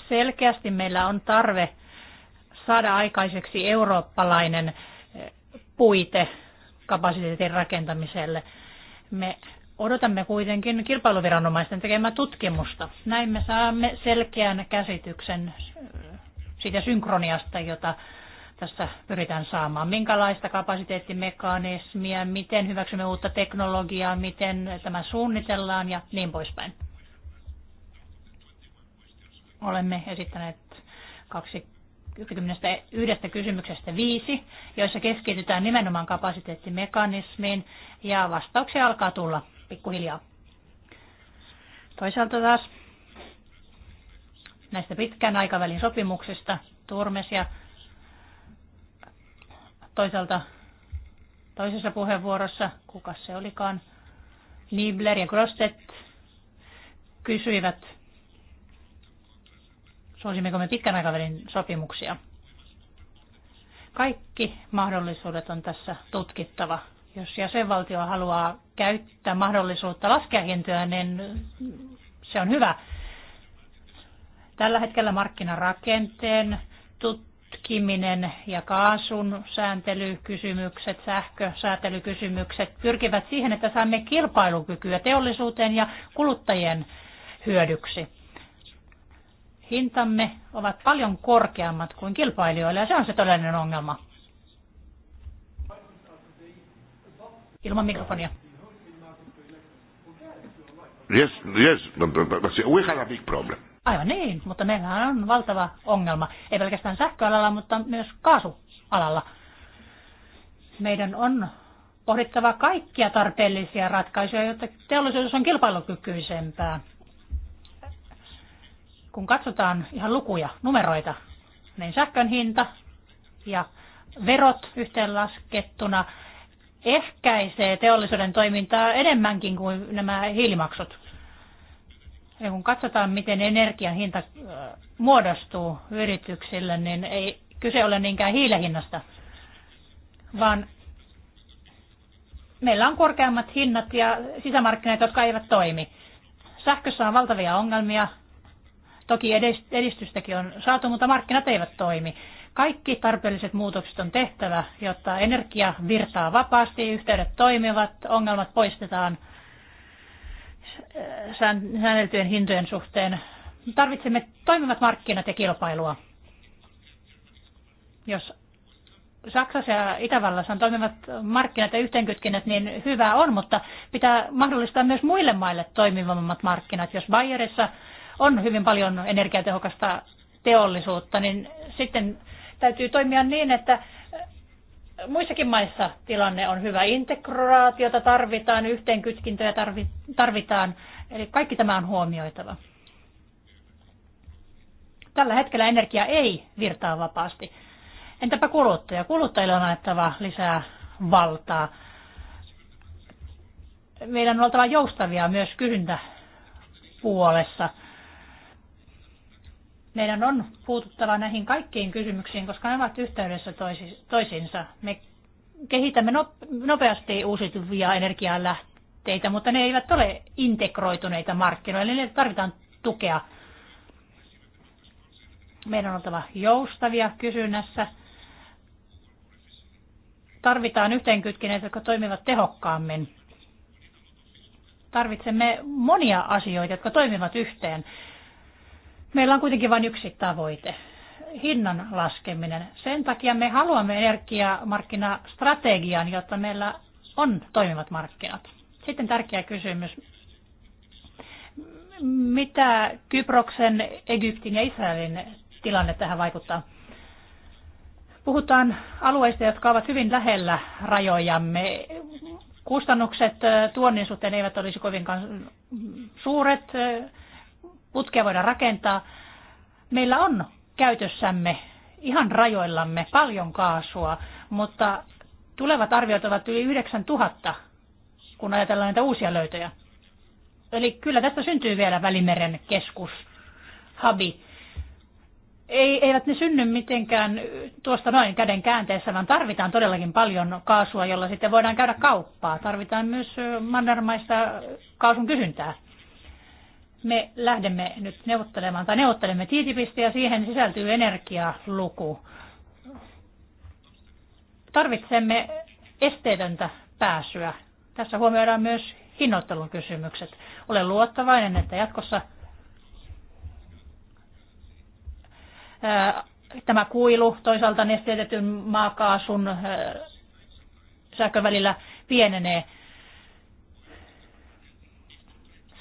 selkeästi meillä on tarve saada aikaiseksi eurooppalainen puite kapasiteetin rakentamiselle. Me Odotamme kuitenkin kilpailuviranomaisten tekemää tutkimusta. Näin me saamme selkeän käsityksen äh, siitä synkroniasta, jota tässä pyritään saamaan. Minkälaista kapasiteettimekanismia, miten hyväksymme uutta teknologiaa, miten tämä suunnitellaan ja niin poispäin. Olemme esittäneet 21 kysymyksestä viisi, joissa keskitytään nimenomaan kapasiteettimekanismiin ja vastauksia alkaa tulla pikkuhiljaa. Toisaalta taas näistä pitkän aikavälin sopimuksista, Turmes ja toisaalta toisessa puheenvuorossa, kuka se olikaan, Niebler ja Grostet kysyivät, suosimmeko me pitkän aikavälin sopimuksia. Kaikki mahdollisuudet on tässä tutkittava. Jos jäsenvaltio haluaa käyttää mahdollisuutta laskea hintoja, niin se on hyvä. Tällä hetkellä markkinarakenteen tutkiminen ja kaasun sääntelykysymykset, sähkösäätelykysymykset pyrkivät siihen, että saamme kilpailukykyä teollisuuteen ja kuluttajien hyödyksi. Hintamme ovat paljon korkeammat kuin kilpailijoilla ja se on se todellinen ongelma. Ilman mikrofonia. Yes, yes, but, but we have a big problem. Aivan niin, mutta meillä on valtava ongelma. Ei pelkästään sähköalalla, mutta myös kaasualalla. Meidän on pohdittava kaikkia tarpeellisia ratkaisuja, jotta teollisuus on kilpailukykyisempää. Kun katsotaan ihan lukuja, numeroita, niin sähkön hinta ja verot yhteenlaskettuna ehkäisee teollisuuden toimintaa enemmänkin kuin nämä hiilimaksut. Ja kun katsotaan, miten energian hinta muodostuu yrityksille, niin ei kyse ole niinkään hiilehinnasta, vaan meillä on korkeammat hinnat ja sisämarkkinat, jotka eivät toimi. Sähkössä on valtavia ongelmia. Toki edistystäkin on saatu, mutta markkinat eivät toimi. Kaikki tarpeelliset muutokset on tehtävä, jotta energia virtaa vapaasti, yhteydet toimivat, ongelmat poistetaan säänneltyjen hintojen suhteen. Tarvitsemme toimivat markkinat ja kilpailua. Jos Saksassa ja Itävallassa on toimivat markkinat ja yhteenkytkinnät, niin hyvä on, mutta pitää mahdollistaa myös muille maille toimivammat markkinat. Jos Bayerissa on hyvin paljon energiatehokasta teollisuutta, niin sitten Täytyy toimia niin, että muissakin maissa tilanne on hyvä. Integraatiota tarvitaan, yhteenkytkintöjä tarvitaan, eli kaikki tämä on huomioitava. Tällä hetkellä energia ei virtaa vapaasti. Entäpä kuluttaja? Kuluttajille on annettava lisää valtaa. Meidän on oltava joustavia myös kysyntäpuolessa. puolessa meidän on puututtava näihin kaikkiin kysymyksiin, koska ne ovat yhteydessä toisiinsa. Me kehitämme nopeasti uusiutuvia energialähteitä, mutta ne eivät ole integroituneita markkinoille, ne tarvitaan tukea. Meidän on oltava joustavia kysynnässä. Tarvitaan yhteenkytkineitä, jotka toimivat tehokkaammin. Tarvitsemme monia asioita, jotka toimivat yhteen. Meillä on kuitenkin vain yksi tavoite, hinnan laskeminen. Sen takia me haluamme energiamarkkinastrategian, jotta meillä on toimivat markkinat. Sitten tärkeä kysymys. Mitä Kyproksen, Egyptin ja Israelin tilanne tähän vaikuttaa? Puhutaan alueista, jotka ovat hyvin lähellä rajojamme. Kustannukset tuonnin suhteen eivät olisi kovinkaan suuret putkea voidaan rakentaa. Meillä on käytössämme ihan rajoillamme paljon kaasua, mutta tulevat arviot ovat yli 9000, kun ajatellaan näitä uusia löytöjä. Eli kyllä tästä syntyy vielä Välimeren keskus, habi. Ei, eivät ne synny mitenkään tuosta noin käden käänteessä, vaan tarvitaan todellakin paljon kaasua, jolla sitten voidaan käydä kauppaa. Tarvitaan myös mannermaista kaasun kysyntää me lähdemme nyt neuvottelemaan, tai neuvottelemme TTIPistä ja siihen sisältyy energialuku. Tarvitsemme esteetöntä pääsyä. Tässä huomioidaan myös hinnoittelun kysymykset. Olen luottavainen, että jatkossa tämä kuilu toisaalta nesteetetyn maakaasun sähkövälillä välillä pienenee –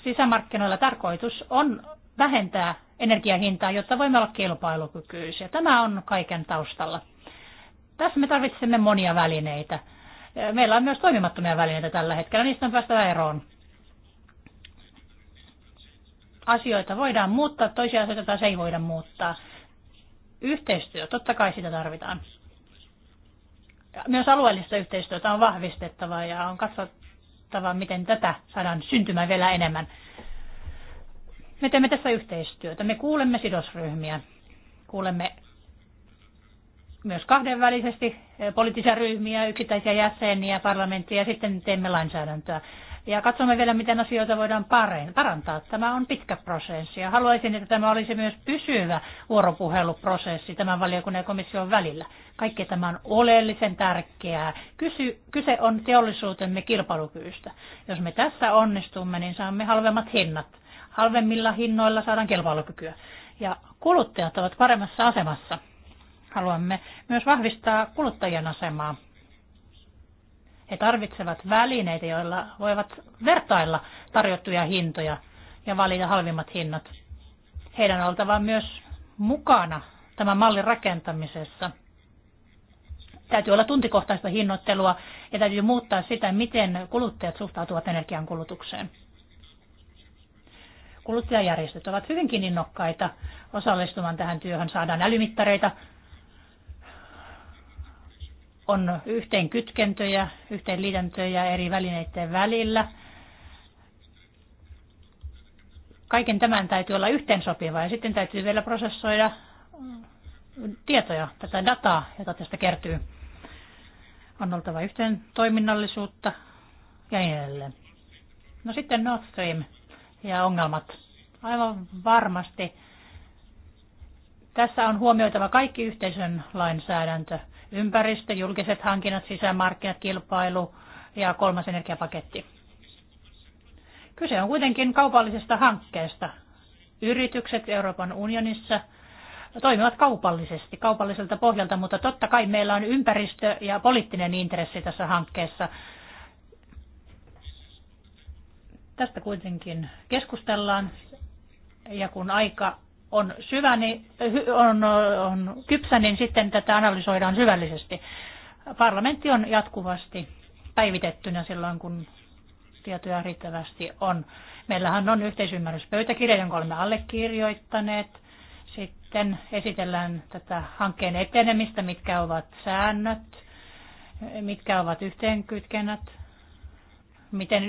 sisämarkkinoilla tarkoitus on vähentää energiahintaa, jotta voimme olla kilpailukykyisiä. Tämä on kaiken taustalla. Tässä me tarvitsemme monia välineitä. Meillä on myös toimimattomia välineitä tällä hetkellä, niistä on päästävä eroon. Asioita voidaan muuttaa, toisia asioita taas ei voida muuttaa. Yhteistyö, totta kai sitä tarvitaan. Myös alueellista yhteistyötä on vahvistettava ja on katsottava, miten tätä saadaan syntymään vielä enemmän. Me teemme tässä yhteistyötä. Me kuulemme sidosryhmiä. Kuulemme myös kahdenvälisesti poliittisia ryhmiä, yksittäisiä jäseniä, parlamenttia ja sitten teemme lainsäädäntöä ja katsomme vielä, miten asioita voidaan parantaa. Tämä on pitkä prosessi ja haluaisin, että tämä olisi myös pysyvä vuoropuheluprosessi tämän valiokunnan ja komission välillä. Kaikki tämä on oleellisen tärkeää. Kysy, kyse on teollisuutemme kilpailukyvystä. Jos me tässä onnistumme, niin saamme halvemmat hinnat. Halvemmilla hinnoilla saadaan kilpailukykyä. Ja kuluttajat ovat paremmassa asemassa. Haluamme myös vahvistaa kuluttajien asemaa he tarvitsevat välineitä, joilla voivat vertailla tarjottuja hintoja ja valita halvimmat hinnat. Heidän on oltava myös mukana tämän mallin rakentamisessa. Täytyy olla tuntikohtaista hinnoittelua ja täytyy muuttaa sitä, miten kuluttajat suhtautuvat energian kulutukseen. Kuluttajajärjestöt ovat hyvinkin innokkaita osallistumaan tähän työhön. Saadaan älymittareita, on yhteen kytkentöjä, yhteen liitäntöjä eri välineiden välillä. Kaiken tämän täytyy olla sopiva ja sitten täytyy vielä prosessoida mm, tietoja, tätä dataa, jota tästä kertyy. On oltava yhteen toiminnallisuutta ja niin edelleen. No sitten Nord Stream ja ongelmat. Aivan varmasti tässä on huomioitava kaikki yhteisön lainsäädäntö – ympäristö, julkiset hankinnat, sisämarkkinat, kilpailu ja kolmas energiapaketti. Kyse on kuitenkin kaupallisesta hankkeesta. Yritykset Euroopan unionissa toimivat kaupallisesti, kaupalliselta pohjalta, mutta totta kai meillä on ympäristö ja poliittinen intressi tässä hankkeessa. Tästä kuitenkin keskustellaan ja kun aika on, syvä, niin, on, on kypsä, niin sitten tätä analysoidaan syvällisesti. Parlamentti on jatkuvasti päivitettynä silloin, kun tietoja riittävästi on. Meillähän on yhteisymmärryspöytäkirja, jonka olemme allekirjoittaneet. Sitten esitellään tätä hankkeen etenemistä, mitkä ovat säännöt, mitkä ovat yhteenkytkennät, miten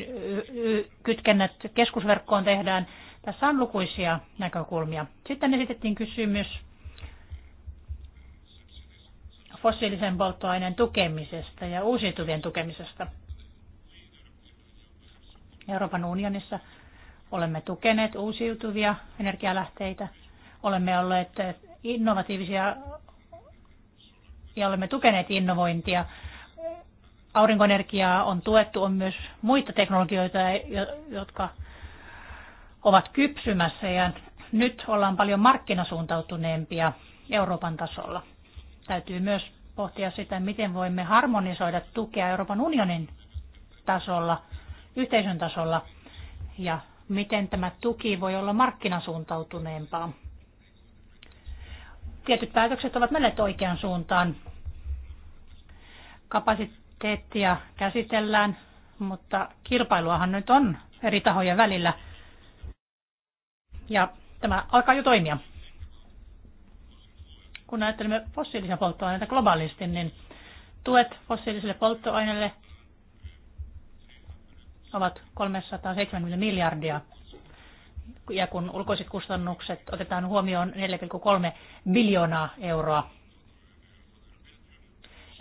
kytkennät keskusverkkoon tehdään – tässä on lukuisia näkökulmia. Sitten esitettiin kysymys fossiilisen polttoaineen tukemisesta ja uusiutuvien tukemisesta. Euroopan unionissa olemme tukeneet uusiutuvia energialähteitä, olemme olleet innovatiivisia ja olemme tukeneet innovointia. Aurinkoenergiaa on tuettu, on myös muita teknologioita, jotka ovat kypsymässä ja nyt ollaan paljon markkinasuuntautuneempia Euroopan tasolla. Täytyy myös pohtia sitä, miten voimme harmonisoida tukea Euroopan unionin tasolla, yhteisön tasolla ja miten tämä tuki voi olla markkinasuuntautuneempaa. Tietyt päätökset ovat menneet oikeaan suuntaan. Kapasiteettia käsitellään, mutta kilpailuahan nyt on eri tahojen välillä – ja tämä alkaa jo toimia. Kun ajattelemme fossiilisia polttoaineita globaalisti, niin tuet fossiilisille polttoaineille ovat 370 miljardia. Ja kun ulkoiset kustannukset otetaan huomioon 4,3 biljoonaa euroa.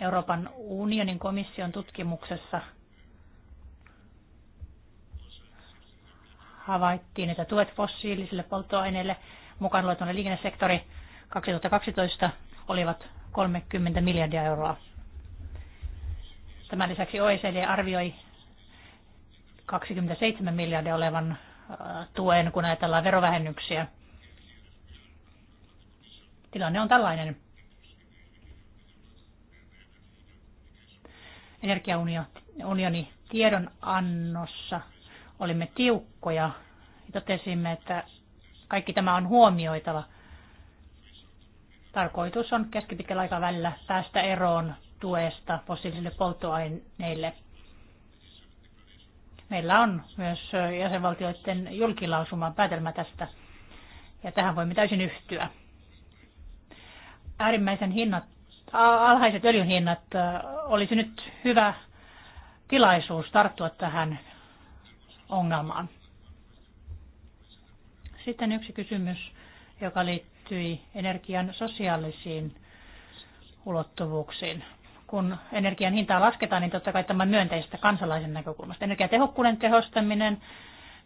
Euroopan unionin komission tutkimuksessa havaittiin, että tuet fossiilisille polttoaineille mukaan luetunne liikennesektori 2012 olivat 30 miljardia euroa. Tämän lisäksi OECD arvioi 27 miljardia olevan äh, tuen, kun ajatellaan verovähennyksiä. Tilanne on tällainen. Energiaunioni tiedonannossa olimme tiukkoja ja totesimme, että kaikki tämä on huomioitava. Tarkoitus on keskipitkällä aikavälillä päästä eroon tuesta fossiilisille polttoaineille. Meillä on myös jäsenvaltioiden julkilausuman päätelmä tästä, ja tähän voimme täysin yhtyä. Äärimmäisen hinnat, alhaiset öljyn hinnat olisi nyt hyvä tilaisuus tarttua tähän ongelmaan. Sitten yksi kysymys, joka liittyi energian sosiaalisiin ulottuvuuksiin. Kun energian hintaa lasketaan, niin totta kai tämä myönteistä kansalaisen näkökulmasta. Energiatehokkuuden tehostaminen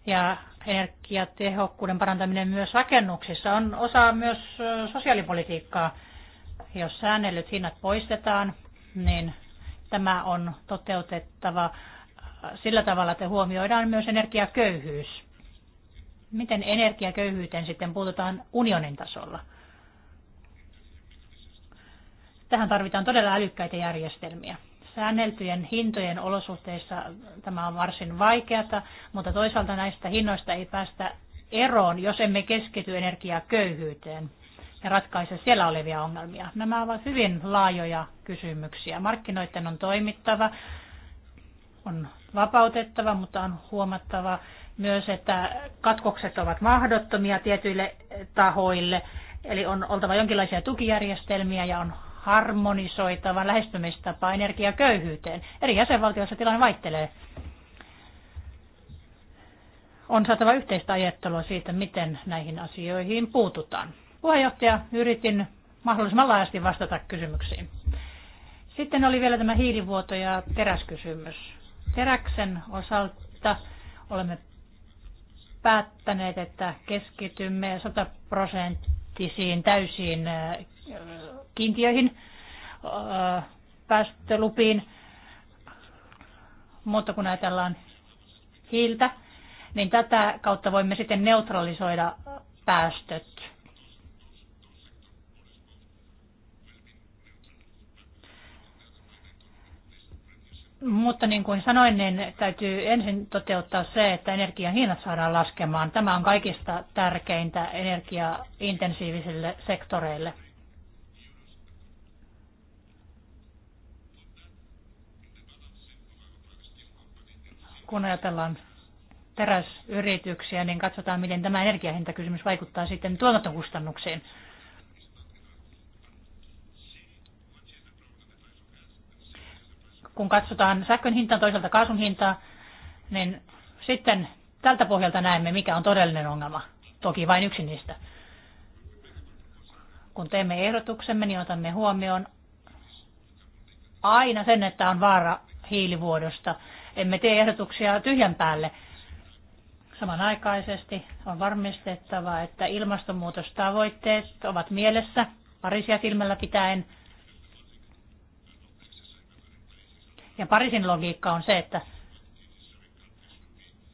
ja energiatehokkuuden parantaminen myös rakennuksissa on osa myös sosiaalipolitiikkaa. Jos säännellyt hinnat poistetaan, niin tämä on toteutettava sillä tavalla, että huomioidaan myös energiaköyhyys. Miten energiaköyhyyteen sitten puututaan unionin tasolla? Tähän tarvitaan todella älykkäitä järjestelmiä. Säänneltyjen hintojen olosuhteissa tämä on varsin vaikeata, mutta toisaalta näistä hinnoista ei päästä eroon, jos emme keskity energiaköyhyyteen ja ratkaise siellä olevia ongelmia. Nämä ovat hyvin laajoja kysymyksiä. Markkinoiden on toimittava, on vapautettava, mutta on huomattava myös, että katkokset ovat mahdottomia tietyille tahoille. Eli on oltava jonkinlaisia tukijärjestelmiä ja on harmonisoitava lähestymistapa energiaköyhyyteen. Eri jäsenvaltioissa tilanne vaihtelee. On saatava yhteistä ajattelua siitä, miten näihin asioihin puututaan. Puheenjohtaja, yritin mahdollisimman laajasti vastata kysymyksiin. Sitten oli vielä tämä hiilivuoto ja teräskysymys. Teräksen osalta olemme päättäneet, että keskitymme 100 prosenttisiin täysiin äh, kiintiöihin, äh, päästölupiin, mutta kun ajatellaan hiiltä, niin tätä kautta voimme sitten neutralisoida päästöt. Mutta niin kuin sanoin, niin täytyy ensin toteuttaa se, että energian hinnat saadaan laskemaan. Tämä on kaikista tärkeintä energiaintensiivisille sektoreille. Kun ajatellaan teräsyrityksiä, niin katsotaan, miten tämä energiahintakysymys vaikuttaa sitten tuotantokustannuksiin. kun katsotaan sähkön hintaa, toisaalta kaasun hintaa, niin sitten tältä pohjalta näemme, mikä on todellinen ongelma. Toki vain yksi niistä. Kun teemme ehdotuksemme, niin otamme huomioon aina sen, että on vaara hiilivuodosta. Emme tee ehdotuksia tyhjän päälle. Samanaikaisesti on varmistettava, että ilmastonmuutostavoitteet ovat mielessä, parisia silmällä pitäen – Ja Pariisin logiikka on se, että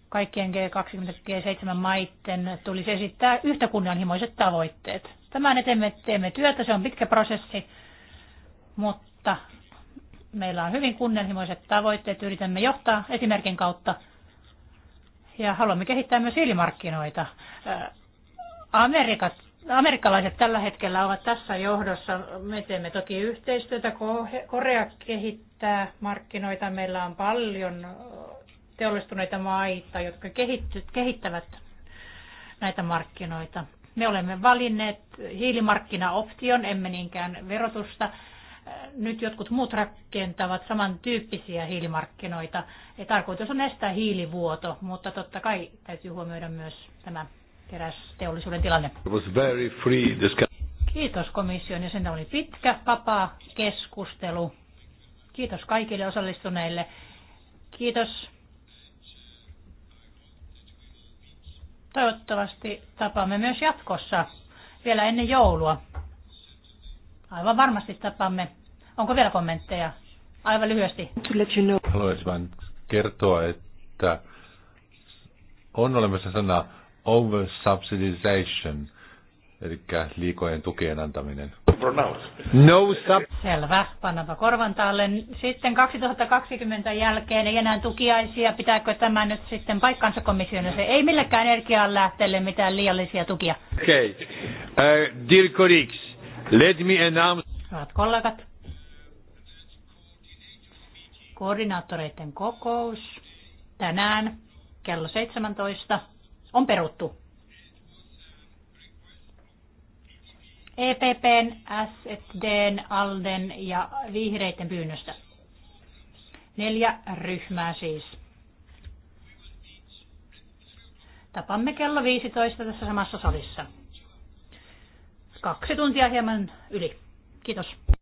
kaikkien G20 G7 maiden tulisi esittää yhtä kunnianhimoiset tavoitteet. Tämän eteen me teemme työtä, se on pitkä prosessi, mutta meillä on hyvin kunnianhimoiset tavoitteet, yritämme johtaa esimerkin kautta ja haluamme kehittää myös hiilimarkkinoita. Amerikat Amerikkalaiset tällä hetkellä ovat tässä johdossa. Me teemme toki yhteistyötä. Korea kehittää markkinoita. Meillä on paljon teollistuneita maita, jotka kehittävät näitä markkinoita. Me olemme valinneet hiilimarkkinaoption, emme niinkään verotusta. Nyt jotkut muut rakentavat samantyyppisiä hiilimarkkinoita. Ja tarkoitus on estää hiilivuoto, mutta totta kai täytyy huomioida myös tämä terästeollisuuden tilanne. Kiitos komission ja sen oli pitkä, vapaa keskustelu. Kiitos kaikille osallistuneille. Kiitos. Toivottavasti tapaamme myös jatkossa vielä ennen joulua. Aivan varmasti tapaamme. Onko vielä kommentteja? Aivan lyhyesti. Haluaisin vain kertoa, että on olemassa sana over-subsidization, eli liikojen tukien antaminen. No sub- Selvä, pannapa korvan taalle. Sitten 2020 jälkeen ei enää tukiaisia. Pitääkö tämä nyt sitten paikkansa komission? Se ei millekään energiaan lähteelle mitään liiallisia tukia. Okei. Okay. Uh, dear colleagues, let me announce... Hyvät kollegat. Koordinaattoreiden kokous tänään kello 17 on peruttu. EPPn, SDn, ALDEn ja vihreiden pyynnöstä. Neljä ryhmää siis. Tapamme kello 15 tässä samassa salissa. Kaksi tuntia hieman yli. Kiitos.